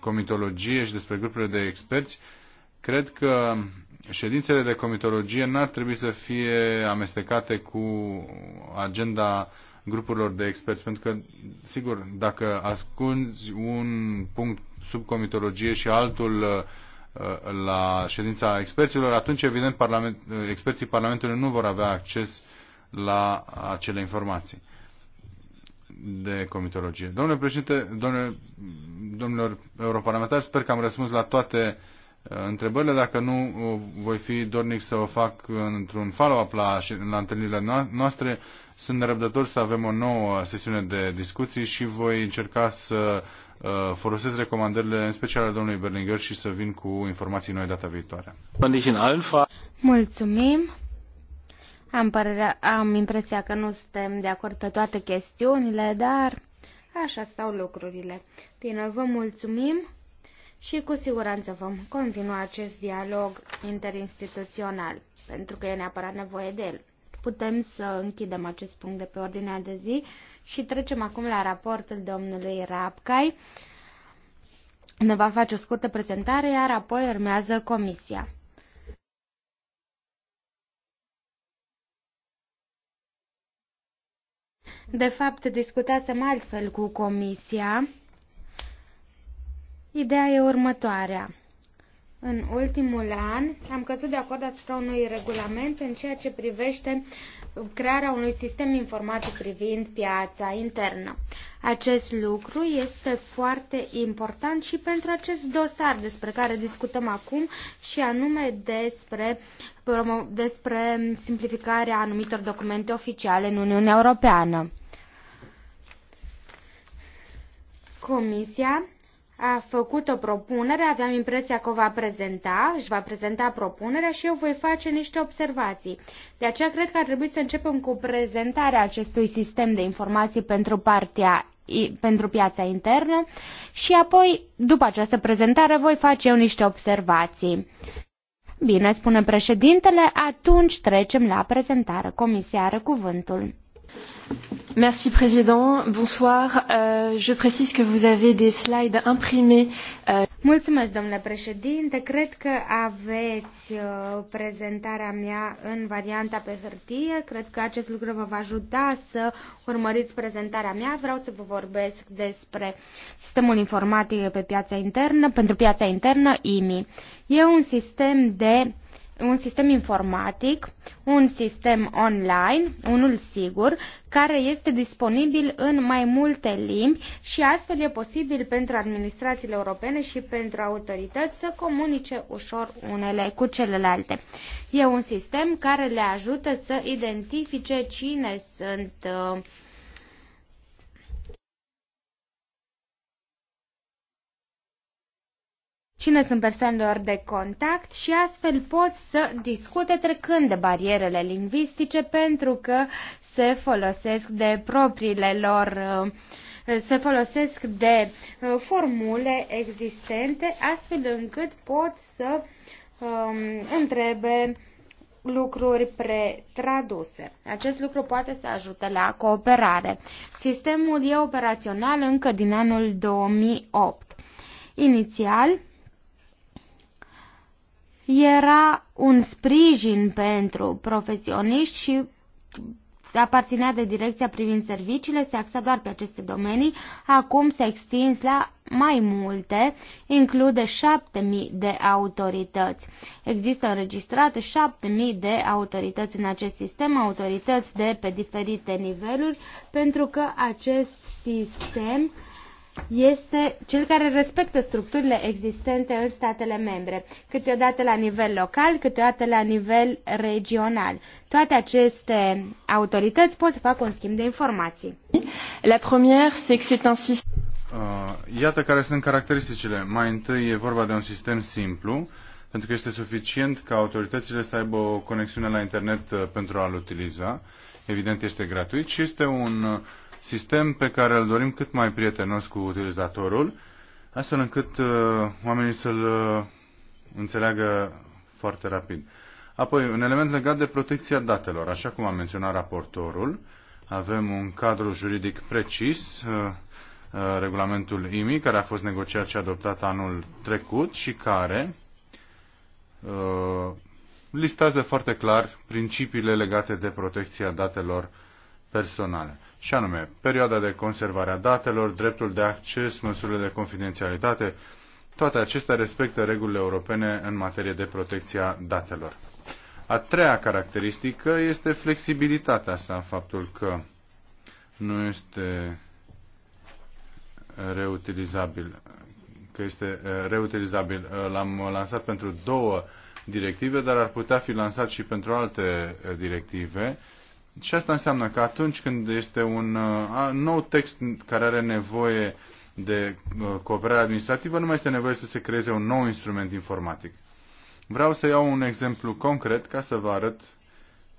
comitologie și despre grupurile de experți, cred că ședințele de comitologie n-ar trebui să fie amestecate cu agenda grupurilor de experți, pentru că, sigur, dacă ascunzi un punct sub comitologie și altul uh, uh, la ședința experților, atunci, evident, parlament, experții Parlamentului nu vor avea acces la acele informații de comitologie. Domnule președinte, domnule, domnilor europarlamentari, sper că am răspuns la toate uh, întrebările. Dacă nu, uh, voi fi dornic să o fac într-un follow-up la, la întâlnirile noastre. Sunt nerăbdător să avem o nouă sesiune de discuții și voi încerca să uh, folosesc recomandările, în special ale domnului Berlinger, și să vin cu informații noi data viitoare. Mulțumim. Am, părerea, am impresia că nu suntem de acord pe toate chestiunile, dar așa stau lucrurile. Bine, vă mulțumim și cu siguranță vom continua acest dialog interinstituțional, pentru că e neapărat nevoie de el. Putem să închidem acest punct de pe ordinea de zi și trecem acum la raportul domnului Rapcai. Ne va face o scurtă prezentare, iar apoi urmează comisia. De fapt, discutasem altfel cu comisia. Ideea e următoarea. În ultimul an am căzut de acord asupra unui regulament în ceea ce privește crearea unui sistem informatic privind piața internă. Acest lucru este foarte important și pentru acest dosar despre care discutăm acum și anume despre, despre simplificarea anumitor documente oficiale în Uniunea Europeană. Comisia a făcut o propunere, aveam impresia că o va prezenta, își va prezenta propunerea și eu voi face niște observații. De aceea cred că ar trebui să începem cu prezentarea acestui sistem de informații pentru partea pentru piața internă și apoi, după această prezentare, voi face eu niște observații. Bine, spune președintele, atunci trecem la prezentare. Comisia are cuvântul. Merci Président. Bonsoir. Euh, je précise que vous avez des slides imprimés. Euh... Mulțumesc, domnule președinte. Cred că aveți uh, prezentarea mea în varianta pe hârtie. Cred că acest lucru vă va ajuta să urmăriți prezentarea mea. Vreau să vă vorbesc despre sistemul informatic pe piața internă, pentru piața internă, IMI. E un sistem de un sistem informatic, un sistem online, unul sigur, care este disponibil în mai multe limbi și astfel e posibil pentru administrațiile europene și pentru autorități să comunice ușor unele cu celelalte. E un sistem care le ajută să identifice cine sunt uh, cine sunt persoanelor de contact și astfel pot să discute trecând de barierele lingvistice pentru că se folosesc de propriile lor uh, se folosesc de uh, formule existente astfel încât pot să um, întrebe lucruri pretraduse. Acest lucru poate să ajute la cooperare. Sistemul e operațional încă din anul 2008. Inițial, era un sprijin pentru profesioniști și aparținea de direcția privind serviciile, se axa doar pe aceste domenii, acum s-a extins la mai multe, include 7.000 de autorități. Există înregistrate 7.000 de autorități în acest sistem, autorități de pe diferite niveluri, pentru că acest sistem este cel care respectă structurile existente în statele membre, câteodată la nivel local, câteodată la nivel regional. Toate aceste autorități pot să facă un schimb de informații. La première, c'est que c'est un système... Ah, iată care sunt caracteristicile. Mai întâi e vorba de un sistem simplu, pentru că este suficient ca autoritățile să aibă o conexiune la internet uh, pentru a-l utiliza. Evident, este gratuit și este un uh, sistem pe care îl dorim cât mai prietenos cu utilizatorul, astfel încât uh, oamenii să-l uh, înțeleagă foarte rapid. Apoi, un element legat de protecția datelor. Așa cum a menționat raportorul, avem un cadru juridic precis, uh, uh, regulamentul IMI, care a fost negociat și adoptat anul trecut și care uh, listează foarte clar principiile legate de protecția datelor personale și anume perioada de conservare a datelor, dreptul de acces, măsurile de confidențialitate, toate acestea respectă regulile europene în materie de protecția datelor. A treia caracteristică este flexibilitatea sa, faptul că nu este reutilizabil, că este uh, reutilizabil. Uh, L-am lansat pentru două directive, dar ar putea fi lansat și pentru alte uh, directive și asta înseamnă că atunci când este un uh, nou text care are nevoie de uh, cooperare administrativă, nu mai este nevoie să se creeze un nou instrument informatic. Vreau să iau un exemplu concret ca să vă arăt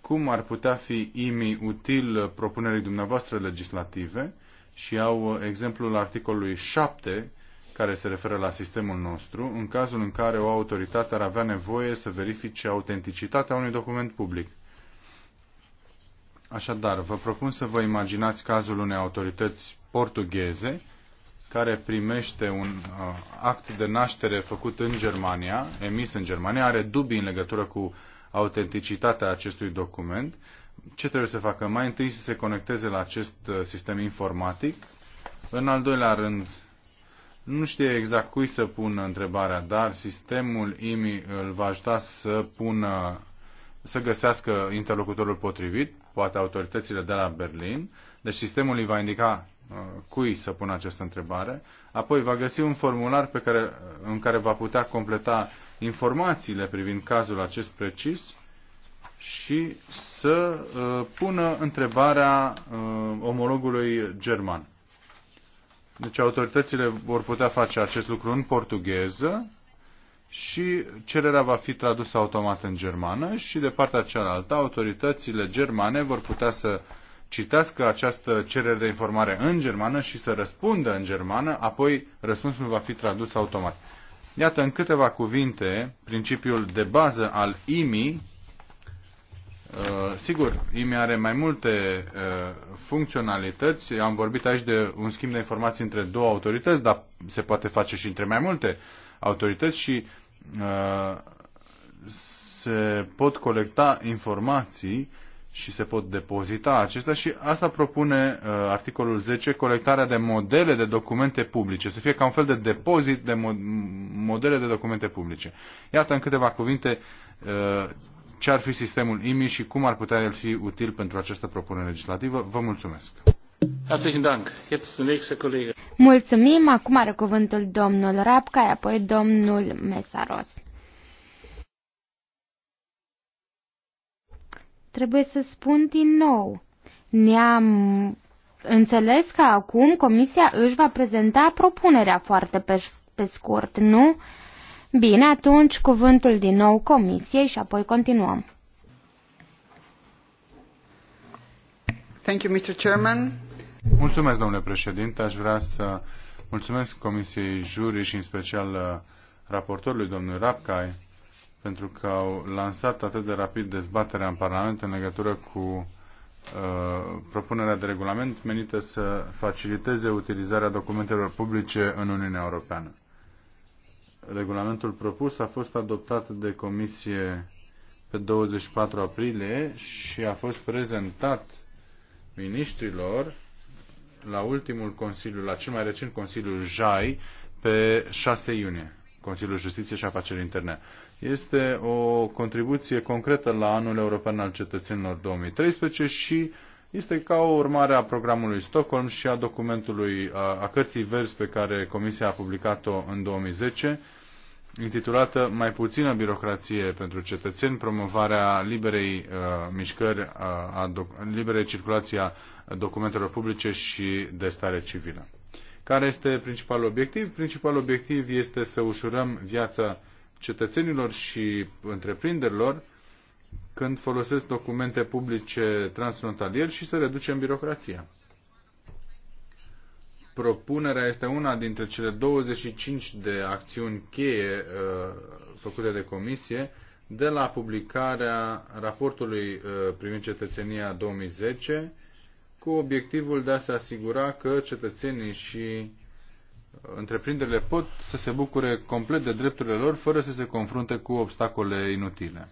cum ar putea fi IMI util uh, propunerii dumneavoastră legislative și au exemplul articolului 7 care se referă la sistemul nostru, în cazul în care o autoritate ar avea nevoie să verifice autenticitatea unui document public. Așadar, vă propun să vă imaginați cazul unei autorități portugheze care primește un uh, act de naștere făcut în Germania, emis în Germania, are dubii în legătură cu autenticitatea acestui document. Ce trebuie să facă? Mai întâi să se conecteze la acest uh, sistem informatic. În al doilea rând, nu știe exact cui să pună întrebarea, dar sistemul IMI îl va ajuta să pună să găsească interlocutorul potrivit poate autoritățile de la Berlin. Deci sistemul îi va indica uh, cui să pună această întrebare, apoi va găsi un formular pe care, uh, în care va putea completa informațiile privind cazul acest precis și să uh, pună întrebarea uh, omologului german. Deci autoritățile vor putea face acest lucru în portugheză și cererea va fi tradusă automat în germană și de partea cealaltă autoritățile germane vor putea să citească această cerere de informare în germană și să răspundă în germană, apoi răspunsul va fi tradus automat. Iată în câteva cuvinte principiul de bază al IMI. Uh, sigur, IMI are mai multe uh, funcționalități. Am vorbit aici de un schimb de informații între două autorități, dar se poate face și între mai multe autorități și Uh, se pot colecta informații și se pot depozita acestea și asta propune uh, articolul 10, colectarea de modele de documente publice, să fie ca un fel de depozit de mo- modele de documente publice. Iată în câteva cuvinte uh, ce ar fi sistemul IMI și cum ar putea el fi util pentru această propunere legislativă. Vă mulțumesc! Mulțumim. Acum are cuvântul domnul Rapca, apoi domnul Mesaros. Trebuie să spun din nou. Ne-am înțeles că acum Comisia își va prezenta propunerea foarte pe, pe scurt, nu? Bine, atunci cuvântul din nou Comisiei și apoi continuăm. Thank you, Mr. Chairman. Mulțumesc, domnule președinte. Aș vrea să mulțumesc Comisiei Juri și în special uh, raportorului domnului Rapcai pentru că au lansat atât de rapid dezbaterea în Parlament în legătură cu uh, propunerea de regulament menită să faciliteze utilizarea documentelor publice în Uniunea Europeană. Regulamentul propus a fost adoptat de Comisie pe 24 aprilie și a fost prezentat ministrilor la ultimul Consiliu, la cel mai recent Consiliu JAI, pe 6 iunie, Consiliul Justiție și Afaceri Interne. Este o contribuție concretă la Anul European al Cetățenilor 2013 și este ca o urmare a programului Stockholm și a documentului, a, a cărții verzi pe care Comisia a publicat-o în 2010 intitulată Mai puțină birocrație pentru cetățeni, promovarea liberei uh, mișcări, uh, a liberei circulații documentelor publice și de stare civilă. Care este principalul obiectiv? Principalul obiectiv este să ușurăm viața cetățenilor și întreprinderilor când folosesc documente publice transfrontalier și să reducem birocrația. Propunerea este una dintre cele 25 de acțiuni cheie uh, făcute de comisie de la publicarea raportului uh, privind cetățenia 2010 cu obiectivul de a se asigura că cetățenii și uh, întreprinderile pot să se bucure complet de drepturile lor fără să se confrunte cu obstacole inutile.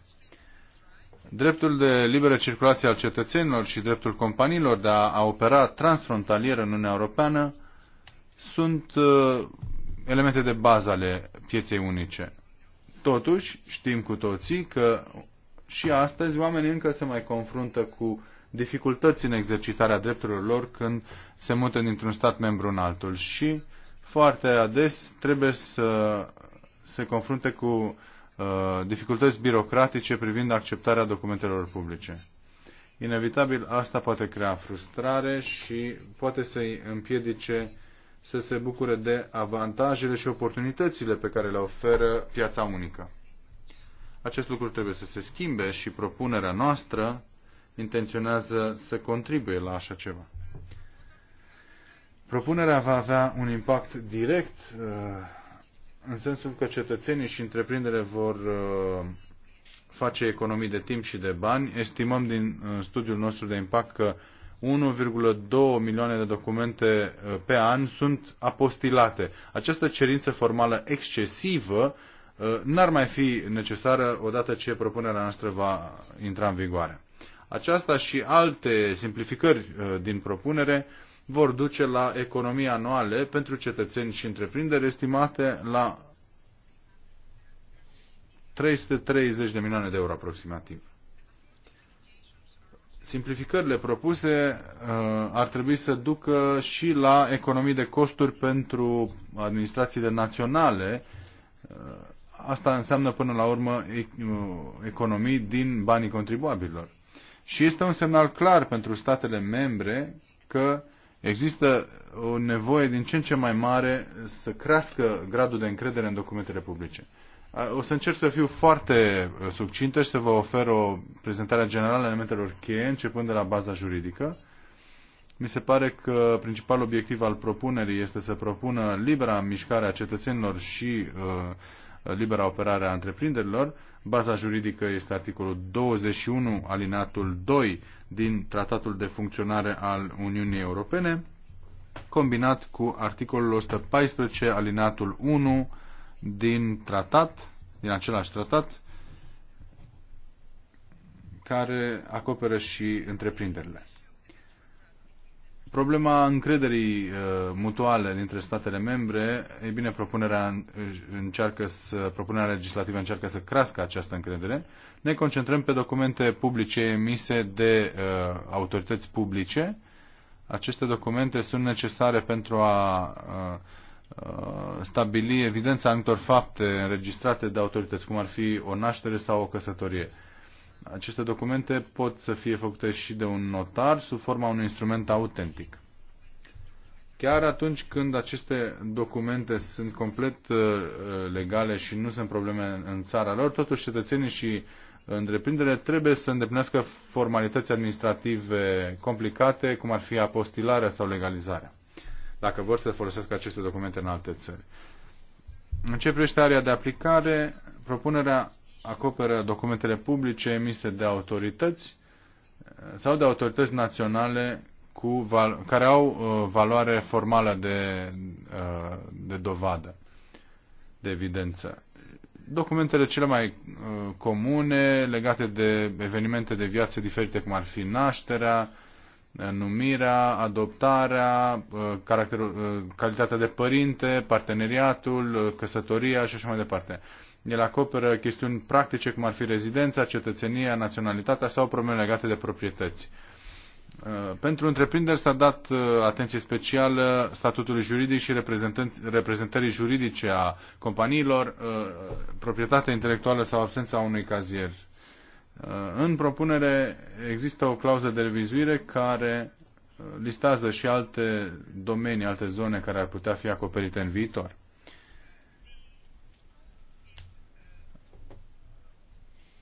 Dreptul de liberă circulație al cetățenilor și dreptul companiilor de a opera transfrontalier în Uniunea Europeană sunt uh, elemente de bază ale pieței unice. Totuși, știm cu toții că și astăzi oamenii încă se mai confruntă cu dificultăți în exercitarea drepturilor lor când se mută dintr-un stat membru în altul și foarte ades trebuie să se confrunte cu uh, dificultăți birocratice privind acceptarea documentelor publice. Inevitabil, asta poate crea frustrare și poate să-i împiedice uh, să se bucure de avantajele și oportunitățile pe care le oferă piața unică. Acest lucru trebuie să se schimbe și propunerea noastră intenționează să contribuie la așa ceva. Propunerea va avea un impact direct uh, în sensul că cetățenii și întreprinderile vor uh, face economii de timp și de bani. Estimăm din uh, studiul nostru de impact că 1,2 milioane de documente uh, pe an sunt apostilate. Această cerință formală excesivă uh, n-ar mai fi necesară odată ce propunerea noastră va intra în vigoare. Aceasta și alte simplificări uh, din propunere vor duce la economii anuale pentru cetățeni și întreprinderi estimate la 330 de milioane de euro aproximativ simplificările propuse uh, ar trebui să ducă și la economii de costuri pentru administrațiile naționale. Uh, asta înseamnă până la urmă uh, economii din banii contribuabililor. Și este un semnal clar pentru statele membre că există o nevoie din ce în ce mai mare să crească gradul de încredere în documentele publice. O să încerc să fiu foarte uh, succintă și să vă ofer o prezentare generală a elementelor cheie, începând de la baza juridică. Mi se pare că principalul obiectiv al propunerii este să propună libera mișcare a cetățenilor și uh, libera operare a întreprinderilor. Baza juridică este articolul 21 alinatul 2 din Tratatul de Funcționare al Uniunii Europene, combinat cu articolul 114 alinatul 1 din tratat, din același tratat, care acoperă și întreprinderile. Problema încrederii uh, mutuale dintre statele membre, e bine, propunerea încearcă să, propunerea legislativă încearcă să crească această încredere. Ne concentrăm pe documente publice emise de uh, autorități publice. Aceste documente sunt necesare pentru a uh, Uh, stabili evidența anumitor fapte înregistrate de autorități, cum ar fi o naștere sau o căsătorie. Aceste documente pot să fie făcute și de un notar sub forma unui instrument autentic. Chiar atunci când aceste documente sunt complet uh, legale și nu sunt probleme în țara lor, totuși cetățenii și întreprinderile trebuie să îndeplinească formalități administrative complicate, cum ar fi apostilarea sau legalizarea dacă vor să folosesc aceste documente în alte țări. În ce privește area de aplicare, propunerea acoperă documentele publice emise de autorități eh, sau de autorități naționale cu val- care au uh, valoare formală de, uh, de dovadă, de evidență. Documentele cele mai uh, comune legate de evenimente de viață diferite, cum ar fi nașterea, numirea, adoptarea, uh, caracterul, uh, calitatea de părinte, parteneriatul, uh, căsătoria și așa mai departe. El acoperă chestiuni practice cum ar fi rezidența, cetățenia, naționalitatea sau probleme legate de proprietăți. Pentru întreprinderi s-a dat atenție specială statutului juridic și reprezentării juridice a companiilor, proprietatea intelectuală sau absența unui cazier în propunere există o clauză de revizuire care uh, listează și alte domenii, alte zone care ar putea fi acoperite în viitor.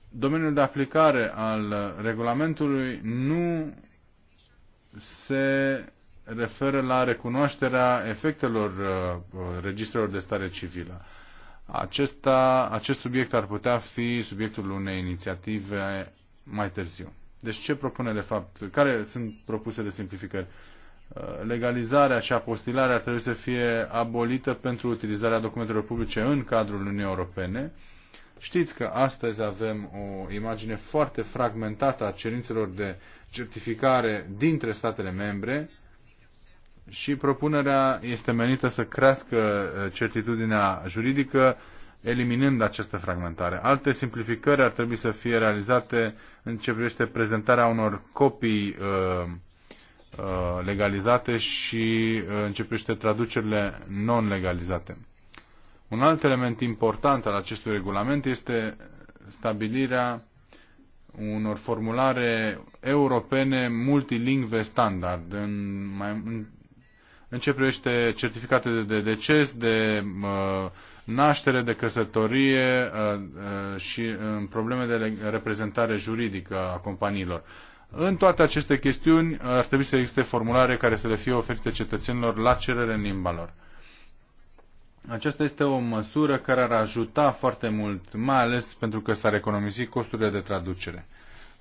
Domeniul de aplicare al regulamentului nu se referă la recunoașterea efectelor uh, registrelor de stare civilă. Acesta, acest subiect ar putea fi subiectul unei inițiative mai târziu. Deci ce propune de fapt? Care sunt de simplificări? Uh, legalizarea și apostilarea ar trebui să fie abolită pentru utilizarea documentelor publice în cadrul Uniunii Europene. Știți că astăzi avem o imagine foarte fragmentată a cerințelor de certificare dintre statele membre, și propunerea este menită să crească uh, certitudinea juridică, eliminând această fragmentare. Alte simplificări ar trebui să fie realizate în ce privește prezentarea unor copii uh, uh, legalizate și uh, în ce privește traducerile non-legalizate. Un alt element important al acestui regulament este stabilirea unor formulare europene multilingve standard în, mai, în în ce privește certificate de deces, de naștere, de căsătorie uh, uh, și uh, probleme de reprezentare juridică a companiilor. În toate aceste chestiuni ar trebui să existe formulare care să le fie oferite cetățenilor la cerere în limba lor. Aceasta este o măsură care ar ajuta foarte mult, mai ales pentru că s-ar economisi costurile de traducere.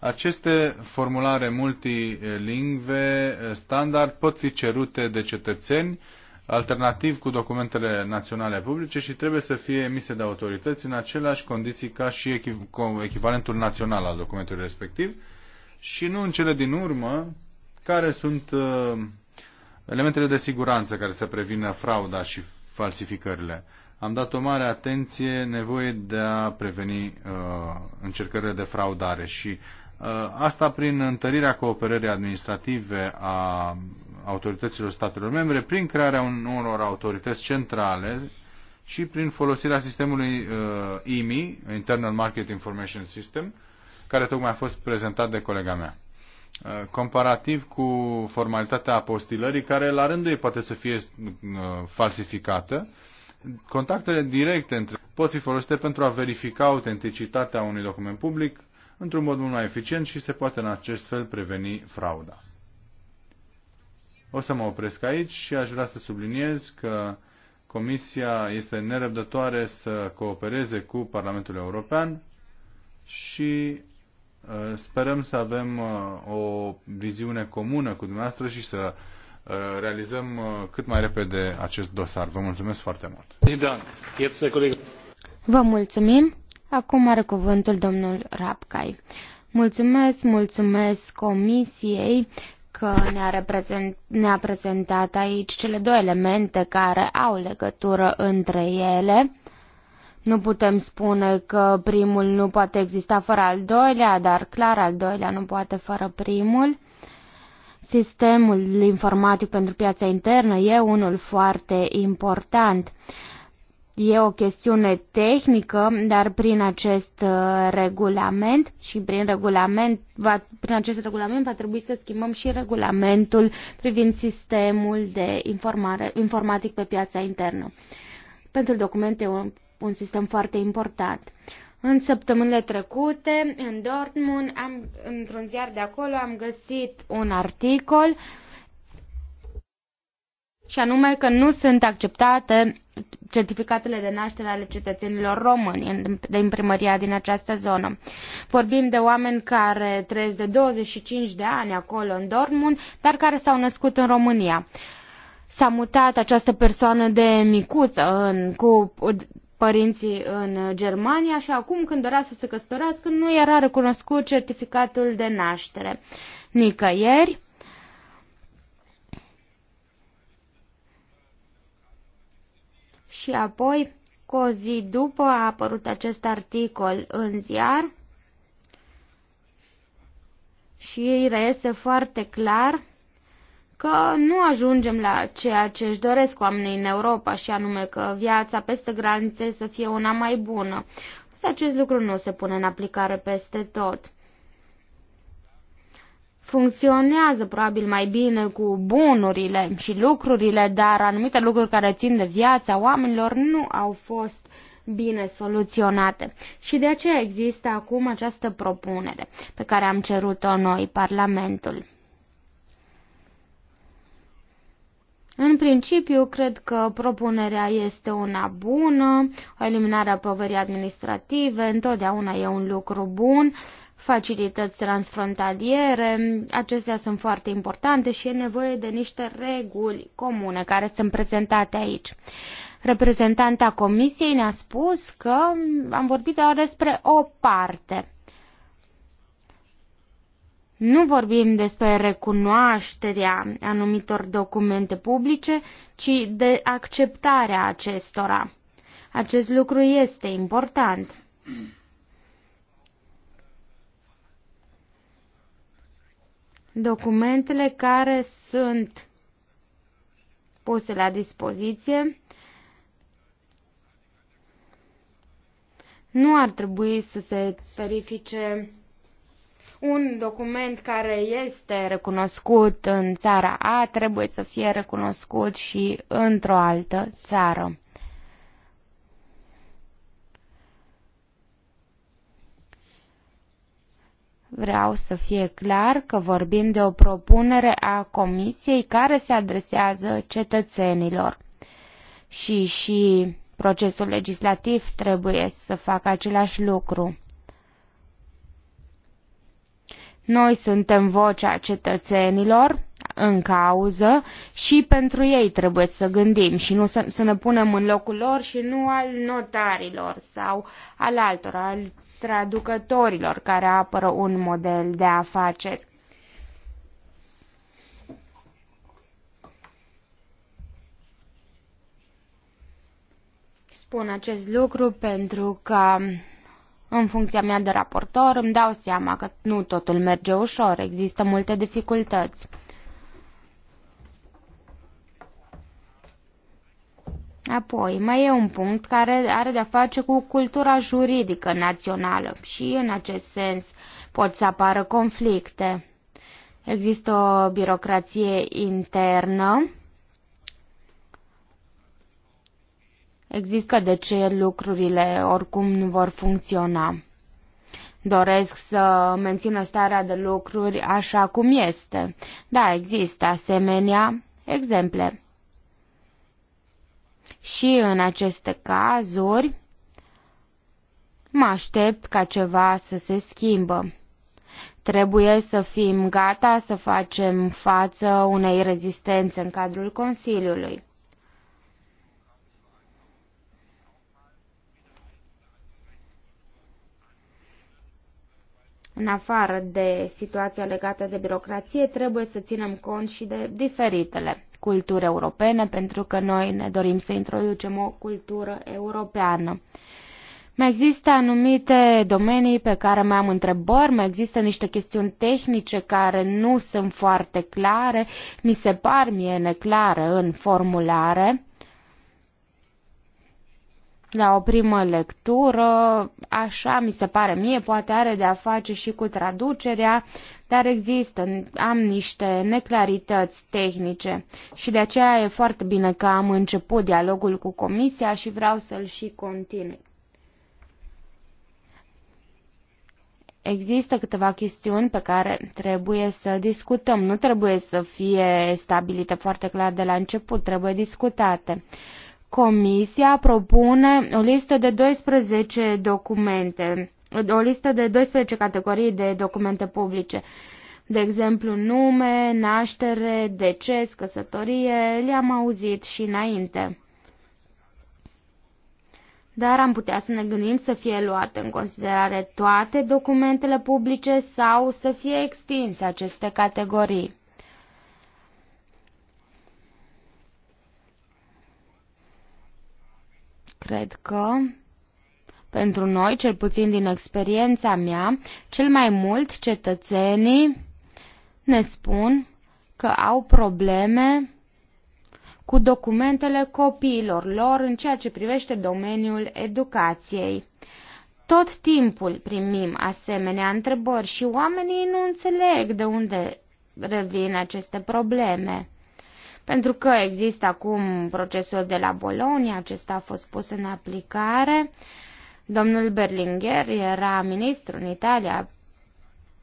Aceste formulare multilingve eh, standard pot fi cerute de cetățeni alternativ cu documentele naționale publice și trebuie să fie emise de autorități în aceleași condiții ca și echivalentul național al documentului respectiv și nu în cele din urmă care sunt eh, elementele de siguranță care să prevină frauda și falsificările. Am dat o mare atenție nevoie de a preveni uh, încercările de fraudare și Uh, asta prin întărirea cooperării administrative a autorităților statelor membre, prin crearea unor autorități centrale și prin folosirea sistemului IMI, uh, Internal Market Information System, care tocmai a fost prezentat de colega mea uh, comparativ cu formalitatea apostilării, care la rândul ei poate să fie falsificată, contactele directe între pot fi folosite pentru a verifica autenticitatea unui document public într-un mod mult mai eficient și se poate în acest fel preveni frauda. O să mă opresc aici și aș vrea să subliniez că Comisia este nerăbdătoare să coopereze cu Parlamentul European și uh, sperăm să avem uh, o viziune comună cu dumneavoastră și să uh, realizăm cât mai repede acest dosar. Vă mulțumesc foarte mult. Vă mulțumim. Acum are cuvântul domnul Rapcai. Mulțumesc, mulțumesc comisiei că ne-a, reprezent, ne prezentat aici cele două elemente care au legătură între ele. Nu putem spune că primul nu poate exista fără al doilea, dar clar al doilea nu poate fără primul. Sistemul informatic pentru piața internă e unul foarte important. E o chestiune tehnică, dar prin acest uh, regulament și prin regulament va, prin acest regulament va trebui să schimbăm și regulamentul privind sistemul de informare, informatic pe piața internă. Pentru documente un, un sistem foarte important. În săptămânile trecute, în Dortmund, am, într-un ziar de acolo, am găsit un articol uh, și anume că nu sunt acceptate certificatele de naștere ale cetățenilor români din primăria din această zonă. Vorbim de oameni care trăiesc de 25 de ani acolo în Dortmund, dar care s-au născut în România. S-a mutat această persoană de micuță în, cu părinții în Germania și acum când dorea să se căsătorească nu era recunoscut certificatul de naștere. Nicăieri, Și apoi, cu o zi după, a apărut acest articol în ziar și îi reiese foarte clar că nu ajungem la ceea ce își doresc oamenii în Europa, și anume că viața peste granițe să fie una mai bună. Însă acest lucru nu se pune în aplicare peste tot funcționează probabil mai bine cu bunurile și lucrurile, dar anumite lucruri care țin de viața oamenilor nu au fost bine soluționate. Și de aceea există acum această propunere pe care am cerut-o noi, Parlamentul. În principiu, cred că propunerea este una bună, eliminarea poverii administrative întotdeauna e un lucru bun, facilități transfrontaliere, acestea sunt foarte importante și e nevoie de niște reguli comune care sunt prezentate aici. Reprezentanta Comisiei ne-a spus că am vorbit doar despre o parte nu vorbim despre recunoașterea anumitor documente publice, ci de acceptarea acestora. Acest lucru este important. documentele care sunt puse la dispoziție nu ar trebui să se verifice un document care este recunoscut în țara A trebuie să fie recunoscut și într-o altă țară. Vreau să fie clar că vorbim de o propunere a Comisiei care se adresează cetățenilor. Și și procesul legislativ trebuie să facă același lucru. Noi suntem vocea cetățenilor în cauză și pentru ei trebuie să gândim și nu să, să ne punem în locul lor și nu al notarilor sau al altor, al traducătorilor care apără un model de afaceri. Spun acest lucru pentru că în funcția mea de raportor îmi dau seama că nu totul merge ușor, există multe dificultăți. Apoi, mai e un punct care are de-a face cu cultura juridică națională și, în acest sens, pot să apară conflicte. Există o birocrație internă. Există de ce lucrurile oricum nu vor funcționa. Doresc să mențină starea de lucruri așa cum este. Da, există asemenea exemple. Și în aceste cazuri mă aștept ca ceva să se schimbă. Trebuie să fim gata să facem față unei rezistențe în cadrul Consiliului. În afară de situația legată de birocrație, trebuie să ținem cont și de diferitele culturi europene, pentru că noi ne dorim să introducem o cultură europeană. Mai există anumite domenii pe care mai am întrebări, mai există niște chestiuni tehnice care nu sunt foarte clare, mi se par mie neclare în formulare la o primă lectură, așa mi se pare mie, poate are de a face și cu traducerea, dar există, am niște neclarități tehnice și de aceea e foarte bine că am început dialogul cu comisia și vreau să-l și continui. Există câteva chestiuni pe care trebuie să discutăm. Nu trebuie să fie stabilite foarte clar de la început, trebuie discutate. Uh, Comisia propune o listă de 12 documente, o listă de 12 categorii de documente publice. De exemplu, nume, naștere, deces, căsătorie, le-am auzit și înainte. Dar am putea să ne gândim să fie luate în considerare toate documentele publice sau să fie extinse aceste categorii. Cred că pentru noi, cel puțin din experiența mea, cel mai mult cetățenii ne spun că au probleme cu documentele copiilor lor în ceea ce privește domeniul educației. Tot timpul primim asemenea întrebări și oamenii nu înțeleg de unde revin aceste probleme. Pentru că există acum procesul de la Bologna, acesta a fost pus în aplicare. Domnul Berlinger era ministru în Italia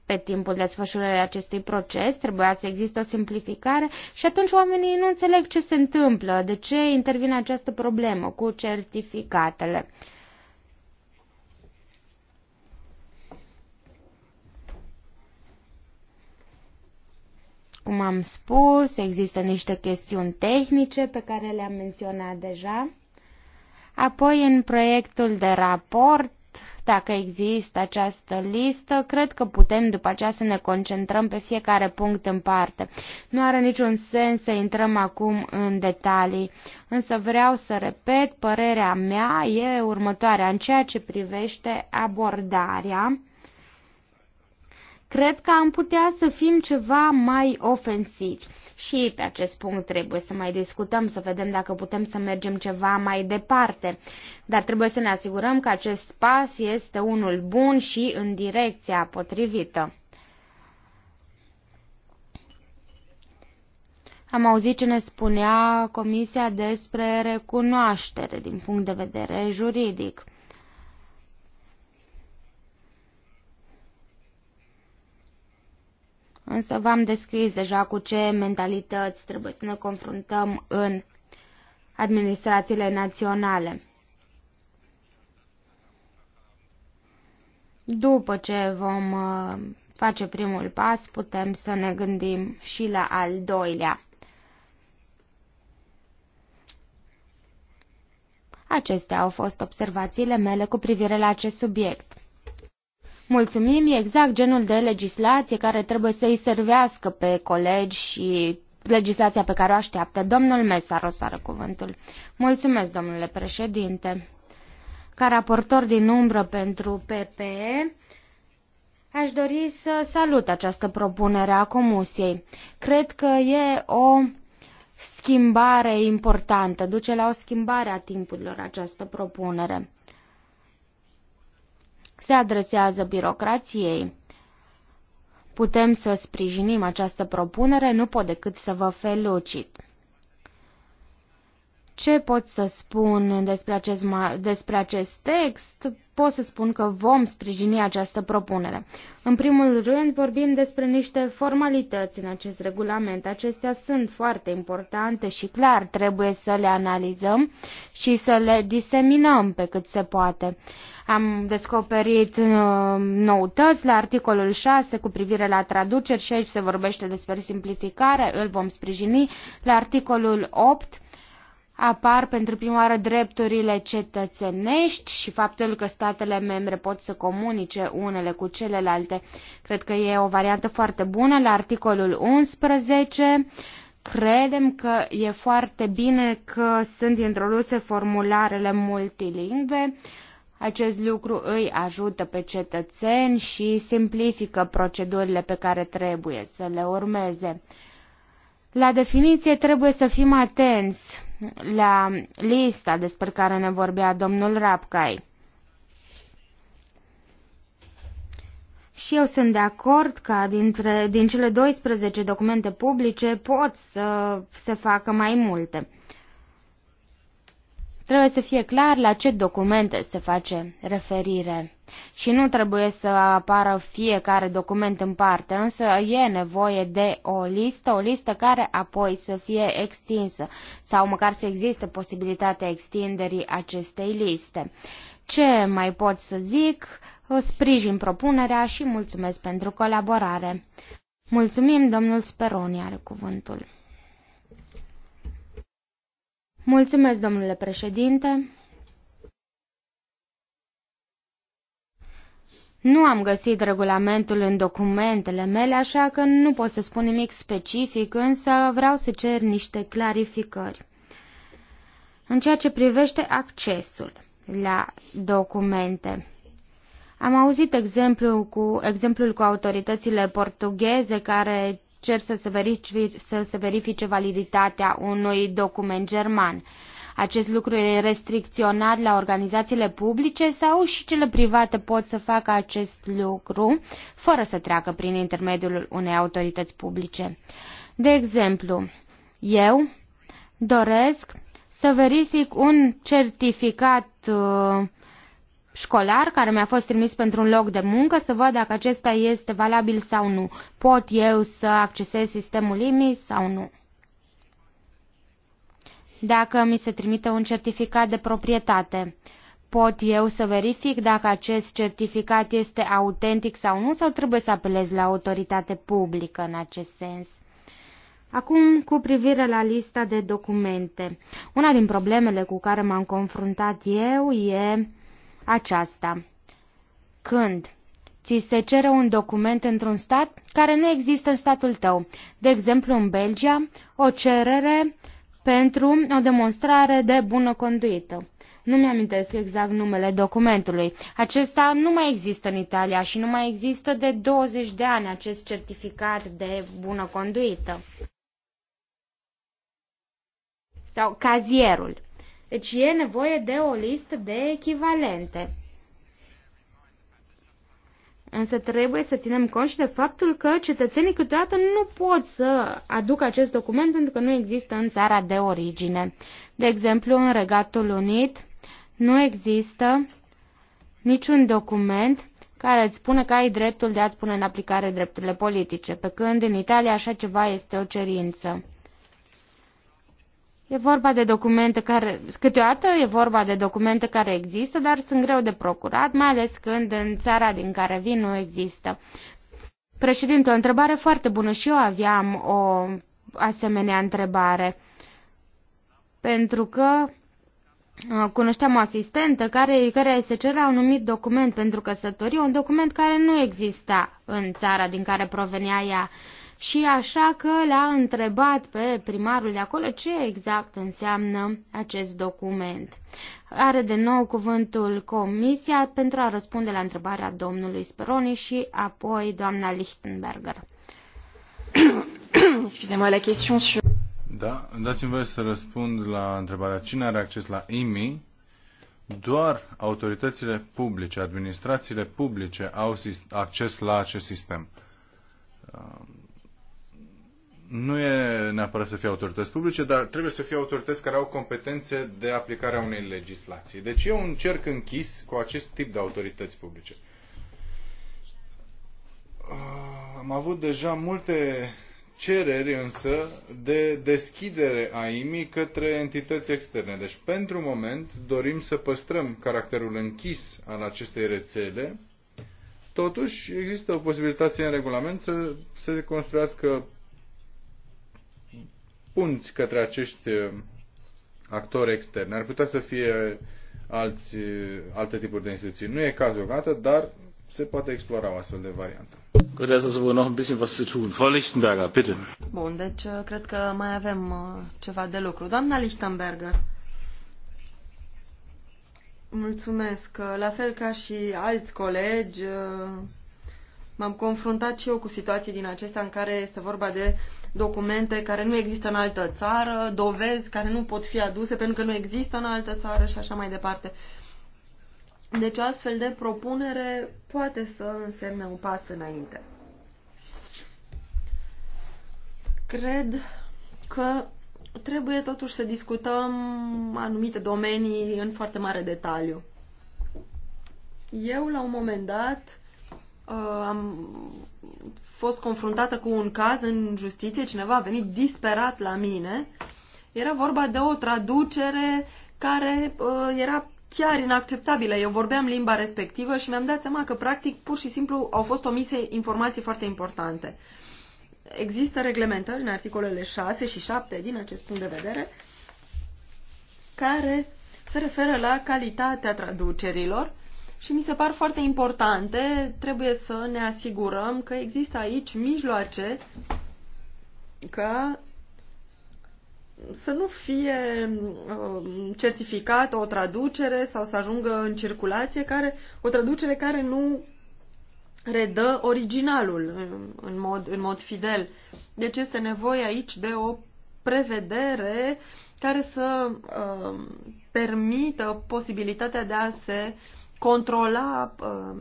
pe timpul desfășurării acestui proces, trebuia să existe o simplificare și atunci oamenii nu înțeleg ce se întâmplă, de ce intervine această problemă cu certificatele. Cum am spus, există niște chestiuni tehnice pe care le-am menționat deja. Apoi, în proiectul de raport, dacă există această listă, cred că putem după aceea să ne concentrăm pe fiecare punct în parte. Nu are niciun sens să intrăm acum în detalii, însă vreau să repet, părerea mea e următoarea în ceea ce privește abordarea Cred că am putea să fim ceva mai ofensivi și pe acest punct trebuie să mai discutăm, să vedem dacă putem să mergem ceva mai departe. Dar trebuie să ne asigurăm că acest pas este unul bun și în direcția potrivită. Am auzit ce ne spunea Comisia despre recunoaștere din punct de vedere juridic. Însă v-am descris deja cu ce mentalități trebuie să ne confruntăm în administrațiile naționale. După ce vom uh, face primul pas, putem să ne gândim și la al doilea. Acestea au fost observațiile mele cu privire la acest subiect. Mulțumim, e exact genul de legislație care trebuie să-i servească pe colegi și legislația pe care o așteaptă. Domnul Mesar o sară cuvântul. Mulțumesc, domnule președinte. Ca raportor din umbră pentru PPE, aș dori să salut această propunere a Comisiei. Cred că e o schimbare importantă, duce la o schimbare a timpurilor această propunere se adresează birocrației. Putem să sprijinim această propunere, nu pot decât să vă felicit. Ce pot să spun despre acest, despre acest text? Pot să spun că vom sprijini această propunere. În primul rând, vorbim despre niște formalități în acest regulament. Acestea sunt foarte importante și clar trebuie să le analizăm și să le diseminăm pe cât se poate. Uh, am descoperit uh, noutăți la articolul 6 cu privire la traduceri și aici se vorbește despre simplificare, îl vom sprijini. La articolul 8 apar pentru prima oară drepturile cetățenești și faptul că statele membre pot să comunice unele cu celelalte. Cred că e o variantă foarte bună. La articolul 11 credem că e foarte bine că sunt introduse formularele multilingve acest lucru îi ajută pe cetățeni și simplifică procedurile pe care trebuie să le urmeze. La definiție trebuie să fim atenți la lista despre care ne vorbea domnul Rapcai. Și eu sunt de acord că dintre, din cele 12 documente publice pot să se facă mai multe. Trebuie să fie clar la ce documente se face referire. Și nu trebuie să apară fiecare document în parte, însă e nevoie de o listă, o listă care apoi să fie extinsă sau măcar să existe posibilitatea extinderii acestei liste. Ce mai pot să zic? Sprijin propunerea și mulțumesc pentru colaborare. Mulțumim, domnul Speroni are cuvântul. Mulțumesc, domnule președinte. Nu am găsit regulamentul în documentele mele, așa că nu pot să spun nimic specific, însă vreau să cer niște clarificări. În ceea ce privește accesul la documente, am auzit exemplul cu, exemplul cu autoritățile portugheze care cer să se, verifice, să se verifice validitatea unui document german. Acest lucru e restricționat la organizațiile publice sau și cele private pot să facă acest lucru fără să treacă prin intermediul unei autorități publice. De exemplu, eu doresc să verific un certificat uh, școlar care mi-a fost trimis pentru un loc de muncă, să văd dacă acesta este valabil sau nu. Pot eu să accesez sistemul IMI sau nu? Dacă mi se trimite un certificat de proprietate, pot eu să verific dacă acest certificat este autentic sau nu sau trebuie să apelez la autoritate publică în acest sens? Acum, cu privire la lista de documente. Una din problemele cu care m-am confruntat eu e aceasta. Când ți se cere un document într-un stat care nu există în statul tău, de exemplu în Belgia, o cerere pentru o demonstrare de bună conduită. Nu mi-amintesc exact numele documentului. Acesta nu mai există în Italia și nu mai există de 20 de ani acest certificat de bună conduită. Sau cazierul. Deci e nevoie de o listă de echivalente. Însă trebuie să ținem cont și de faptul că cetățenii câteodată nu pot să aducă acest document pentru că nu există în țara de origine. De exemplu, în Regatul Unit nu există niciun document care îți spune că ai dreptul de a-ți pune în aplicare drepturile politice, pe când în Italia așa ceva este o cerință. E vorba de documente care, câteodată e vorba de documente care există, dar sunt greu de procurat, mai ales când în țara din care vin nu există. Președinte, o întrebare foarte bună și eu aveam o asemenea întrebare. Pentru că uh, cunoșteam o asistentă care, care se cerea un numit document pentru căsătorie, un document care nu exista în țara din care provenea ea. Și așa că l-a întrebat pe primarul de acolo ce exact înseamnă acest document. Are de nou cuvântul comisia pentru a răspunde la întrebarea domnului Speroni și apoi doamna Lichtenberger. la Da, dați-mi voie să răspund la întrebarea cine are acces la IMI. Doar autoritățile publice, administrațiile publice au acces la acest sistem nu e neapărat să fie autorități publice, dar trebuie să fie autorități care au competențe de aplicare a unei legislații. Deci e un cerc închis cu acest tip de autorități publice. Ah, am avut deja multe cereri însă de deschidere a IMI către entități externe. Deci pentru moment dorim să păstrăm caracterul închis al acestei rețele Totuși, există o posibilitate în regulament să se construiască punți către acești uh, actori externi. Ar putea să fie alți, uh, alte tipuri de instituții. Nu e cazul gata, dar se poate explora o astfel de variantă. Gut, ist wohl noch ein bisschen was zu tun. Frau Lichtenberger, bitte. Bun, deci uh, cred că mai avem ceva de lucru. Doamna Lichtenberger. Mulțumesc. La fel ca și alți colegi, M-am confruntat și eu cu situații din acestea în care este vorba de documente care nu există în altă țară, dovezi care nu pot fi aduse pentru că nu există în altă țară și așa mai departe. Deci astfel de propunere poate să însemne un pas înainte. Cred că trebuie totuși să discutăm anumite domenii în foarte mare detaliu. Eu, la un moment dat, Uh, am fost confruntată cu un caz în justiție, cineva a venit disperat la mine. Era vorba de o traducere care uh, era chiar inacceptabilă. Eu vorbeam limba respectivă și mi-am dat seama că, practic, pur și simplu au fost omise informații foarte importante. Există reglementări în articolele 6 și 7 din acest punct de vedere care se referă la calitatea traducerilor și mi se par foarte importante. Trebuie să ne asigurăm că există aici mijloace ca să nu fie um, certificată o traducere sau să ajungă în circulație care, o traducere care nu redă originalul um, în mod, în mod fidel. Deci este nevoie aici de o prevedere care să uh, permită posibilitatea de a se uh, controla uh,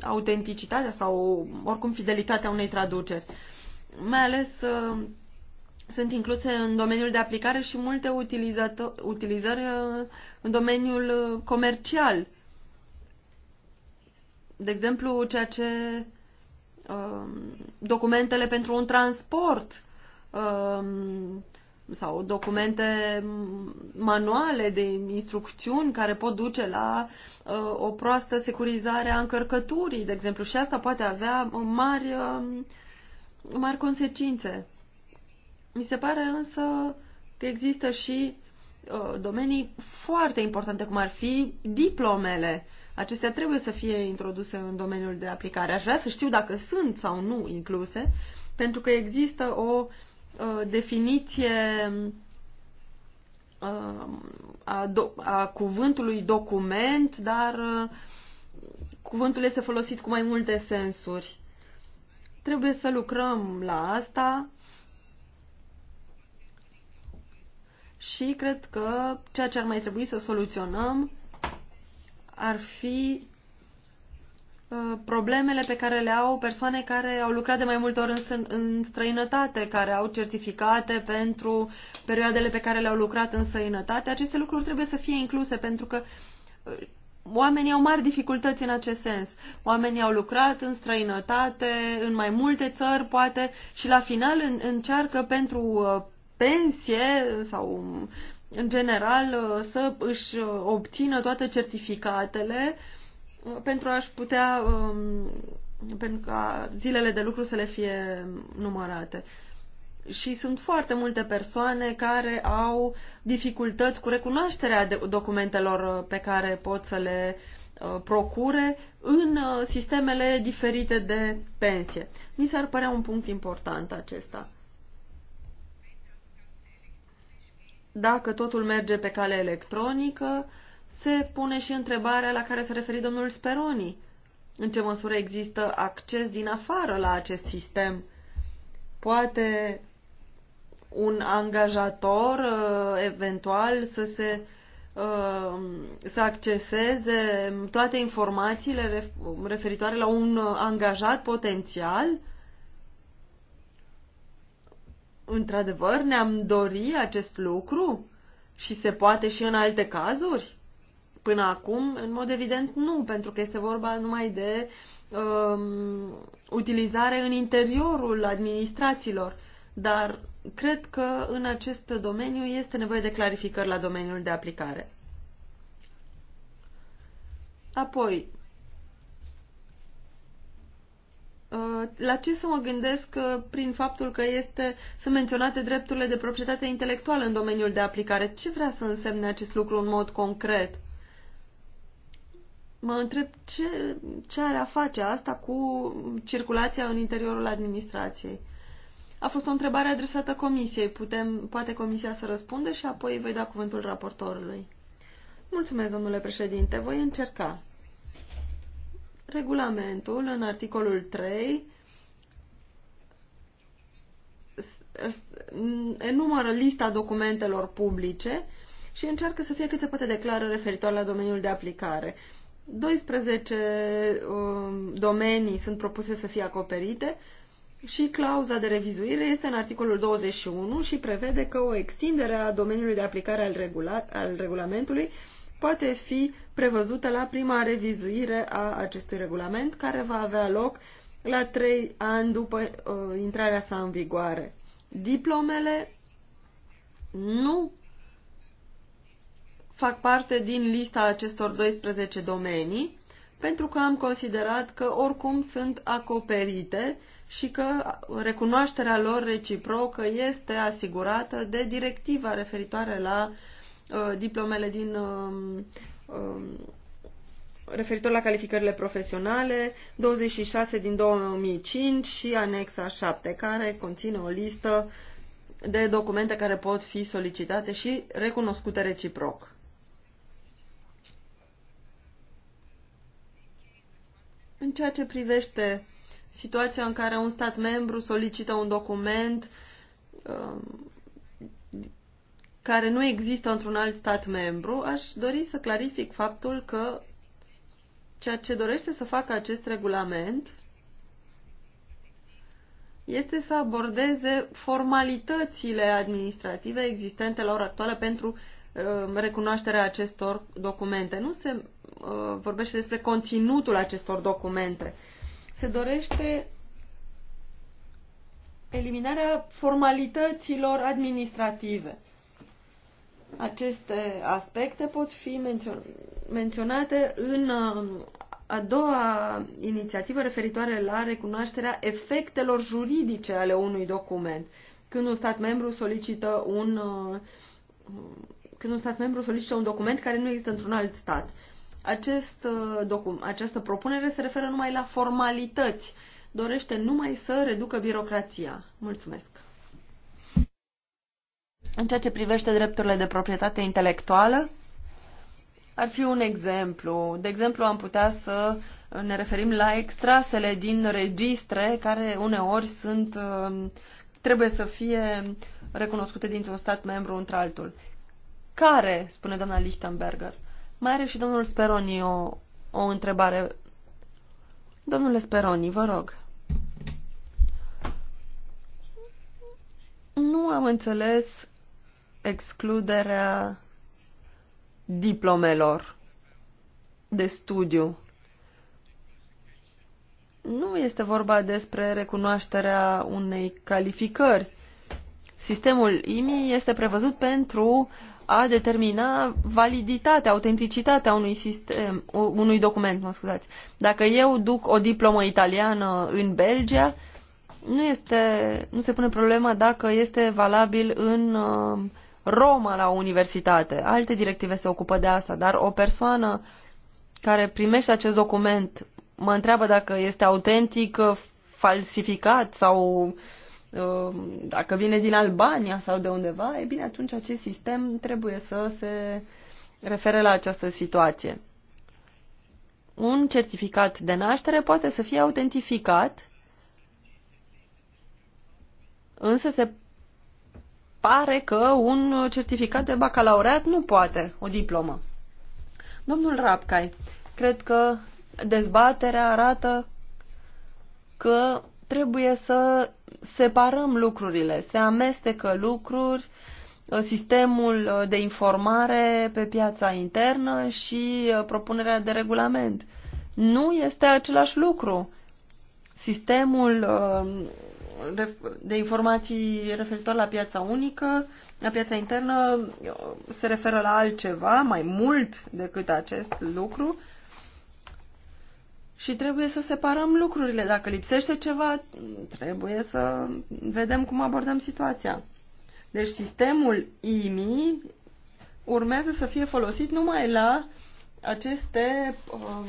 autenticitatea sau oricum fidelitatea unei traduceri. Mai ales uh, sunt incluse în domeniul de aplicare și multe utilizări uh, în domeniul uh, comercial. De exemplu, ceea ce uh, documentele pentru un transport, uh, sau documente manuale de instrucțiuni care pot duce la uh, o proastă securizare a încărcăturii, de exemplu, și asta poate avea uh, mari, uh, mari consecințe. Mi se pare însă că există și uh, domenii foarte importante, cum ar fi diplomele. Acestea trebuie să fie introduse în domeniul de aplicare. Aș vrea să știu dacă sunt sau nu incluse, pentru că există o uh, Uh, definiție uh, a, do, a cuvântului document, dar uh, cuvântul este folosit cu mai multe sensuri. Trebuie să lucrăm la asta și cred că ceea ce ar mai trebui să soluționăm ar fi Uh, problemele pe care le au persoane care au lucrat de mai multe ori în, în străinătate, care au certificate pentru perioadele pe care le-au lucrat în străinătate. Aceste lucruri trebuie să fie incluse pentru că uh, oamenii au mari dificultăți în acest sens. Oamenii au lucrat în străinătate, în mai multe țări, poate, și la final în, încearcă pentru uh, pensie sau în general să își obțină toate certificatele uh, pentru a-și putea um, pentru ca zilele de lucru să le fie numărate. Și sunt foarte multe persoane care au dificultăți cu recunoașterea documentelor uh, pe care pot să le uh, procure în uh, sistemele diferite de pensie. Mi s-ar părea un punct important acesta. Dacă totul merge pe cale electronică, se pune și întrebarea la care s-a referit domnul Speroni. În ce măsură există acces din afară la acest sistem? Poate un angajator uh, eventual să se uh, să acceseze toate informațiile referitoare la un angajat potențial. Într-adevăr, ne-am dori acest lucru și se poate și în alte cazuri? Până acum, în mod evident, nu, pentru că este vorba numai de um, utilizare în interiorul administrațiilor. Dar cred că în acest domeniu este nevoie de clarificări la domeniul de aplicare. Apoi, uh, la ce să mă gândesc uh, prin faptul că este, sunt menționate drepturile de proprietate intelectuală în domeniul de aplicare? Ce vrea să însemne acest lucru în mod concret? mă întreb ce, ce are a face asta cu circulația în interiorul administrației. A fost o întrebare adresată comisiei. Putem, poate comisia să răspunde și apoi voi da cuvântul raportorului. Mulțumesc, domnule președinte. Voi încerca. Regulamentul, în articolul 3, enumără lista documentelor publice și încearcă să fie cât se poate declară referitor la domeniul de aplicare. 12 um, domenii sunt propuse să fie acoperite și clauza de revizuire este în articolul 21 și prevede că o extindere a domeniului de aplicare al, regula al regulamentului poate fi prevăzută la prima revizuire a acestui regulament, care va avea loc la trei ani după uh, intrarea sa în vigoare. Diplomele nu fac parte din lista acestor 12 domenii, pentru că am considerat că oricum sunt acoperite și că recunoașterea lor reciprocă este asigurată de directiva referitoare la uh, diplomele din uh, uh, referitor la calificările profesionale 26 din 2005 și anexa 7 care conține o listă de documente care pot fi solicitate și recunoscute reciproc. În ceea ce privește situația în care un stat membru solicită un document um, care nu există într-un alt stat membru, aș dori să clarific faptul că ceea ce dorește să facă acest regulament este să abordeze formalitățile administrative existente la ora actuală pentru um, recunoașterea acestor documente. Nu se Uh, vorbește despre conținutul acestor documente. Se dorește eliminarea formalităților administrative. Aceste aspecte pot fi menționate în uh, a doua inițiativă referitoare la recunoașterea efectelor juridice ale unui document. Când un stat membru solicită un, uh, când un, stat membru solicită un document care nu există într-un alt stat. Acest uh, această propunere se referă numai la formalități. Dorește numai să reducă birocrația. Mulțumesc. În ceea ce privește drepturile de proprietate intelectuală, ar fi un exemplu. De exemplu, am putea să ne referim la extrasele din registre care uneori sunt, uh, trebuie să fie recunoscute dintr-un stat membru într-altul. Care, spune doamna Lichtenberger, mai are și domnul Speroni o, o întrebare. Domnule Speroni, vă rog. Nu am înțeles excluderea diplomelor de studiu. Nu este vorba despre recunoașterea unei calificări. Sistemul IMI este prevăzut pentru a determina validitatea, autenticitatea unui, sistem, unui document. Mă scuzați. Dacă eu duc o diplomă italiană în Belgia, nu, este, nu se pune problema dacă este valabil în uh, Roma la o universitate. Alte directive se ocupă de asta, dar o persoană care primește acest document mă întreabă dacă este autentic, uh, falsificat sau uh, Um, dacă vine din Albania sau de undeva, e bine, atunci acest sistem trebuie să se refere la această situație. Un certificat de naștere poate să fie autentificat, însă se pare că un certificat de bacalaureat nu poate, o diplomă. Domnul Rapcai, cred că dezbaterea arată că trebuie să separăm lucrurile, se amestecă lucruri, uh, sistemul uh, de informare pe piața internă și uh, propunerea de regulament. Nu este același lucru. Sistemul de informații referitor la piața unică, la piața internă, se referă la altceva mai mult decât acest lucru și trebuie să separăm lucrurile. Dacă lipsește ceva, trebuie să vedem cum abordăm situația. Deci sistemul IMI urmează să fie folosit numai la aceste um,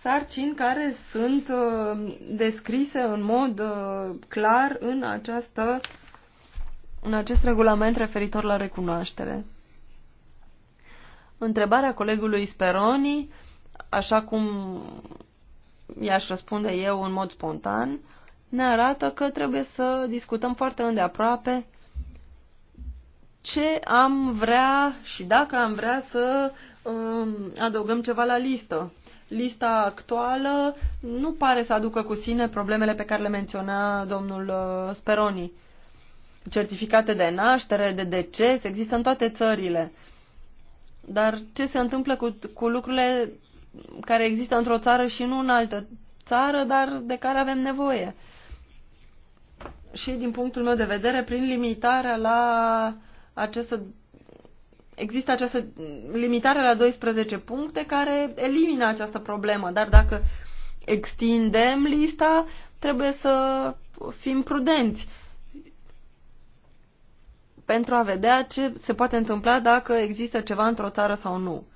sarcini care sunt uh, descrise în mod uh, clar în, această, în acest regulament referitor la recunoaștere. Întrebarea colegului Speroni, așa cum i-aș răspunde eu în mod spontan, ne arată că trebuie să discutăm foarte îndeaproape ce am vrea și dacă am vrea să um, adăugăm ceva la listă. Lista actuală nu pare să aducă cu sine problemele pe care le menționa domnul uh, Speroni. Certificate de naștere, de deces, există în toate țările. Dar ce se întâmplă cu, cu lucrurile care există într-o țară și nu în altă țară, dar de care avem nevoie. Și din punctul meu de vedere, prin limitarea la această există această limitare la 12 puncte care elimină această problemă, dar dacă extindem lista, trebuie să fim prudenți pentru a vedea ce se poate întâmpla dacă există ceva într-o țară sau nu.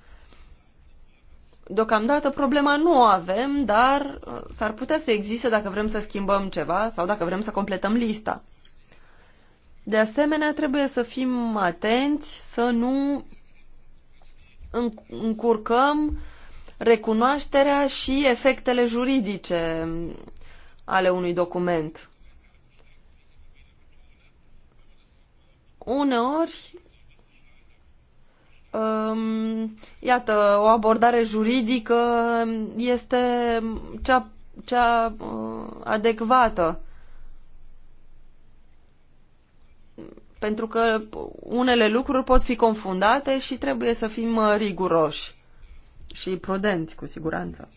Deocamdată problema nu o avem, dar uh, s-ar putea să existe dacă vrem să schimbăm ceva sau dacă vrem să completăm lista. De asemenea, trebuie să fim atenți să nu încurcăm recunoașterea și efectele juridice um, ale unui document. Uneori um, iată, o abordare juridică este cea, cea uh, adecvată. Pentru că unele lucruri pot fi confundate și trebuie să fim uh, riguroși și prudenți, cu siguranță.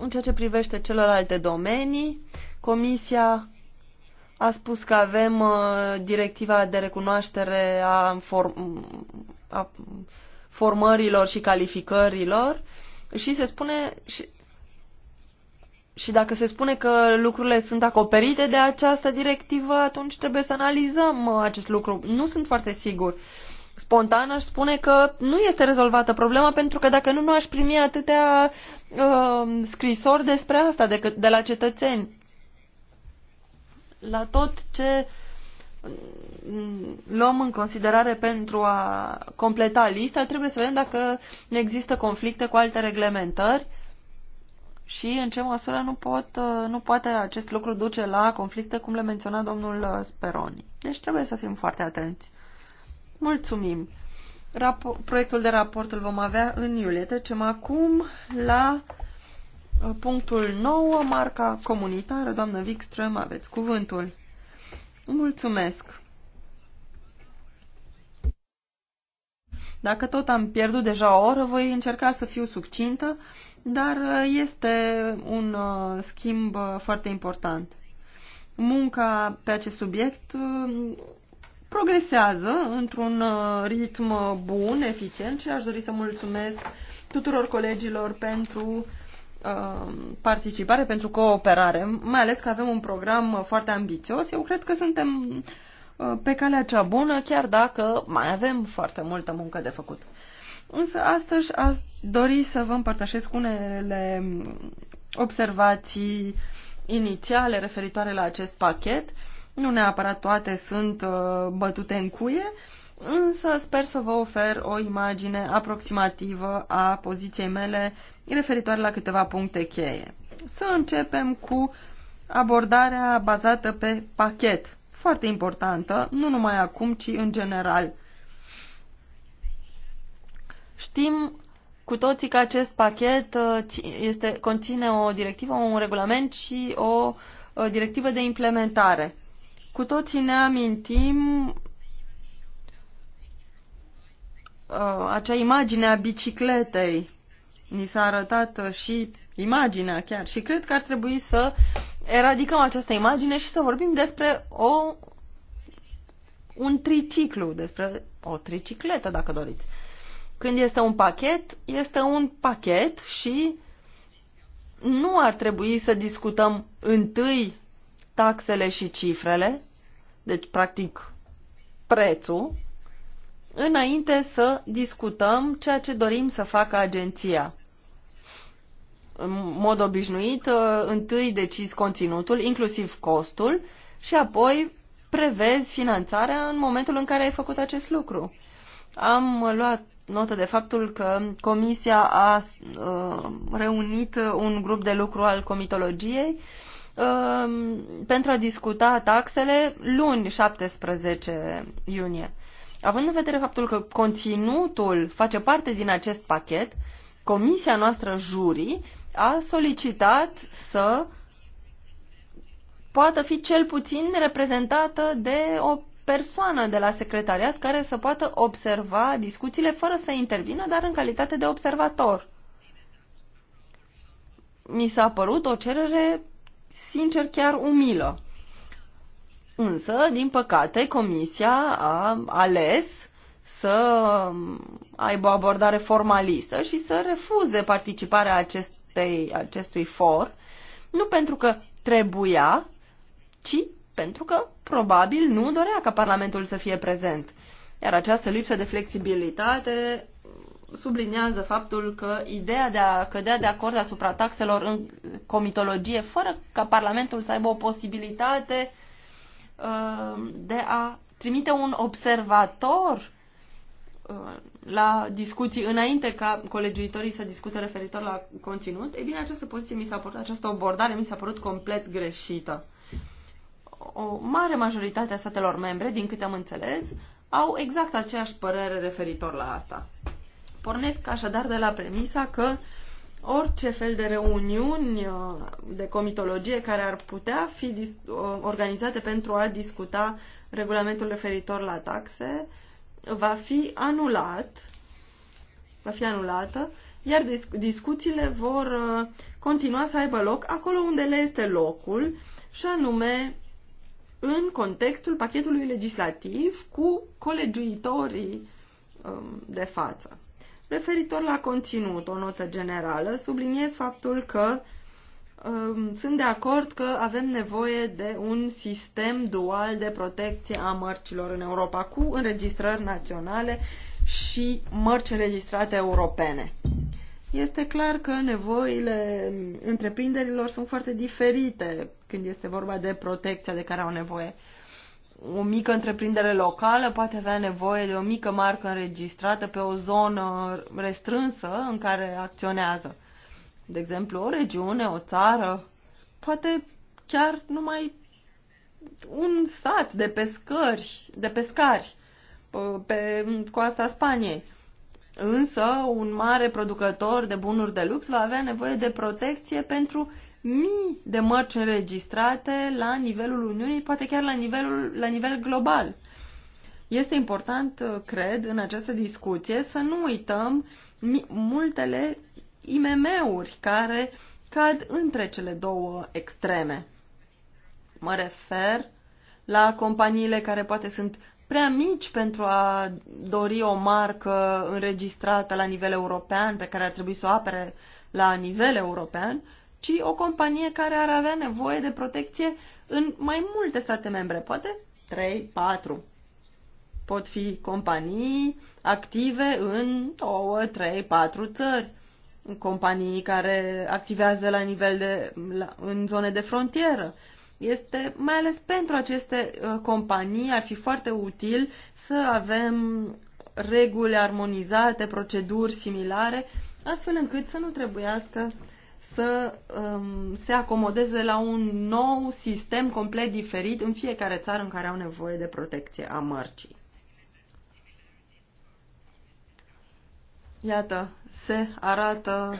În ceea ce privește celelalte domenii, Comisia a spus că avem uh, directiva de recunoaștere a, form a formărilor și calificărilor și se spune și, și dacă se spune că lucrurile sunt acoperite de această directivă, atunci trebuie să analizăm uh, acest lucru. Nu sunt foarte sigur. Spontan aș spune că nu este rezolvată problema pentru că dacă nu, nu aș primi atâtea uh, scrisori despre asta de, de la cetățeni la tot ce mm, luăm în considerare pentru a completa lista, trebuie să vedem dacă există conflicte cu alte reglementări și în ce măsură nu, pot, uh, nu poate acest lucru duce la conflicte, cum le menționa domnul uh, Speroni. Deci trebuie să fim foarte atenți. Mulțumim! Rapo proiectul de raport îl vom avea în iulie. Trecem acum la Punctul 9, marca comunitară. Doamnă Wikström, aveți cuvântul. Mulțumesc. Dacă tot am pierdut deja o oră, voi încerca să fiu succintă, dar uh, este un uh, schimb uh, foarte important. Munca pe acest subiect progresează într-un ritm bun, eficient și aș dori să mulțumesc tuturor colegilor pentru Um, participare, pentru cooperare, mai ales că avem un program foarte ambițios. Eu cred că suntem uh, pe calea cea bună, chiar dacă mai avem foarte multă muncă de făcut. Însă astăzi aș dori să vă împărtășesc unele observații inițiale referitoare la acest pachet. Nu neapărat toate sunt uh, bătute în cuie, însă sper să vă ofer o imagine aproximativă a poziției mele referitoare la câteva puncte cheie. Să începem cu abordarea bazată pe pachet, foarte importantă, nu numai acum, ci în general. Știm cu toții că acest pachet uh, este, conține o directivă, un regulament și o uh, directivă de implementare. Cu toții ne amintim uh, acea imagine a bicicletei Ni s-a arătat uh, și imaginea chiar și cred că ar trebui să eradicăm această imagine și să vorbim despre o, un triciclu, despre o tricicletă, dacă doriți. Când este un pachet, este un pachet și nu ar trebui să discutăm întâi taxele și cifrele, deci practic prețul, înainte să discutăm ceea ce dorim să facă agenția în mod obișnuit, uh, întâi decizi conținutul, inclusiv costul, și apoi prevezi finanțarea în momentul în care ai făcut acest lucru. Am luat notă de faptul că Comisia a uh, reunit un grup de lucru al comitologiei uh, pentru a discuta taxele luni 17 iunie. Având în vedere faptul că conținutul face parte din acest pachet, Comisia noastră jurii a solicitat să poată fi cel puțin reprezentată de o persoană de la secretariat care să poată observa discuțiile fără să intervină, dar în calitate de observator. Mi s-a părut o cerere, sincer, chiar umilă. Însă, din păcate, comisia a ales să aibă o abordare formalistă și să refuze participarea acest, acestei, acestui for, nu pentru că trebuia, ci pentru că probabil nu dorea ca Parlamentul să fie prezent. Iar această lipsă de flexibilitate subliniază faptul că ideea de a cădea de acord asupra taxelor în comitologie, fără ca Parlamentul să aibă o posibilitate uh, de a trimite un observator uh, la discuții înainte ca colegiuitorii să discute referitor la conținut, e bine, această poziție mi s-a părut, această abordare mi s-a părut complet greșită. O mare majoritate a statelor membre, din câte am înțeles, au exact aceeași părere referitor la asta. Pornesc așadar de la premisa că orice fel de reuniuni uh, de comitologie care ar putea fi uh, organizate pentru a discuta regulamentul referitor la taxe, va fi anulat, va fi anulată, iar discuțiile vor uh, continua să aibă loc acolo unde le este locul, și anume în contextul pachetului legislativ cu colegiuitorii um, de față. Referitor la conținut, o notă generală, subliniez faptul că sunt de acord că avem nevoie de un sistem dual de protecție a mărcilor în Europa cu înregistrări naționale și mărci înregistrate europene. Este clar că nevoile întreprinderilor sunt foarte diferite când este vorba de protecția de care au nevoie. O mică întreprindere locală poate avea nevoie de o mică marcă înregistrată pe o zonă restrânsă în care acționează de exemplu, o regiune, o țară, poate chiar numai un sat de pescări, de pescari pe coasta Spaniei. Însă, un mare producător de bunuri de lux va avea nevoie de protecție pentru mii de mărci înregistrate la nivelul Uniunii, poate chiar la, nivelul, la nivel global. Este important, cred, în această discuție să nu uităm multele IMM-uri care cad între cele două extreme. Mă refer la companiile care poate sunt prea mici pentru a dori o marcă înregistrată la nivel european, pe care ar trebui să o apere la nivel european, ci o companie care ar avea nevoie de protecție în mai multe state membre, poate 3, 4. Pot fi companii active în 2, 3, 4 țări companii care activează la nivel de, la, în zone de frontieră. Este mai ales pentru aceste uh, companii ar fi foarte util să avem reguli armonizate, proceduri similare, astfel încât să nu trebuiască să um, se acomodeze la un nou sistem complet diferit în fiecare țară în care au nevoie de protecție a mărcii. Iată, se arată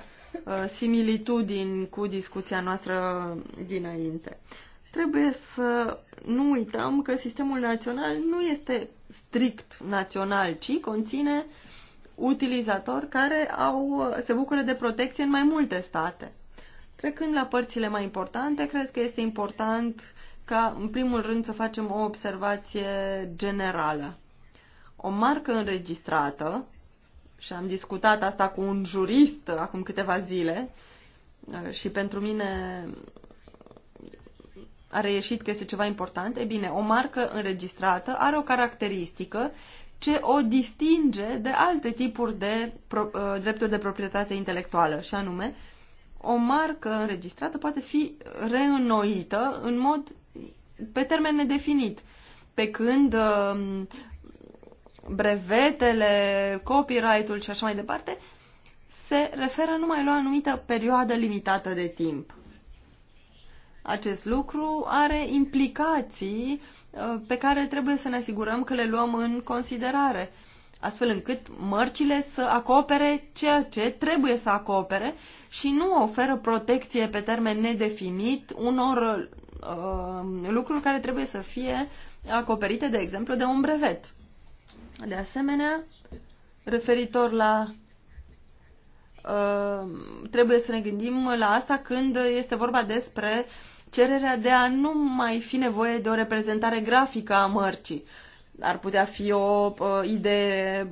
uh, similitudini cu discuția noastră dinainte. Trebuie să nu uităm că sistemul național nu este strict național, ci conține utilizatori care au, se bucură de protecție în mai multe state. Trecând la părțile mai importante, cred că este important ca, în primul rând, să facem o observație generală. O marcă înregistrată și am discutat asta cu un jurist acum câteva zile uh, și pentru mine a reieșit că este ceva important, e bine, o marcă înregistrată are o caracteristică ce o distinge de alte tipuri de pro, uh, drepturi de proprietate intelectuală, și anume, o marcă înregistrată poate fi reînnoită în mod pe termen nedefinit, pe când uh, brevetele, copyright-ul și așa mai departe, se referă numai la o anumită perioadă limitată de timp. Acest lucru are implicații uh, pe care trebuie să ne asigurăm că le luăm în considerare, astfel încât mărcile să acopere ceea ce trebuie să acopere și nu oferă protecție pe termen nedefinit unor uh, lucruri care trebuie să fie acoperite, de exemplu, de un brevet. De asemenea, referitor la uh, trebuie să ne gândim la asta când este vorba despre cererea de a nu mai fi nevoie de o reprezentare grafică a mărcii. Ar putea fi o uh, idee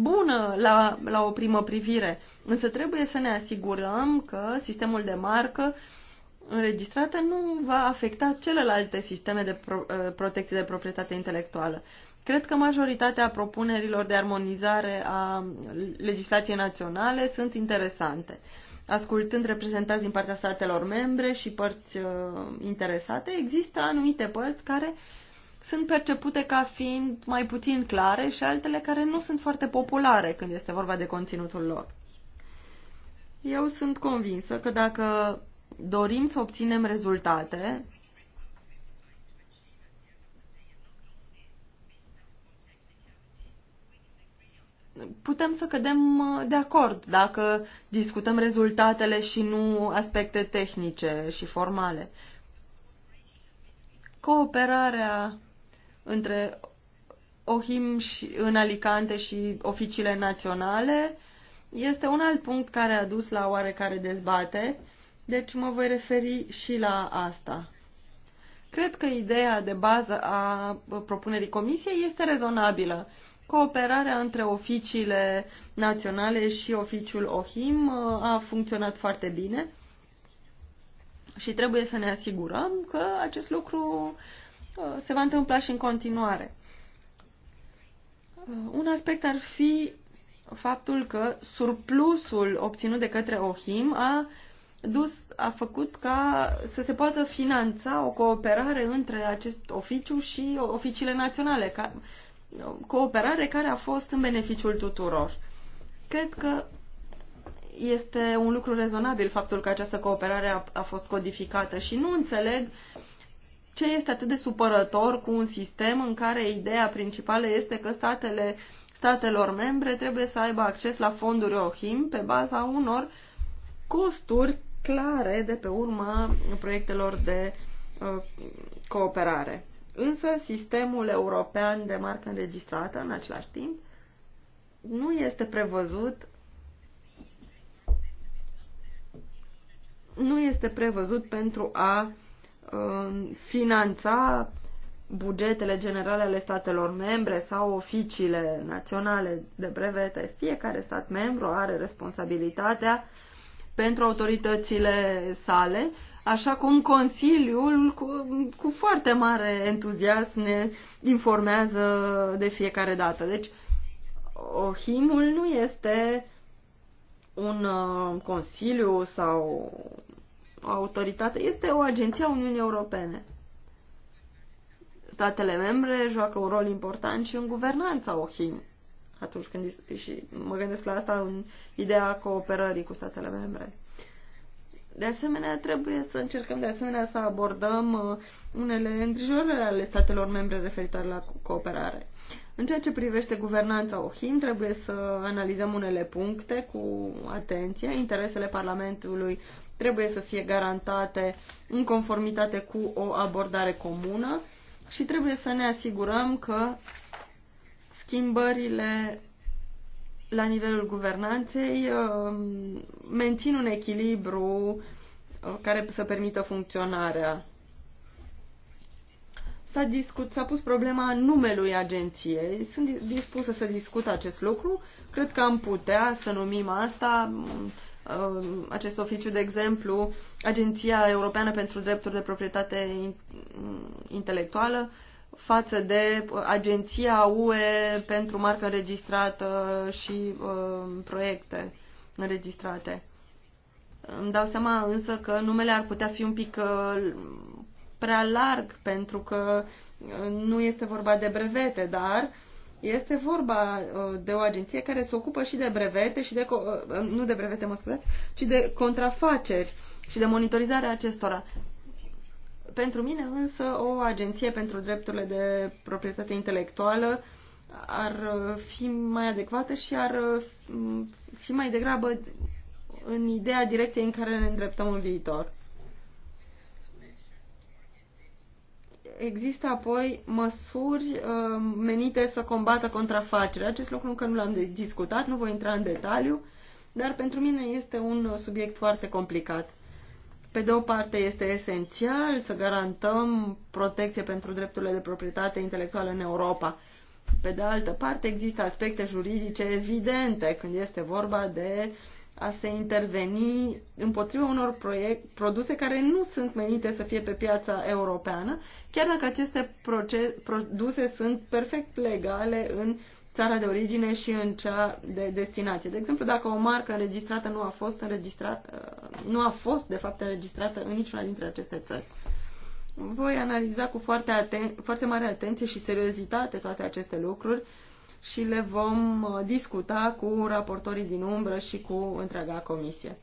bună la, la o primă privire, însă trebuie să ne asigurăm că sistemul de marcă înregistrată nu va afecta celelalte sisteme de pro, uh, protecție de proprietate intelectuală. Cred că majoritatea propunerilor de armonizare a legislației naționale sunt interesante. Ascultând reprezentanți din partea statelor membre și părți uh, interesate, există anumite părți care sunt percepute ca fiind mai puțin clare și altele care nu sunt foarte populare când este vorba de conținutul lor. Eu sunt convinsă că dacă dorim să obținem rezultate, putem să cădem uh, de acord dacă discutăm rezultatele și nu aspecte tehnice și formale. Cooperarea între OHIM și, în Alicante și oficiile naționale este un alt punct care a dus la oarecare dezbate, deci mă voi referi și la asta. Cred că ideea de bază a propunerii comisiei este rezonabilă Cooperarea între oficiile naționale și oficiul OHIM uh, a funcționat foarte bine și trebuie să ne asigurăm că acest lucru uh, se va întâmpla și în continuare. Uh, un aspect ar fi faptul că surplusul obținut de către OHIM a dus, a făcut ca să se poată finanța o cooperare între acest oficiu și oficiile naționale, ca, cooperare care a fost în beneficiul tuturor. Cred că este un lucru rezonabil faptul că această cooperare a, a fost codificată și nu înțeleg ce este atât de supărător cu un sistem în care ideea principală este că statele statelor membre trebuie să aibă acces la fonduri OHIM pe baza unor costuri clare de pe urma proiectelor de uh, cooperare. Însă sistemul european de marcă înregistrată în același timp nu este prevăzut nu este prevăzut pentru a uh, finanța bugetele generale ale statelor membre sau oficiile naționale de brevete. Fiecare stat membru are responsabilitatea pentru autoritățile sale așa cum Consiliul cu, cu foarte mare entuziasm ne informează de fiecare dată. Deci, OHIM-ul nu este un uh, consiliu sau o autoritate, este o agenție a Uniunii Europene. Statele membre joacă un rol important și în guvernanța OHIM. Atunci când și mă gândesc la asta în ideea cooperării cu statele membre. De asemenea, trebuie să încercăm de asemenea să abordăm uh, unele îngrijorări ale statelor membre referitoare la cooperare. În ceea ce privește guvernanța OHIM, trebuie să analizăm unele puncte cu atenție. Interesele Parlamentului trebuie să fie garantate în conformitate cu o abordare comună și trebuie să ne asigurăm că schimbările la nivelul guvernanței uh, mențin un echilibru uh, care să permită funcționarea. S-a, discut, s-a pus problema numelui agenției. Sunt dispusă să discut acest lucru. Cred că am putea să numim asta, uh, acest oficiu, de exemplu, Agenția Europeană pentru Drepturi de Proprietate Intelectuală față de uh, agenția UE pentru marcă înregistrată și uh, proiecte înregistrate. Îmi dau seama însă că numele ar putea fi un pic uh, prea larg pentru că uh, nu este vorba de brevete, dar este vorba uh, de o agenție care se ocupă și de brevete și de uh, nu de brevete, mă scuzați, ci de contrafaceri și de monitorizarea acestora. Pentru mine însă o agenție pentru drepturile de proprietate intelectuală ar uh, fi mai adecvată și ar uh, fi mai degrabă în ideea direcției în care ne îndreptăm în viitor. Există apoi măsuri uh, menite să combată contrafacerea. Acest lucru încă nu l-am discutat, nu voi intra în detaliu, dar pentru mine este un subiect foarte complicat pe de o parte, este esențial să garantăm protecție pentru drepturile de proprietate intelectuală în Europa. Pe de altă parte, există aspecte juridice evidente când este vorba de a se interveni împotriva unor proiect, produse care nu sunt menite să fie pe piața europeană, chiar dacă aceste proces, produse sunt perfect legale în uh, țara de origine și în cea de destinație. De exemplu, dacă o marcă înregistrată nu a fost înregistrată, uh, nu a fost de fapt înregistrată în niciuna dintre aceste țări. Voi analiza cu foarte, aten- foarte mare atenție și seriozitate toate aceste lucruri și le vom uh, discuta cu raportorii din umbră și cu întreaga comisie.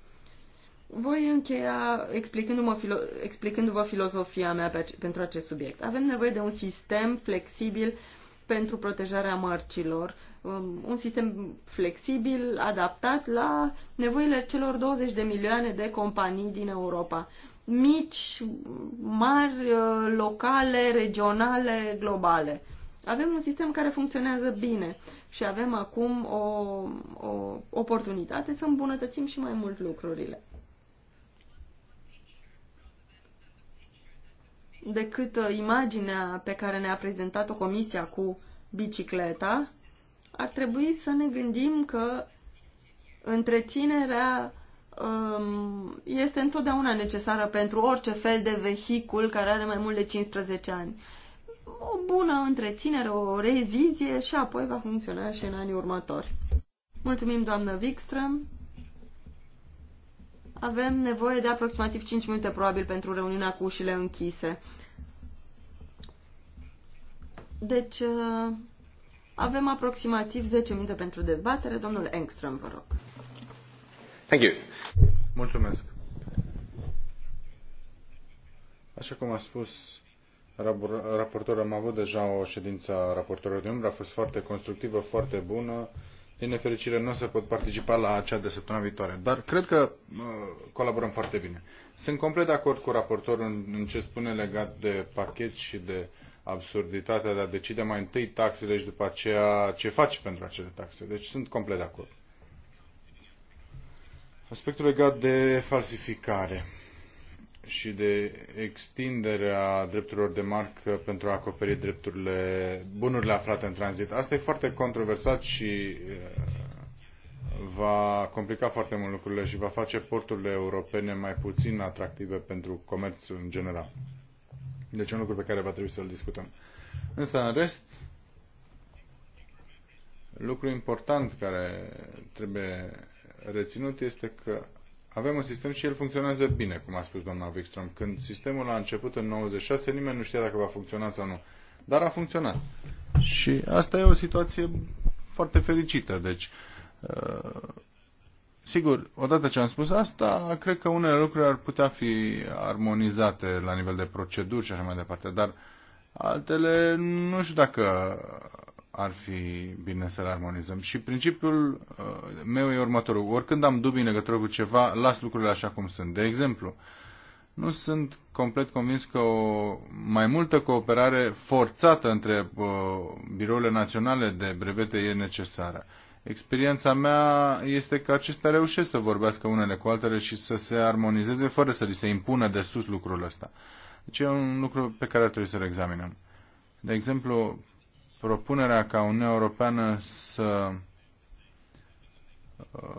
Voi încheia explicându-vă, filo- explicându-vă filozofia mea pe, pentru acest subiect. Avem nevoie de un sistem flexibil pentru protejarea mărcilor, um, un sistem flexibil, adaptat la nevoile celor 20 de milioane de companii din Europa. Mici, mari, uh, locale, regionale, globale. Avem un sistem care funcționează bine și avem acum o, o oportunitate să îmbunătățim și mai mult lucrurile. decât uh, imaginea pe care ne-a prezentat-o comisia cu bicicleta, ar trebui să ne gândim că întreținerea um, este întotdeauna necesară pentru orice fel de vehicul care are mai mult de 15 ani. O bună întreținere, o revizie și apoi va funcționa și în anii următori. Mulțumim, doamnă Wikström! Avem nevoie de aproximativ 5 minute, probabil, pentru reuniunea cu ușile închise. Deci, uh, avem aproximativ 10 minute pentru dezbatere. Domnul Engström, vă rog. Thank you. Mulțumesc. Așa cum a spus raportorul, am avut deja o ședință a raportorului de umbră, a fost foarte constructivă, foarte bună. Din nefericire nu o să pot participa la acea de săptămâna viitoare, dar cred că colaborăm foarte bine. Sunt complet de acord cu raportorul în ce spune legat de pachet și de absurditatea de a decide mai întâi taxele și după aceea ce faci pentru acele taxe. Deci sunt complet de acord. Aspectul legat de falsificare și de extinderea drepturilor de marcă pentru a acoperi drepturile bunurile aflate în tranzit. Asta e foarte controversat și uh, va complica foarte mult lucrurile și va face porturile europene mai puțin atractive pentru comerțul în general. Deci un lucru pe care va trebui să-l discutăm. Însă, în rest, lucru important care trebuie reținut este că avem un sistem și el funcționează bine, cum a spus doamna Wikström. Când sistemul a început în 96, nimeni nu știa dacă va funcționa sau nu. Dar a funcționat. Și asta e o situație foarte fericită. Deci, uh, sigur, odată ce am spus asta, cred că unele lucruri ar putea fi armonizate la nivel de proceduri și așa mai departe, dar altele nu știu dacă ar fi bine să-l armonizăm. Și principiul uh, meu e următorul. Oricând am dubii în legătură cu ceva, las lucrurile așa cum sunt. De exemplu, nu sunt complet convins că o mai multă cooperare forțată între uh, birourile naționale de brevete e necesară. Experiența mea este că acestea reușesc să vorbească unele cu altele și să se armonizeze fără să li se impună de sus lucrul ăsta. Deci e un lucru pe care ar trebui să-l examinăm. De exemplu, propunerea ca Uniunea Europeană să uh,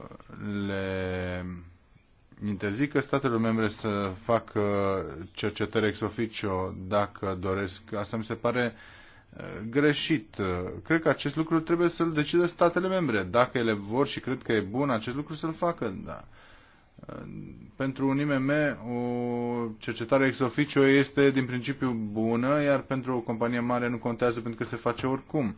le interzică statelor membre să facă cercetări ex officio dacă doresc. Asta mi se pare uh, greșit. Cred că acest lucru trebuie să-l decidă statele membre. Dacă ele vor și cred că e bun acest lucru să-l facă, da. Pentru un IMM, o cercetare ex officio este din principiu bună, iar pentru o companie mare nu contează pentru că se face oricum.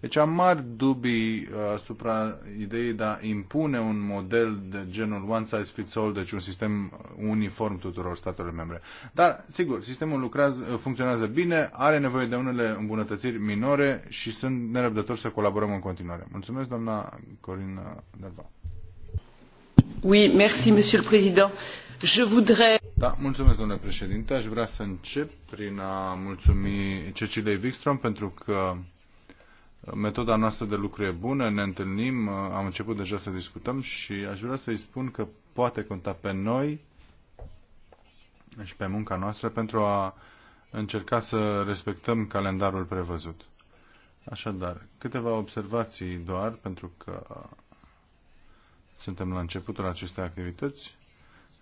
Deci am mari dubii uh, asupra ideii de a impune un model de genul one size fits all, deci un sistem uniform tuturor statelor membre. Dar, sigur, sistemul lucrează, uh, funcționează bine, are nevoie de unele îmbunătățiri minore și sunt nerăbdător să colaborăm în continuare. Mulțumesc, doamna Corina Nerva. Da, mulțumesc, domnule președinte. Aș vrea să încep prin a mulțumi Cecilei Wikström pentru că metoda noastră de lucru e bună, ne întâlnim, am început deja să discutăm și aș vrea să îi spun că poate conta pe noi și pe munca noastră pentru a încerca să respectăm calendarul prevăzut. Așadar, câteva observații doar, pentru că suntem la începutul acestei activități.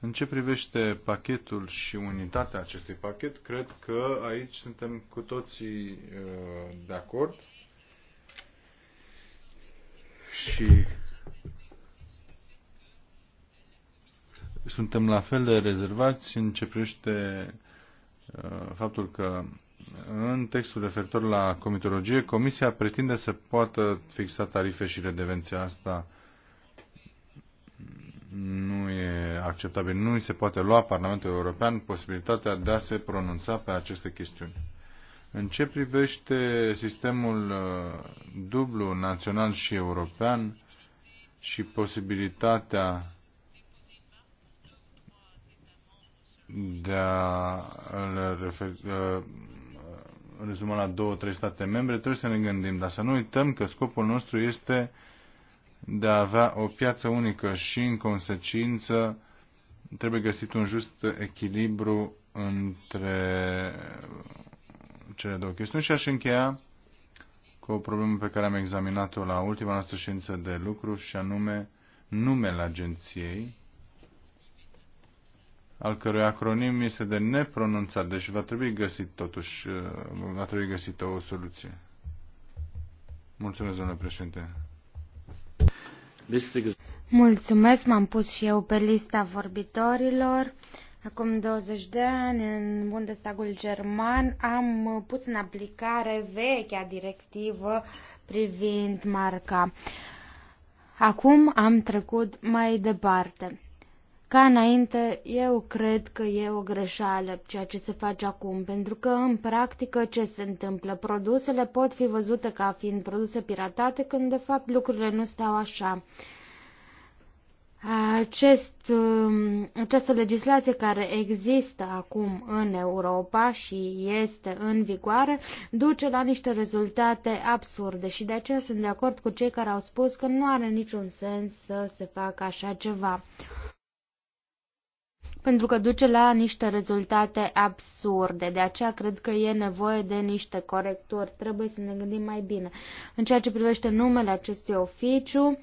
În ce privește pachetul și unitatea acestui pachet, cred că aici suntem cu toții uh, de acord și suntem la fel de rezervați în ce privește uh, faptul că în textul referitor la comitologie, Comisia pretinde să poată fixa tarife și redevenția asta nu e acceptabil. Nu îi se poate lua Parlamentul European posibilitatea de a se pronunța pe aceste chestiuni. În ce privește sistemul uh, dublu național și european și posibilitatea de a uh, rezuma la două, trei state membre, trebuie să ne gândim, dar să nu uităm că scopul nostru este uh, de a avea o piață unică și, în consecință, trebuie găsit un just echilibru între cele două chestiuni și aș încheia cu o problemă pe care am examinat-o la ultima noastră ședință de lucru și anume numele agenției, al cărui acronim este de nepronunțat, deci va trebui găsit totuși, va trebui găsit o soluție. Mulțumesc, domnule președinte. Mulțumesc, m-am pus și eu pe lista vorbitorilor. Acum 20 de ani, în Bundestagul german, am pus în aplicare vechea directivă privind marca. Acum am trecut mai departe. Ca înainte, eu cred că e o greșeală ceea ce se face acum, pentru că în practică ce se întâmplă? Produsele pot fi văzute ca fiind produse piratate când de fapt lucrurile nu stau așa. Acest, um, această legislație care există acum în Europa și este în vigoare duce la niște rezultate absurde și de aceea sunt de acord cu cei care au spus că nu are niciun sens să se facă așa ceva pentru că duce la niște rezultate absurde. De aceea cred că e nevoie de niște corecturi. Trebuie să ne gândim mai bine. În ceea ce privește numele acestui oficiu,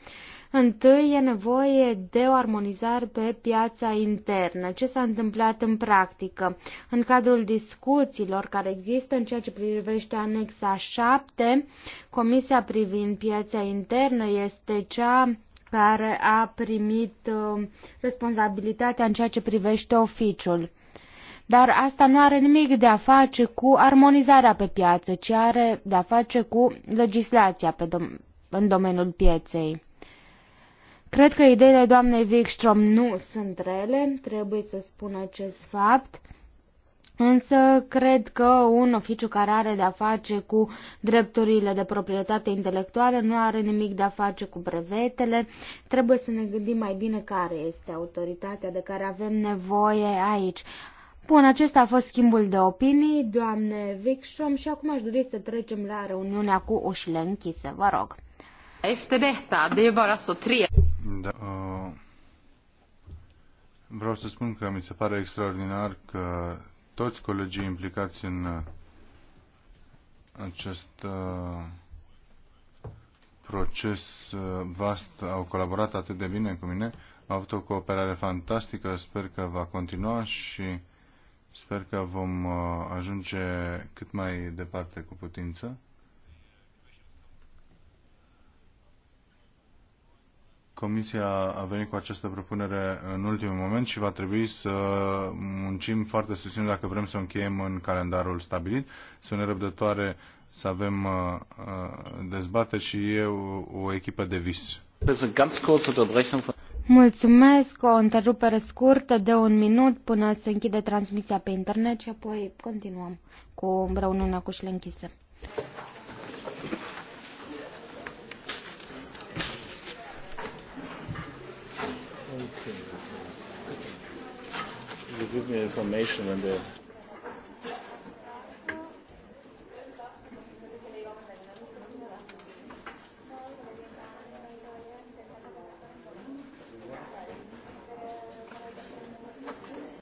Întâi e nevoie de o armonizare pe piața internă. Ce s-a întâmplat în practică? În cadrul discuțiilor care există în ceea ce privește anexa 7, Comisia privind piața internă este cea care a primit uh, responsabilitatea în ceea ce privește oficiul. Dar asta nu are nimic de a face cu armonizarea pe piață, ci are de a face cu legislația pe dom- în domeniul pieței. Cred că ideile doamnei Wikstrom nu sunt rele, trebuie să spun acest fapt. Însă cred că un oficiu care are de-a face cu drepturile de proprietate intelectuală nu are nimic de-a face cu brevetele. Trebuie să ne gândim mai bine care este autoritatea de care avem nevoie aici. Bun, acesta a fost schimbul de opinii, doamne Wikström, și acum aș dori să trecem la reuniunea cu ușile închise, vă rog. Efter detta, det är bara så tre. Da, uh, vreau să spun că mi se pare extraordinar că toți colegii implicați în uh, acest uh, proces uh, vast au colaborat atât de bine cu mine, au avut o cooperare fantastică, sper că va continua și sper că vom ajunge cât mai departe cu putință. Comisia a venit cu această propunere în ultimul moment și va trebui să muncim foarte susținut dacă vrem să o încheiem în calendarul stabilit. Sunt nerăbdătoare să avem uh, uh, dezbate și eu o echipă de vis. Mulțumesc, o întrerupere scurtă de un minut până se închide transmisia pe internet și apoi continuăm cu reuniunea cu șle închise. to give me information on the